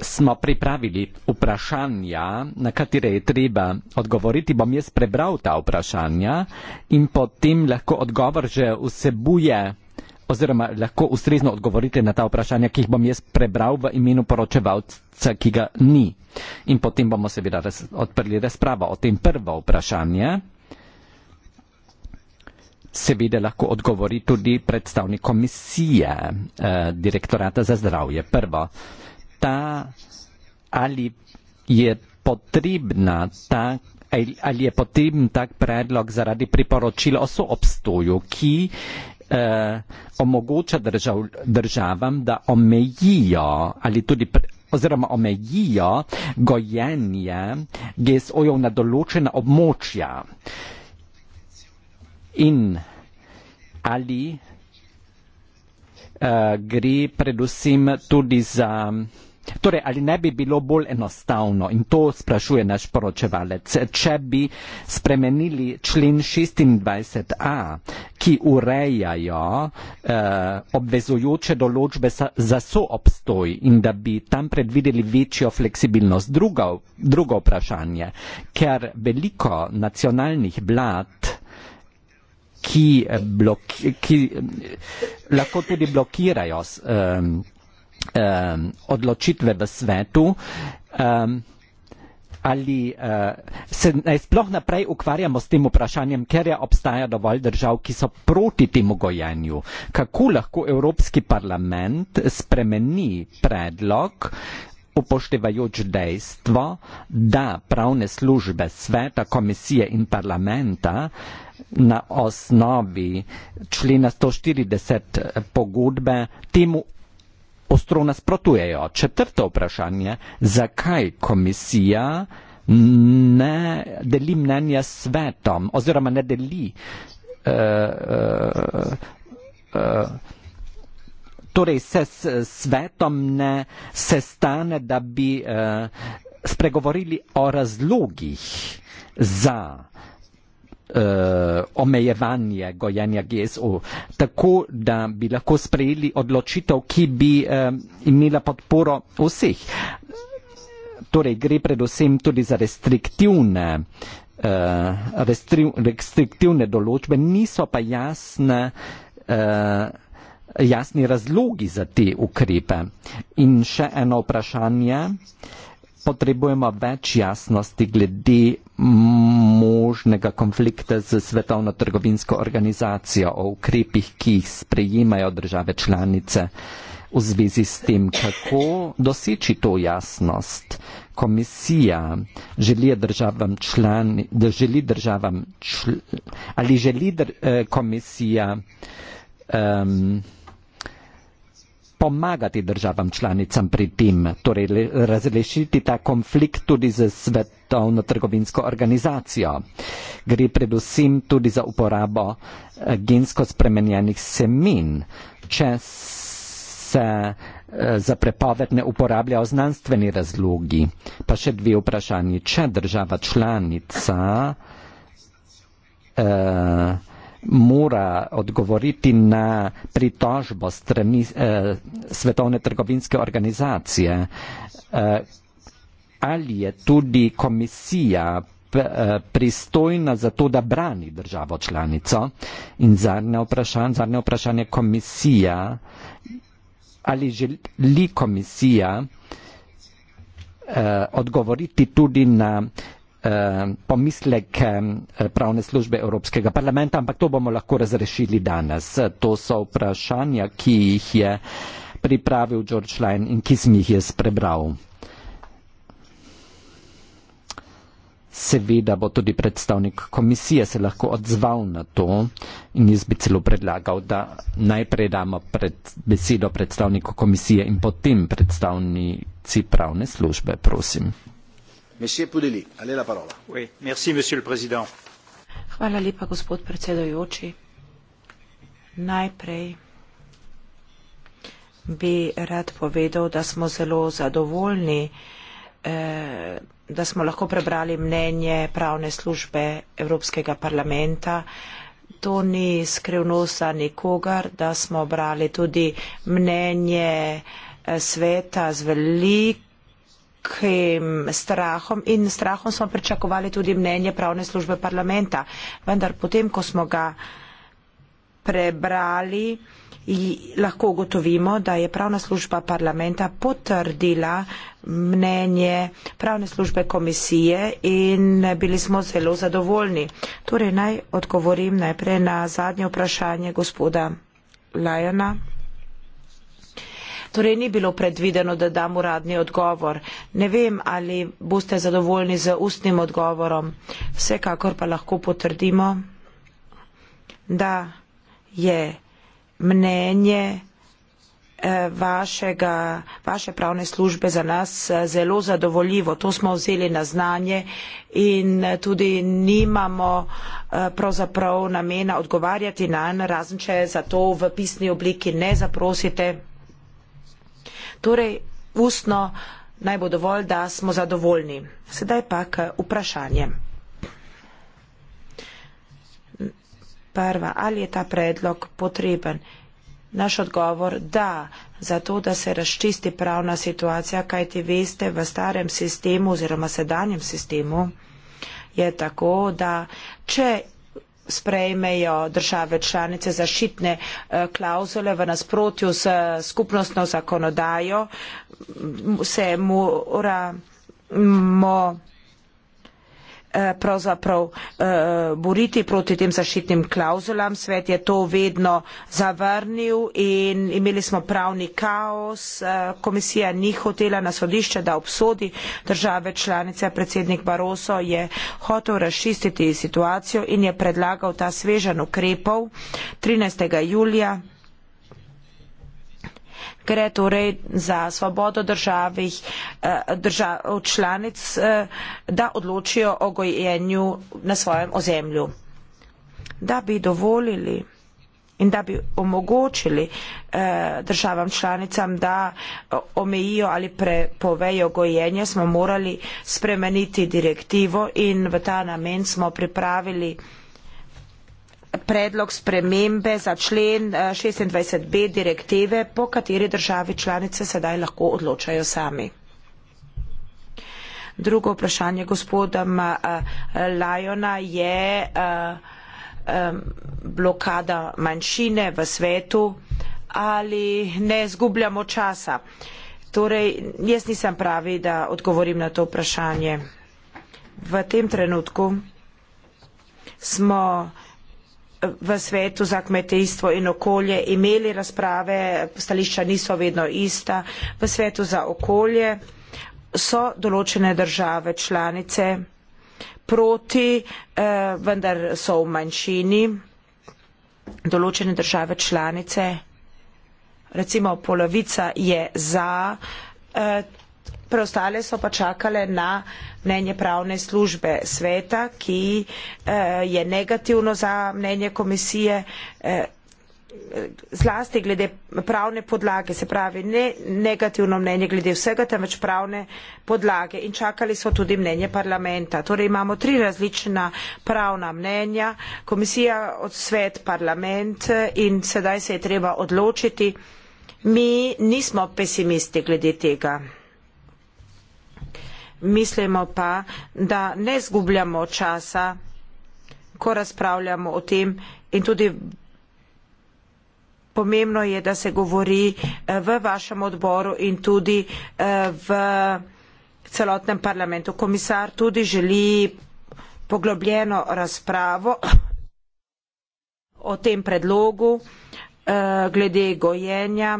smo pripravili vprašanja, na katere je treba odgovoriti. Bom jaz prebral ta vprašanja in potem lahko odgovor že vsebuje, oziroma lahko ustrezno odgovorite na ta vprašanja, ki jih bom jaz prebral v imenu poročevalca, ki ga ni. In potem bomo seveda raz, odprli razpravo o tem prvo vprašanje. Seveda lahko odgovori tudi predstavnik komisije eh, direktorata za zdravje. Prvo, ta ali je potrebna ta ali je potreben tak predlog zaradi priporočila o soobstoju, ki eh, omogoča držav, državam, da omejijo ali tudi pre, oziroma omejijo gojenje GSO-jev na določena območja. In ali eh, gre predvsem tudi za eh, Torej, ali ne bi bilo bolj enostavno, in to sprašuje naš poročevalec, če bi spremenili člen 26a, ki urejajo eh, obvezujoče določbe za soobstoj in da bi tam predvideli večjo fleksibilnost. Drugo, drugo vprašanje, ker veliko nacionalnih blat. Ki, blok, ki lahko tudi blokirajo eh, Ehm, odločitve v svetu, ehm, ali eh, se naj sploh naprej ukvarjamo s tem vprašanjem, ker je ja obstaja dovolj držav, ki so proti temu gojenju. Kako lahko Evropski parlament spremeni predlog, upoštevajoč dejstvo, da pravne službe sveta, komisije in parlamenta na osnovi člena 140 pogodbe temu ostro nasprotujejo. Četrto vprašanje, zakaj komisija ne deli mnenja svetom oziroma ne deli. Uh, uh, uh, Torej se s svetom ne sestane, da bi uh, spregovorili o razlogih za uh, uh, omejevanje gojanja GSO, tako da bi lahko sprejeli odločitev, ki bi uh, imela podporo vseh. Torej, gre predvsem tudi za restriktivne, uh, restri, restriktivne določbe, niso pa jasne, uh, jasni razlogi za te ukrepe. In še eno vprašanje. Potrebujemo več jasnosti glede možnega konflikta z svetovno trgovinsko organizacijo, o ukrepih, ki jih sprejemajo države članice v zvezi s tem, kako doseči to jasnost. Komisija želi državam člani, da želi državam, čl, ali želi dr, eh, komisija. Um, pomagati državam članicam pri tem, torej razrešiti ta konflikt tudi z svetovno trgovinsko organizacijo. Gre predvsem tudi za uporabo eh, gensko spremenjenih semin, če se eh, za prepoved ne uporabljajo znanstveni razlogi. Pa še dve vprašanje. Če država članica. Uh, mora odgovoriti na pritožbo strani eh, Svetovne trgovinske organizacije. Eh, ali je tudi komisija p, eh, pristojna za to, da brani državo članico? In zadnje vprašanje, zadnje vprašanje komisija, ali želi komisija eh, odgovoriti tudi na eh, Eh, pomisleke eh, pravne službe Evropskega parlamenta, ampak to bomo lahko razrešili danes. To so vprašanja, ki jih je pripravil George Line in ki sem jih jaz prebral. Seveda bo tudi predstavnik komisije se lahko odzval na to in jaz bi celo predlagal, da najprej damo pred besedo predstavniku komisije in potem predstavnici pravne službe, prosim. Hvala lepa, gospod predsedojoči. Najprej bi rad povedal, da smo zelo zadovoljni, eh, da smo lahko prebrali mnenje pravne službe Evropskega parlamenta. To ni skrivnosa nikogar, da smo brali tudi mnenje eh, sveta z veliko velikim strahom in strahom smo pričakovali tudi mnenje pravne službe parlamenta. Vendar potem, ko smo ga prebrali, lahko ugotovimo, da je pravna služba parlamenta potrdila mnenje pravne službe komisije in bili smo zelo zadovoljni. Torej naj odgovorim najprej na zadnje vprašanje gospoda Lajona. Torej ni bilo predvideno, da dam uradni odgovor. Ne vem, ali boste zadovoljni z ustnim odgovorom. Vsekakor pa lahko potrdimo, da je mnenje eh, vašega, vaše pravne službe za nas eh, zelo zadovoljivo. To smo vzeli na znanje in eh, tudi nimamo pravzaprav namena odgovarjati na en razen, če za to v pisni obliki ne zaprosite. Torej, ustno naj bo dovolj, da smo zadovoljni. Sedaj pa k vprašanjem. Prva, ali je ta predlog potreben? Naš odgovor, da, zato, da se razčisti pravna situacija, kajti veste, v starem sistemu oziroma sedanjem sistemu je tako, da če sprejmejo države članice zašitne eh, klauzule v nasprotju s eh, skupnostno zakonodajo, se moramo Eh, pravzaprav eh, boriti proti tem zaščitnim klauzulam. Svet je to vedno zavrnil in imeli smo pravni kaos. Eh, komisija ni hotela na sodišče, da obsodi države članice. Predsednik Baroso je hotel razčistiti situacijo in je predlagal ta svežen ukrepov 13. julija gre torej za svobodo državih, eh, držav članic, eh, da odločijo o gojenju na svojem ozemlju. Da bi dovolili in da bi omogočili eh, državam članicam, da omejijo ali prepovejo gojenje, smo morali spremeniti direktivo in v ta namen smo pripravili predlog spremembe za člen 26b eh, direktive, po kateri države članice sedaj lahko odločajo sami. Drugo vprašanje gospodom eh, Lajona je eh, blokada manjšine v svetu ali ne zgubljamo časa. Torej, jaz nisem pravi, da odgovorim na to vprašanje. V tem trenutku smo v svetu za kmetijstvo in okolje imeli razprave, stališča niso vedno ista, v svetu za okolje so določene države članice proti, eh, vendar so v manjšini določene države članice, recimo polovica je za eh, preostale so pa čakale na mnenje pravne službe sveta, ki eh, je negativno za mnenje komisije, eh, zlasti glede pravne podlage, se pravi ne negativno mnenje glede vsega, temveč pravne podlage in čakali so tudi mnenje parlamenta. Torej imamo tri različna pravna mnenja, komisija od svet parlament eh, in sedaj se je treba odločiti. Mi nismo pesimisti glede tega mislimo pa, da ne zgubljamo časa, ko razpravljamo o tem in tudi pomembno je, da se govori eh, v vašem odboru in tudi eh, v celotnem parlamentu. Komisar tudi želi poglobljeno razpravo o tem predlogu eh, glede gojenja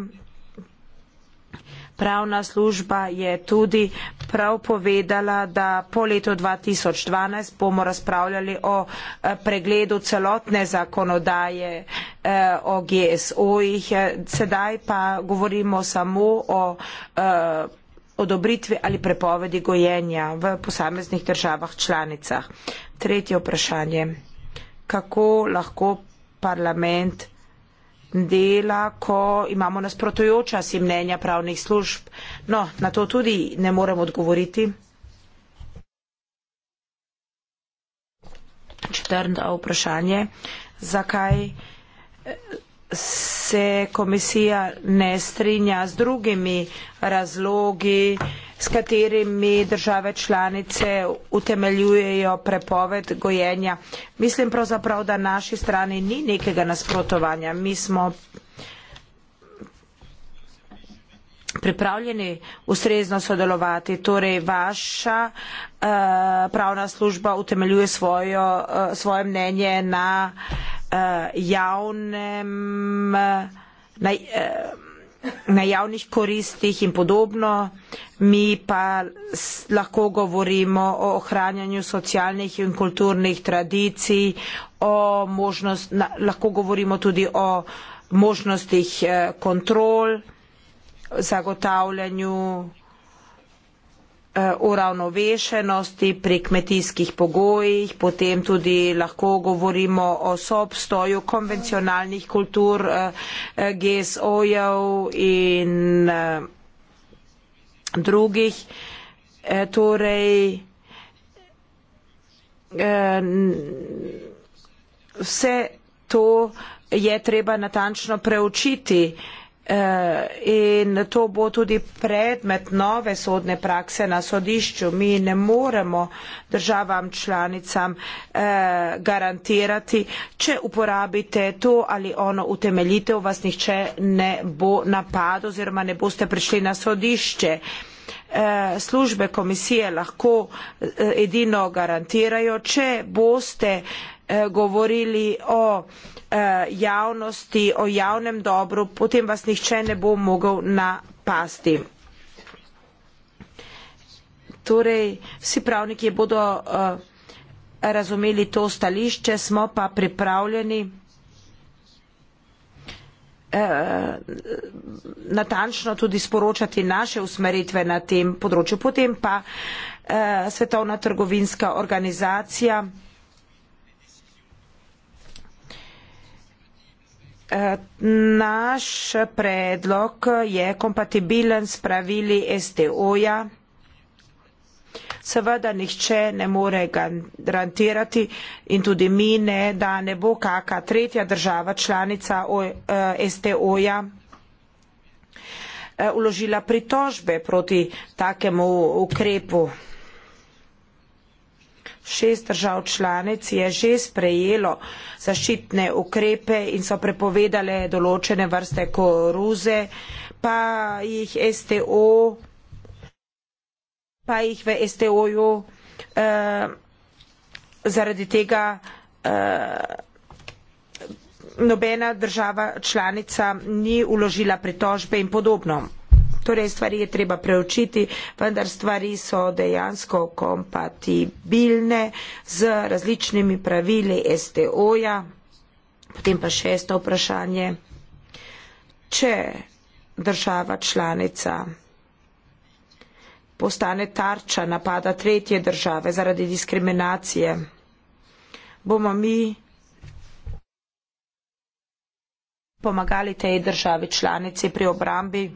pravna služba je tudi prav povedala, da po letu 2012 bomo razpravljali o eh, pregledu celotne zakonodaje eh, o GSO-jih, sedaj pa govorimo samo o eh, odobritvi ali prepovedi gojenja v posameznih državah članicah. Tretje vprašanje. Kako lahko parlament dela, ko imamo nasprotujoča si mnenja pravnih služb. No, na to tudi ne morem odgovoriti. Četrnda vprašanje. Zakaj? se komisija ne strinja z drugimi razlogi, s katerimi države članice utemeljujejo prepoved gojenja. Mislim pravzaprav, da naši strani ni nekega nasprotovanja. Mi smo pripravljeni ustrezno sodelovati. Torej, vaša uh, pravna služba utemeljuje svojo, uh, svoje mnenje na uh, uh, javnem, eh, na, uh, eh, na javnih koristih in podobno, mi pa lahko govorimo o ohranjanju socialnih in kulturnih tradicij, možnost, na, lahko govorimo tudi o možnostih uh, kontrol, zagotavljanju Eh, uravnovešenosti, pri kmetijskih pogojih, potem tudi lahko govorimo o sobstoju konvencionalnih kultur eh, eh, GSO-jev in drugih. Torej, vse to je treba natančno preučiti. Eh, in to bo tudi predmet nove sodne prakse na sodišču. Mi ne moremo državam članicam eh, garantirati, če uporabite to ali ono utemeljitev, vas nihče ne bo napadlo oziroma ne boste prišli na sodišče. Eh, službe komisije lahko eh, edino garantirajo, če boste Eh, govorili o eh, javnosti, o javnem dobru, potem vas nihče ne bo mogel napasti. Torej, vsi pravniki bodo eh, razumeli to stališče, smo pa pripravljeni natančno tudi sporočati naše usmeritve na tem področju. Potem pa Svetovna trgovinska organizacija Naš predlog je kompatibilen s pravili STO-ja. Seveda nihče ne more garantirati in tudi mi ne, da ne bo kaka tretja država članica eh, STO-ja uložila eh, pritožbe proti takemu ukrepu šest držav članic je že sprejelo zaščitne ukrepe in so prepovedale določene vrste koruze, pa jih, STO, pa jih v STO-ju eh, zaradi tega eh, nobena država članica ni uložila pritožbe in podobno. Torej, stvari je treba preučiti, vendar stvari so dejansko kompatibilne z različnimi pravili STO-ja. Potem pa šesto vprašanje. Če država članica postane tarča napada tretje države zaradi diskriminacije, bomo mi pomagali tej državi članici pri obrambi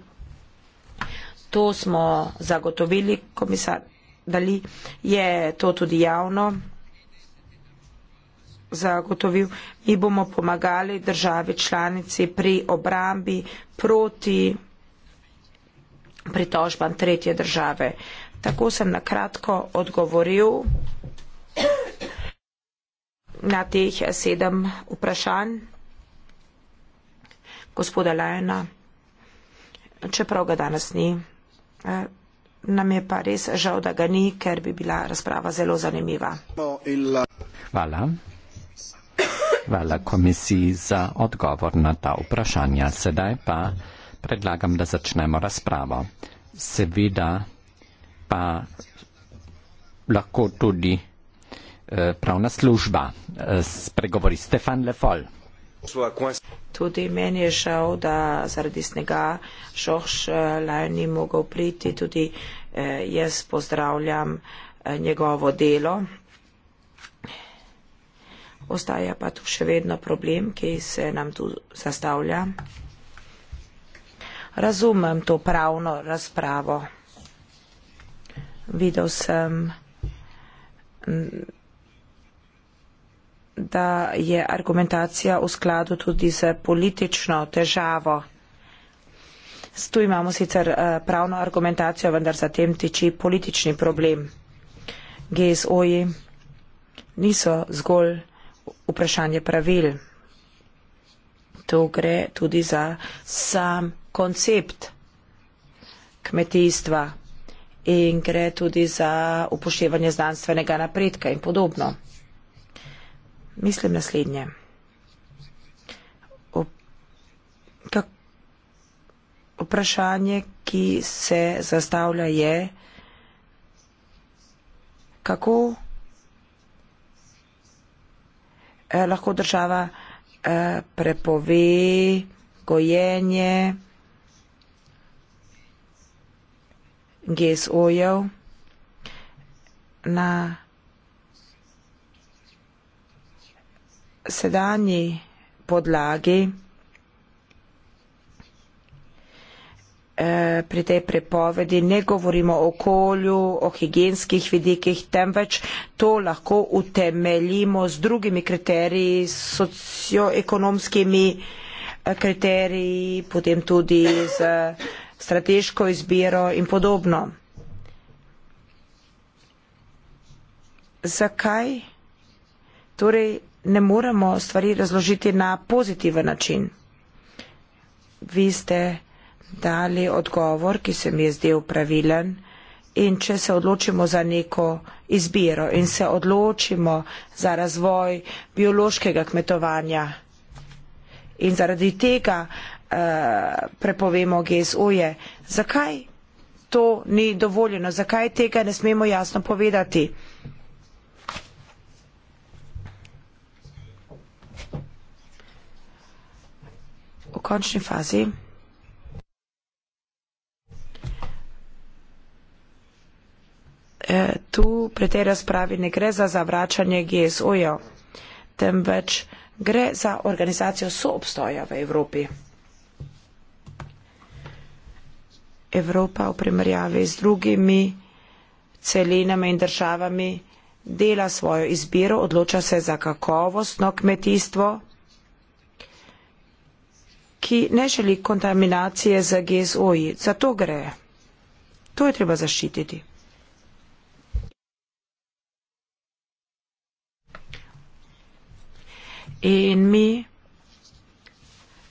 to smo zagotovili, komisar Dali je to tudi javno zagotovil. Mi bomo pomagali državi članici pri obrambi proti pritožbam tretje države. Tako sem nakratko odgovoril na teh sedem vprašanj gospoda Lajena, čeprav ga danes ni. Nam je pa res žal, da ga ni, ker bi bila razprava zelo zanimiva. Hvala. Hvala komisiji za odgovor na ta vprašanja. Sedaj pa predlagam, da začnemo razpravo. Seveda pa lahko tudi eh, pravna služba eh, spregovori Stefan Lefol. Tudi meni je žal, da zaradi snega Žoš eh, Lajn ni mogel priti, tudi eh, jaz pozdravljam eh, njegovo delo. Ostaja pa tu še vedno problem, ki se nam tu zastavlja. Razumem to pravno razpravo. Videl sem da je argumentacija v skladu tudi z politično težavo. Tu imamo sicer eh, pravno argumentacijo, vendar za tem tiči politični problem. GSO-ji niso zgolj vprašanje pravil. To gre tudi za sam koncept kmetijstva in gre tudi za upoštevanje znanstvenega napredka in podobno mislim naslednje. Vprašanje, ki se zastavlja, je, kako eh, lahko država eh, prepove gojenje GSO-jev na sedanji podlagi eh, pri tej prepovedi ne govorimo o okolju, o higijenskih vidikih, temveč to lahko utemeljimo z drugimi kriteriji, socioekonomskimi eh, kriteriji, potem tudi z strateško izbiro in podobno. Zakaj? Torej, ne moremo stvari razložiti na pozitiven način. Vi ste dali odgovor, ki se mi je zdel pravilen in če se odločimo za neko izbiro in se odločimo za razvoj biološkega kmetovanja in zaradi tega eh, prepovemo GSO-je, zakaj to ni dovoljeno, zakaj tega ne smemo jasno povedati? končni fazi e, tu pri tej razpravi ne gre za zavračanje GSO-ja, temveč gre za organizacijo soobstoja v Evropi. Evropa v primerjavi z drugimi celinami in državami dela svojo izbiro, odloča se za kakovostno kmetijstvo ki ne želi kontaminacije za GSO-ji. Za to gre. To je treba zaščititi. In mi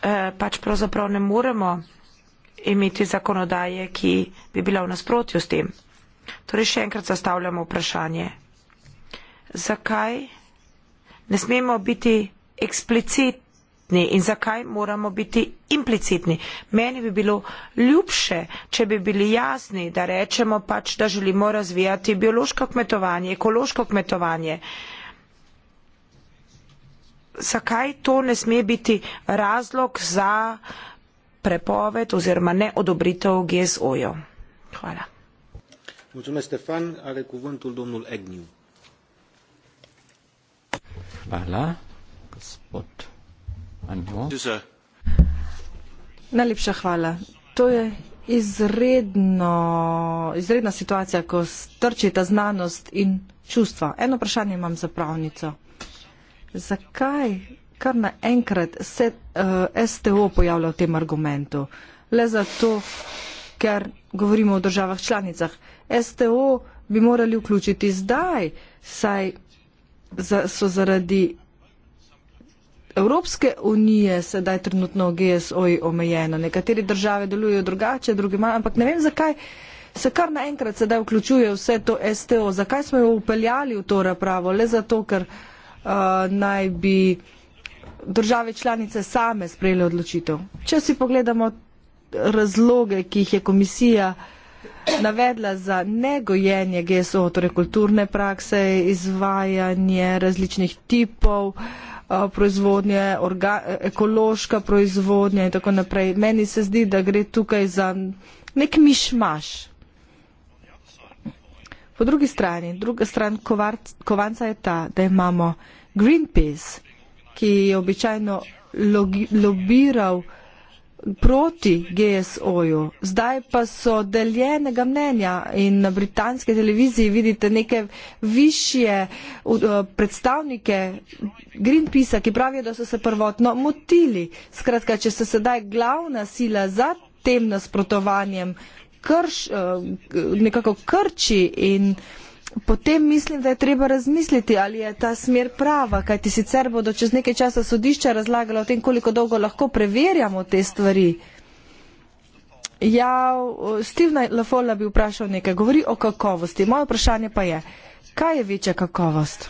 eh, pač pravzaprav ne moremo imeti zakonodaje, ki bi bila v nasprotju s tem. Torej še enkrat zastavljamo vprašanje. Zakaj ne smemo biti eksplicit eksplicitni in zakaj moramo biti implicitni. Meni bi bilo ljubše, če bi bili jasni, da rečemo pač, da želimo razvijati biološko kmetovanje, ekološko kmetovanje. Zakaj to ne sme biti razlog za prepoved oziroma neodobritev GSO-jo? Hvala. Mulțumesc, Stefan. Are cuvântul domnul Egniu. Hvala, gospod. Najlepša hvala. To je izredno, izredna situacija, ko strčita znanost in čustva. Eno vprašanje imam za pravnico. Zakaj kar naenkrat se uh, eh, STO pojavlja v tem argumentu? Le zato, ker govorimo o državah članicah. STO bi morali vključiti zdaj, saj za, so zaradi Evropske unije sedaj trenutno GSO-ji omejeno. Nekateri države delujejo drugače, druge manj, ampak ne vem, zakaj se kar naenkrat sedaj vključuje vse to STO. Zakaj smo jo upeljali v to napravo? Le zato, ker uh, naj bi države članice same sprejeli odločitev. Če si pogledamo razloge, ki jih je komisija navedla za negojenje GSO, torej kulturne prakse, izvajanje različnih tipov, uh, Eh, proizvodnje, orga, ekološka proizvodnja in tako naprej. Meni se zdi, da gre tukaj za nek mišmaš. Po drugi strani, druga stran kovanca je ta, da imamo Greenpeace, ki je običajno logi, lobiral proti GSO-ju, zdaj pa so deljenega mnenja in na britanske televiziji vidite neke višje uh, predstavnike Greenpeacea, ki pravijo, da so se prvotno motili. Skratka, če se sedaj glavna sila za tem nasprotovanjem krš, uh, nekako krči in potem mislim, da je treba razmisliti, ali je ta smer prava, kajti sicer bodo čez nekaj časa sodišča razlagala o tem, koliko dolgo lahko preverjamo te stvari. Ja, Steve Lafola bi vprašal nekaj, govori o kakovosti. Moje vprašanje pa je, kaj je večja kakovost?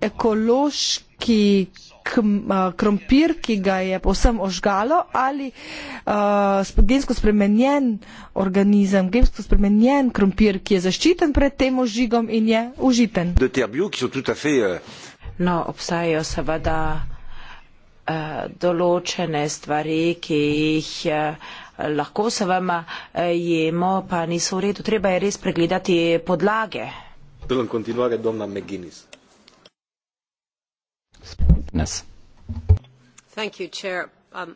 Ekološki Eh, krompir, ki ga je povsem ožgalo, ali uh, gensko spremenjen organizem, gensko spremenjen krompir, ki je zaščiten pred tem ožigom in je užiten. Euh, no, obstajajo seveda uh, določene stvari, ki jih uh, lahko se vama uh, jemo, pa niso v redu. Treba je res pregledati podlage. Dolan kontinuare domna Meginis. Um,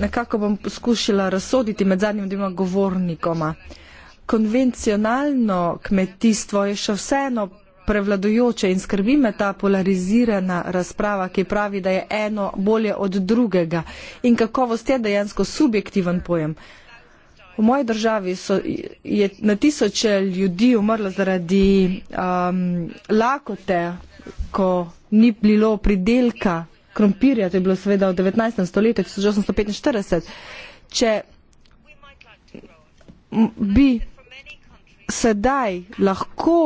nekako bom poskušala razsoditi med zadnjim dvima govornikoma. Konvencionalno kmetijstvo je še vseeno prevladojoče in skrbi me ta polarizirana razprava, ki pravi, da je eno bolje od drugega. In kakovost je dejansko subjektiven pojem. V moji državi so, je na tisoče ljudi umrlo zaradi um, lakote, ko ni bilo pridelka krompirja, to je bilo seveda v 19. stoletju, 1845. Če bi sedaj lahko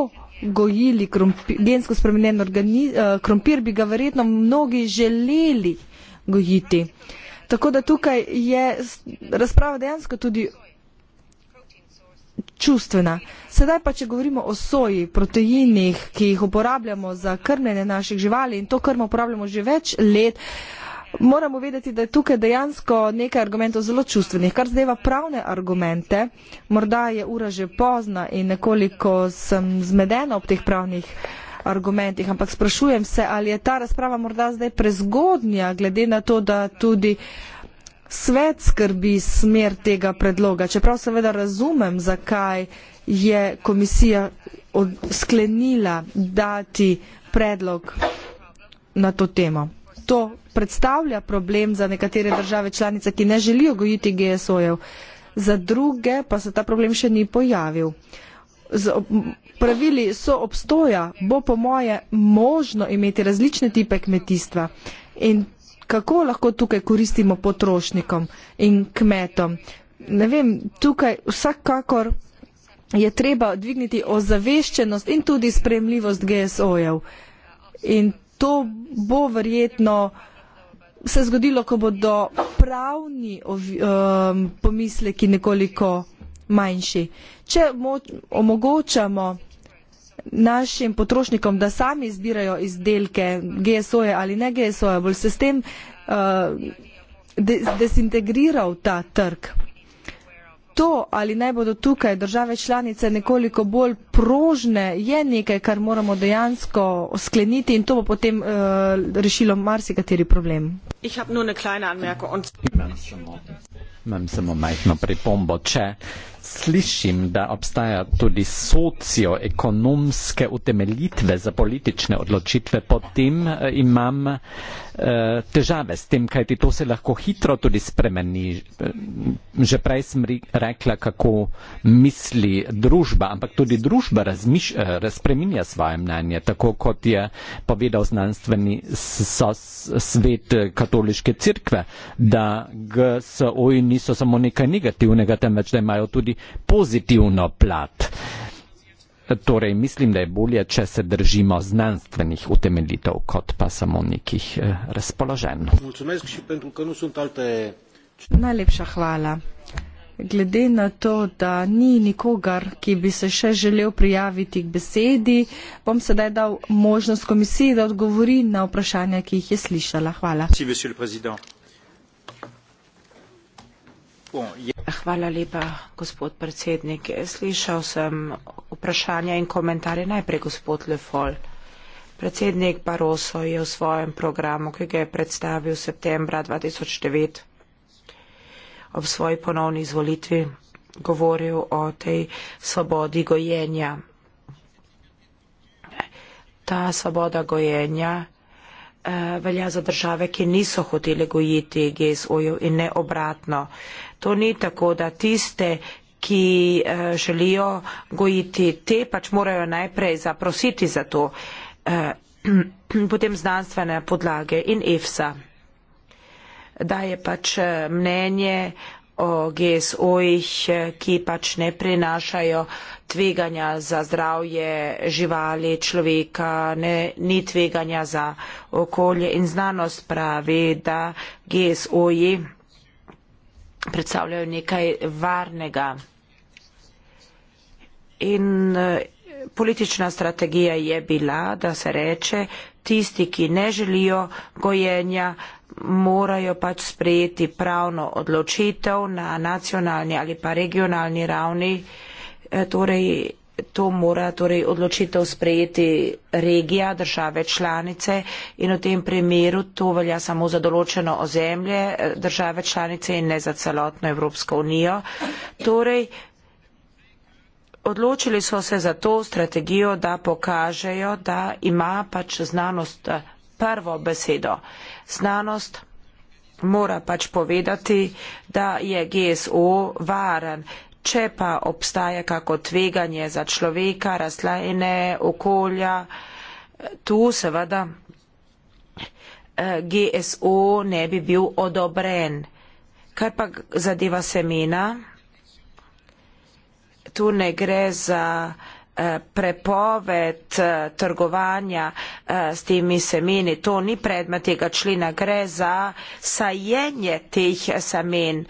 gojili krompir, gensko spremenjen eh, krompir, bi ga verjetno mnogi želeli gojiti. Tako da tukaj je razprava dejansko tudi čustvena. Sedaj pa, če govorimo o soji, proteinih, ki jih uporabljamo za krmljenje naših živali in to krmo uporabljamo že več let, moramo vedeti, da je tukaj dejansko nekaj argumentov zelo čustvenih. Kar zdajva pravne argumente, morda je ura že pozna in nekoliko sem zmedena ob teh pravnih argumentih, ampak sprašujem se, ali je ta razprava morda zdaj prezgodnja, glede na to, da tudi. Uh, svet skrbi smer tega predloga. Čeprav seveda razumem, zakaj je komisija sklenila dati predlog na to temo. To predstavlja problem za nekatere države članice, ki ne želijo gojiti GSO-jev. Za druge pa se ta problem še ni pojavil. Z pravili so obstoja, bo po moje možno imeti različne tipe kmetijstva. In kako lahko tukaj koristimo potrošnikom in kmetom. Ne vem, tukaj vsakakor je treba dvigniti ozaveščenost in tudi spremljivost GSO-jev. In to bo verjetno se zgodilo, ko bodo pravni um, pomisleki nekoliko manjši. Če omogočamo našim potrošnikom, da sami izbirajo izdelke GSO-je ali ne GSO-je, bolj se s tem uh, desintegriral ta trg. To, ali naj bodo tukaj države članice nekoliko bolj prožne, je nekaj, kar moramo dejansko skleniti in to bo potem uh, rešilo marsikateri problem. Ich habe nur eine kleine Anmerkung. Und... Imam samo majhno pripombo. Če slišim, da obstaja tudi socioekonomske utemeljitve za politične odločitve, potem eh, imam eh, težave s tem, kajti to se lahko hitro tudi spremeni. Eh, že prej sem rekla, kako misli družba, ampak tudi družba razpreminja eh, svoje mnenje, tako kot je povedal znanstveni svet katoliške cirkve, da GSO in niso samo nekaj negativnega, temveč da imajo tudi pozitivno plat. Torej, mislim, da je bolje, če se držimo znanstvenih utemeljitev, kot pa samo nekih eh, razpoložen. Najlepša hvala. Glede na to, da ni nikogar, ki bi se še želel prijaviti k besedi, bom sedaj dal možnost komisiji, da odgovori na vprašanja, ki jih je slišala. Hvala. Hvala. Hvala lepa, gospod predsednik. Slišal sem vprašanja in komentarje najprej, gospod Lefol. Predsednik Barroso je v svojem programu, ki ga je predstavil v septembra 2009, ob svoji ponovni izvolitvi govoril o tej svobodi gojenja. Ta svoboda gojenja eh, velja za države, ki niso hoteli gojiti GSO-jev in ne obratno. To ni tako, da tiste, ki eh, želijo gojiti te, pač morajo najprej zaprositi za to, eh, <clears throat> potem znanstvene podlage in EFSA. Da je pač eh, mnenje o GSO-jih, ki pač ne prinašajo tveganja za zdravje živali, človeka, ne, ni tveganja za okolje in znanost pravi, da GSO-ji predstavljajo nekaj varnega. In eh, politična strategija je bila, da se reče, tisti, ki ne želijo gojenja, morajo pač sprejeti pravno odločitev na nacionalni ali pa regionalni ravni. Eh, torej, To mora torej odločitev sprejeti regija, države članice in v tem primeru to velja samo za določeno ozemlje eh, države članice in ne za celotno Evropsko unijo. Torej, odločili so se za to strategijo, da pokažejo, da ima pač znanost eh, prvo besedo. Znanost mora pač povedati, da je GSO varen če pa obstaja kako tveganje za človeka, rastline, okolja, tu seveda eh, GSO ne bi bil odobren. Kaj pa zadeva semena? Tu ne gre za Eh, prepoved eh, trgovanja eh, s temi semeni. To ni predmet tega člena, gre za sajenje teh semen.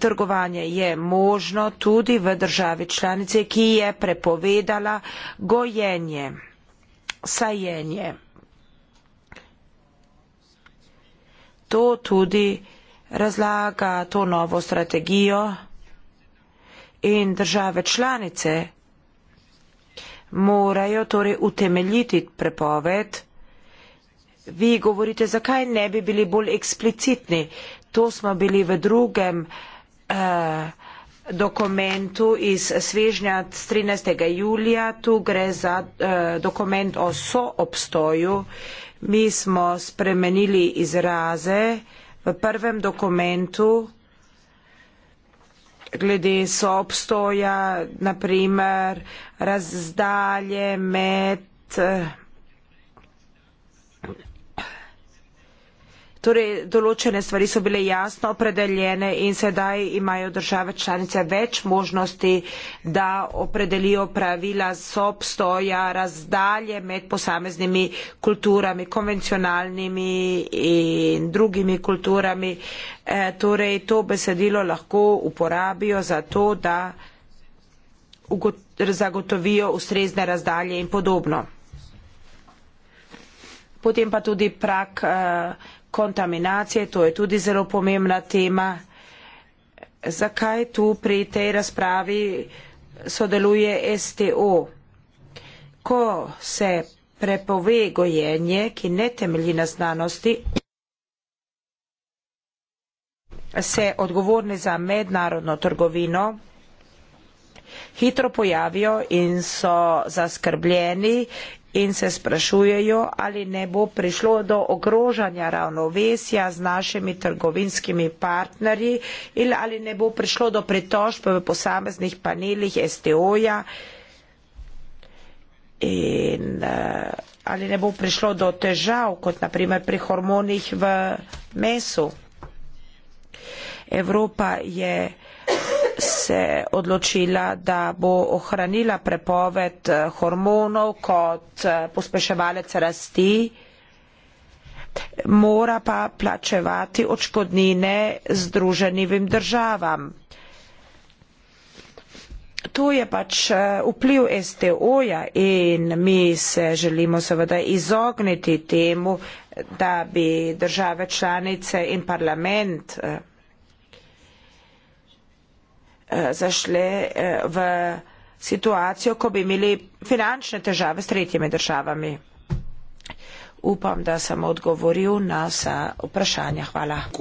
Trgovanje je možno tudi v državi članice, ki je prepovedala gojenje, sajenje. To tudi razlaga to novo strategijo in države članice morajo torej utemeljiti prepoved. Vi govorite, zakaj ne bi bili bolj eksplicitni. To smo bili v drugem uh, dokumentu iz svežnja 13. julija. Tu gre za uh, dokument o soobstoju. Mi smo spremenili izraze v prvem dokumentu glede soobstoja, naprimer razdalje med eh, Torej, določene stvari so bile jasno opredeljene in sedaj imajo države članice več možnosti, da opredelijo pravila sobstoja, razdalje med posameznimi kulturami, konvencionalnimi in drugimi kulturami. E, torej, to besedilo lahko uporabijo za to, da zagotovijo ustrezne razdalje in podobno. Potem pa tudi prak e, kontaminacije, to je tudi zelo pomembna tema. Zakaj tu pri tej razpravi sodeluje STO? Ko se prepove gojenje, ki ne temelji na znanosti, se odgovorni za mednarodno trgovino hitro pojavijo in so zaskrbljeni in se sprašujejo, ali ne bo prišlo do ogrožanja ravnovesja z našimi trgovinskimi partnerji in ali ne bo prišlo do pritožb v posameznih panelih STO-ja in eh, ali ne bo prišlo do težav, kot naprimer pri hormonih v mesu. Evropa je se odločila, da bo ohranila prepoved eh, hormonov kot eh, pospeševalec rasti, mora pa plačevati očkodnine združenim državam. Tu je pač eh, vpliv STO-ja in mi se želimo seveda izogniti temu, da bi države članice in parlament Eh, zašle eh, v situacijo, ko bi imeli finančne težave s tretjimi državami. Upam, da sem odgovoril na vsa vprašanja. Hvala. Eh,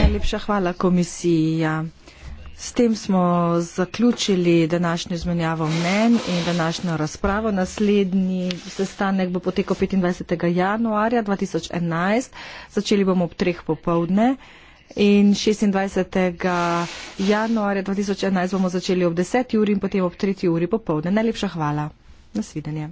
Najlepša hvala komisija. Ja. S tem smo zaključili današnjo izmenjavo mnen in današnjo razpravo. Naslednji sestanek bo potekal 25. januarja 2011. Začeli bomo ob treh popovdne. In 26. januarja 2011 bomo začeli ob 10. uri in potem ob 3. uri popovdne. Najlepša hvala. Nasvidenje.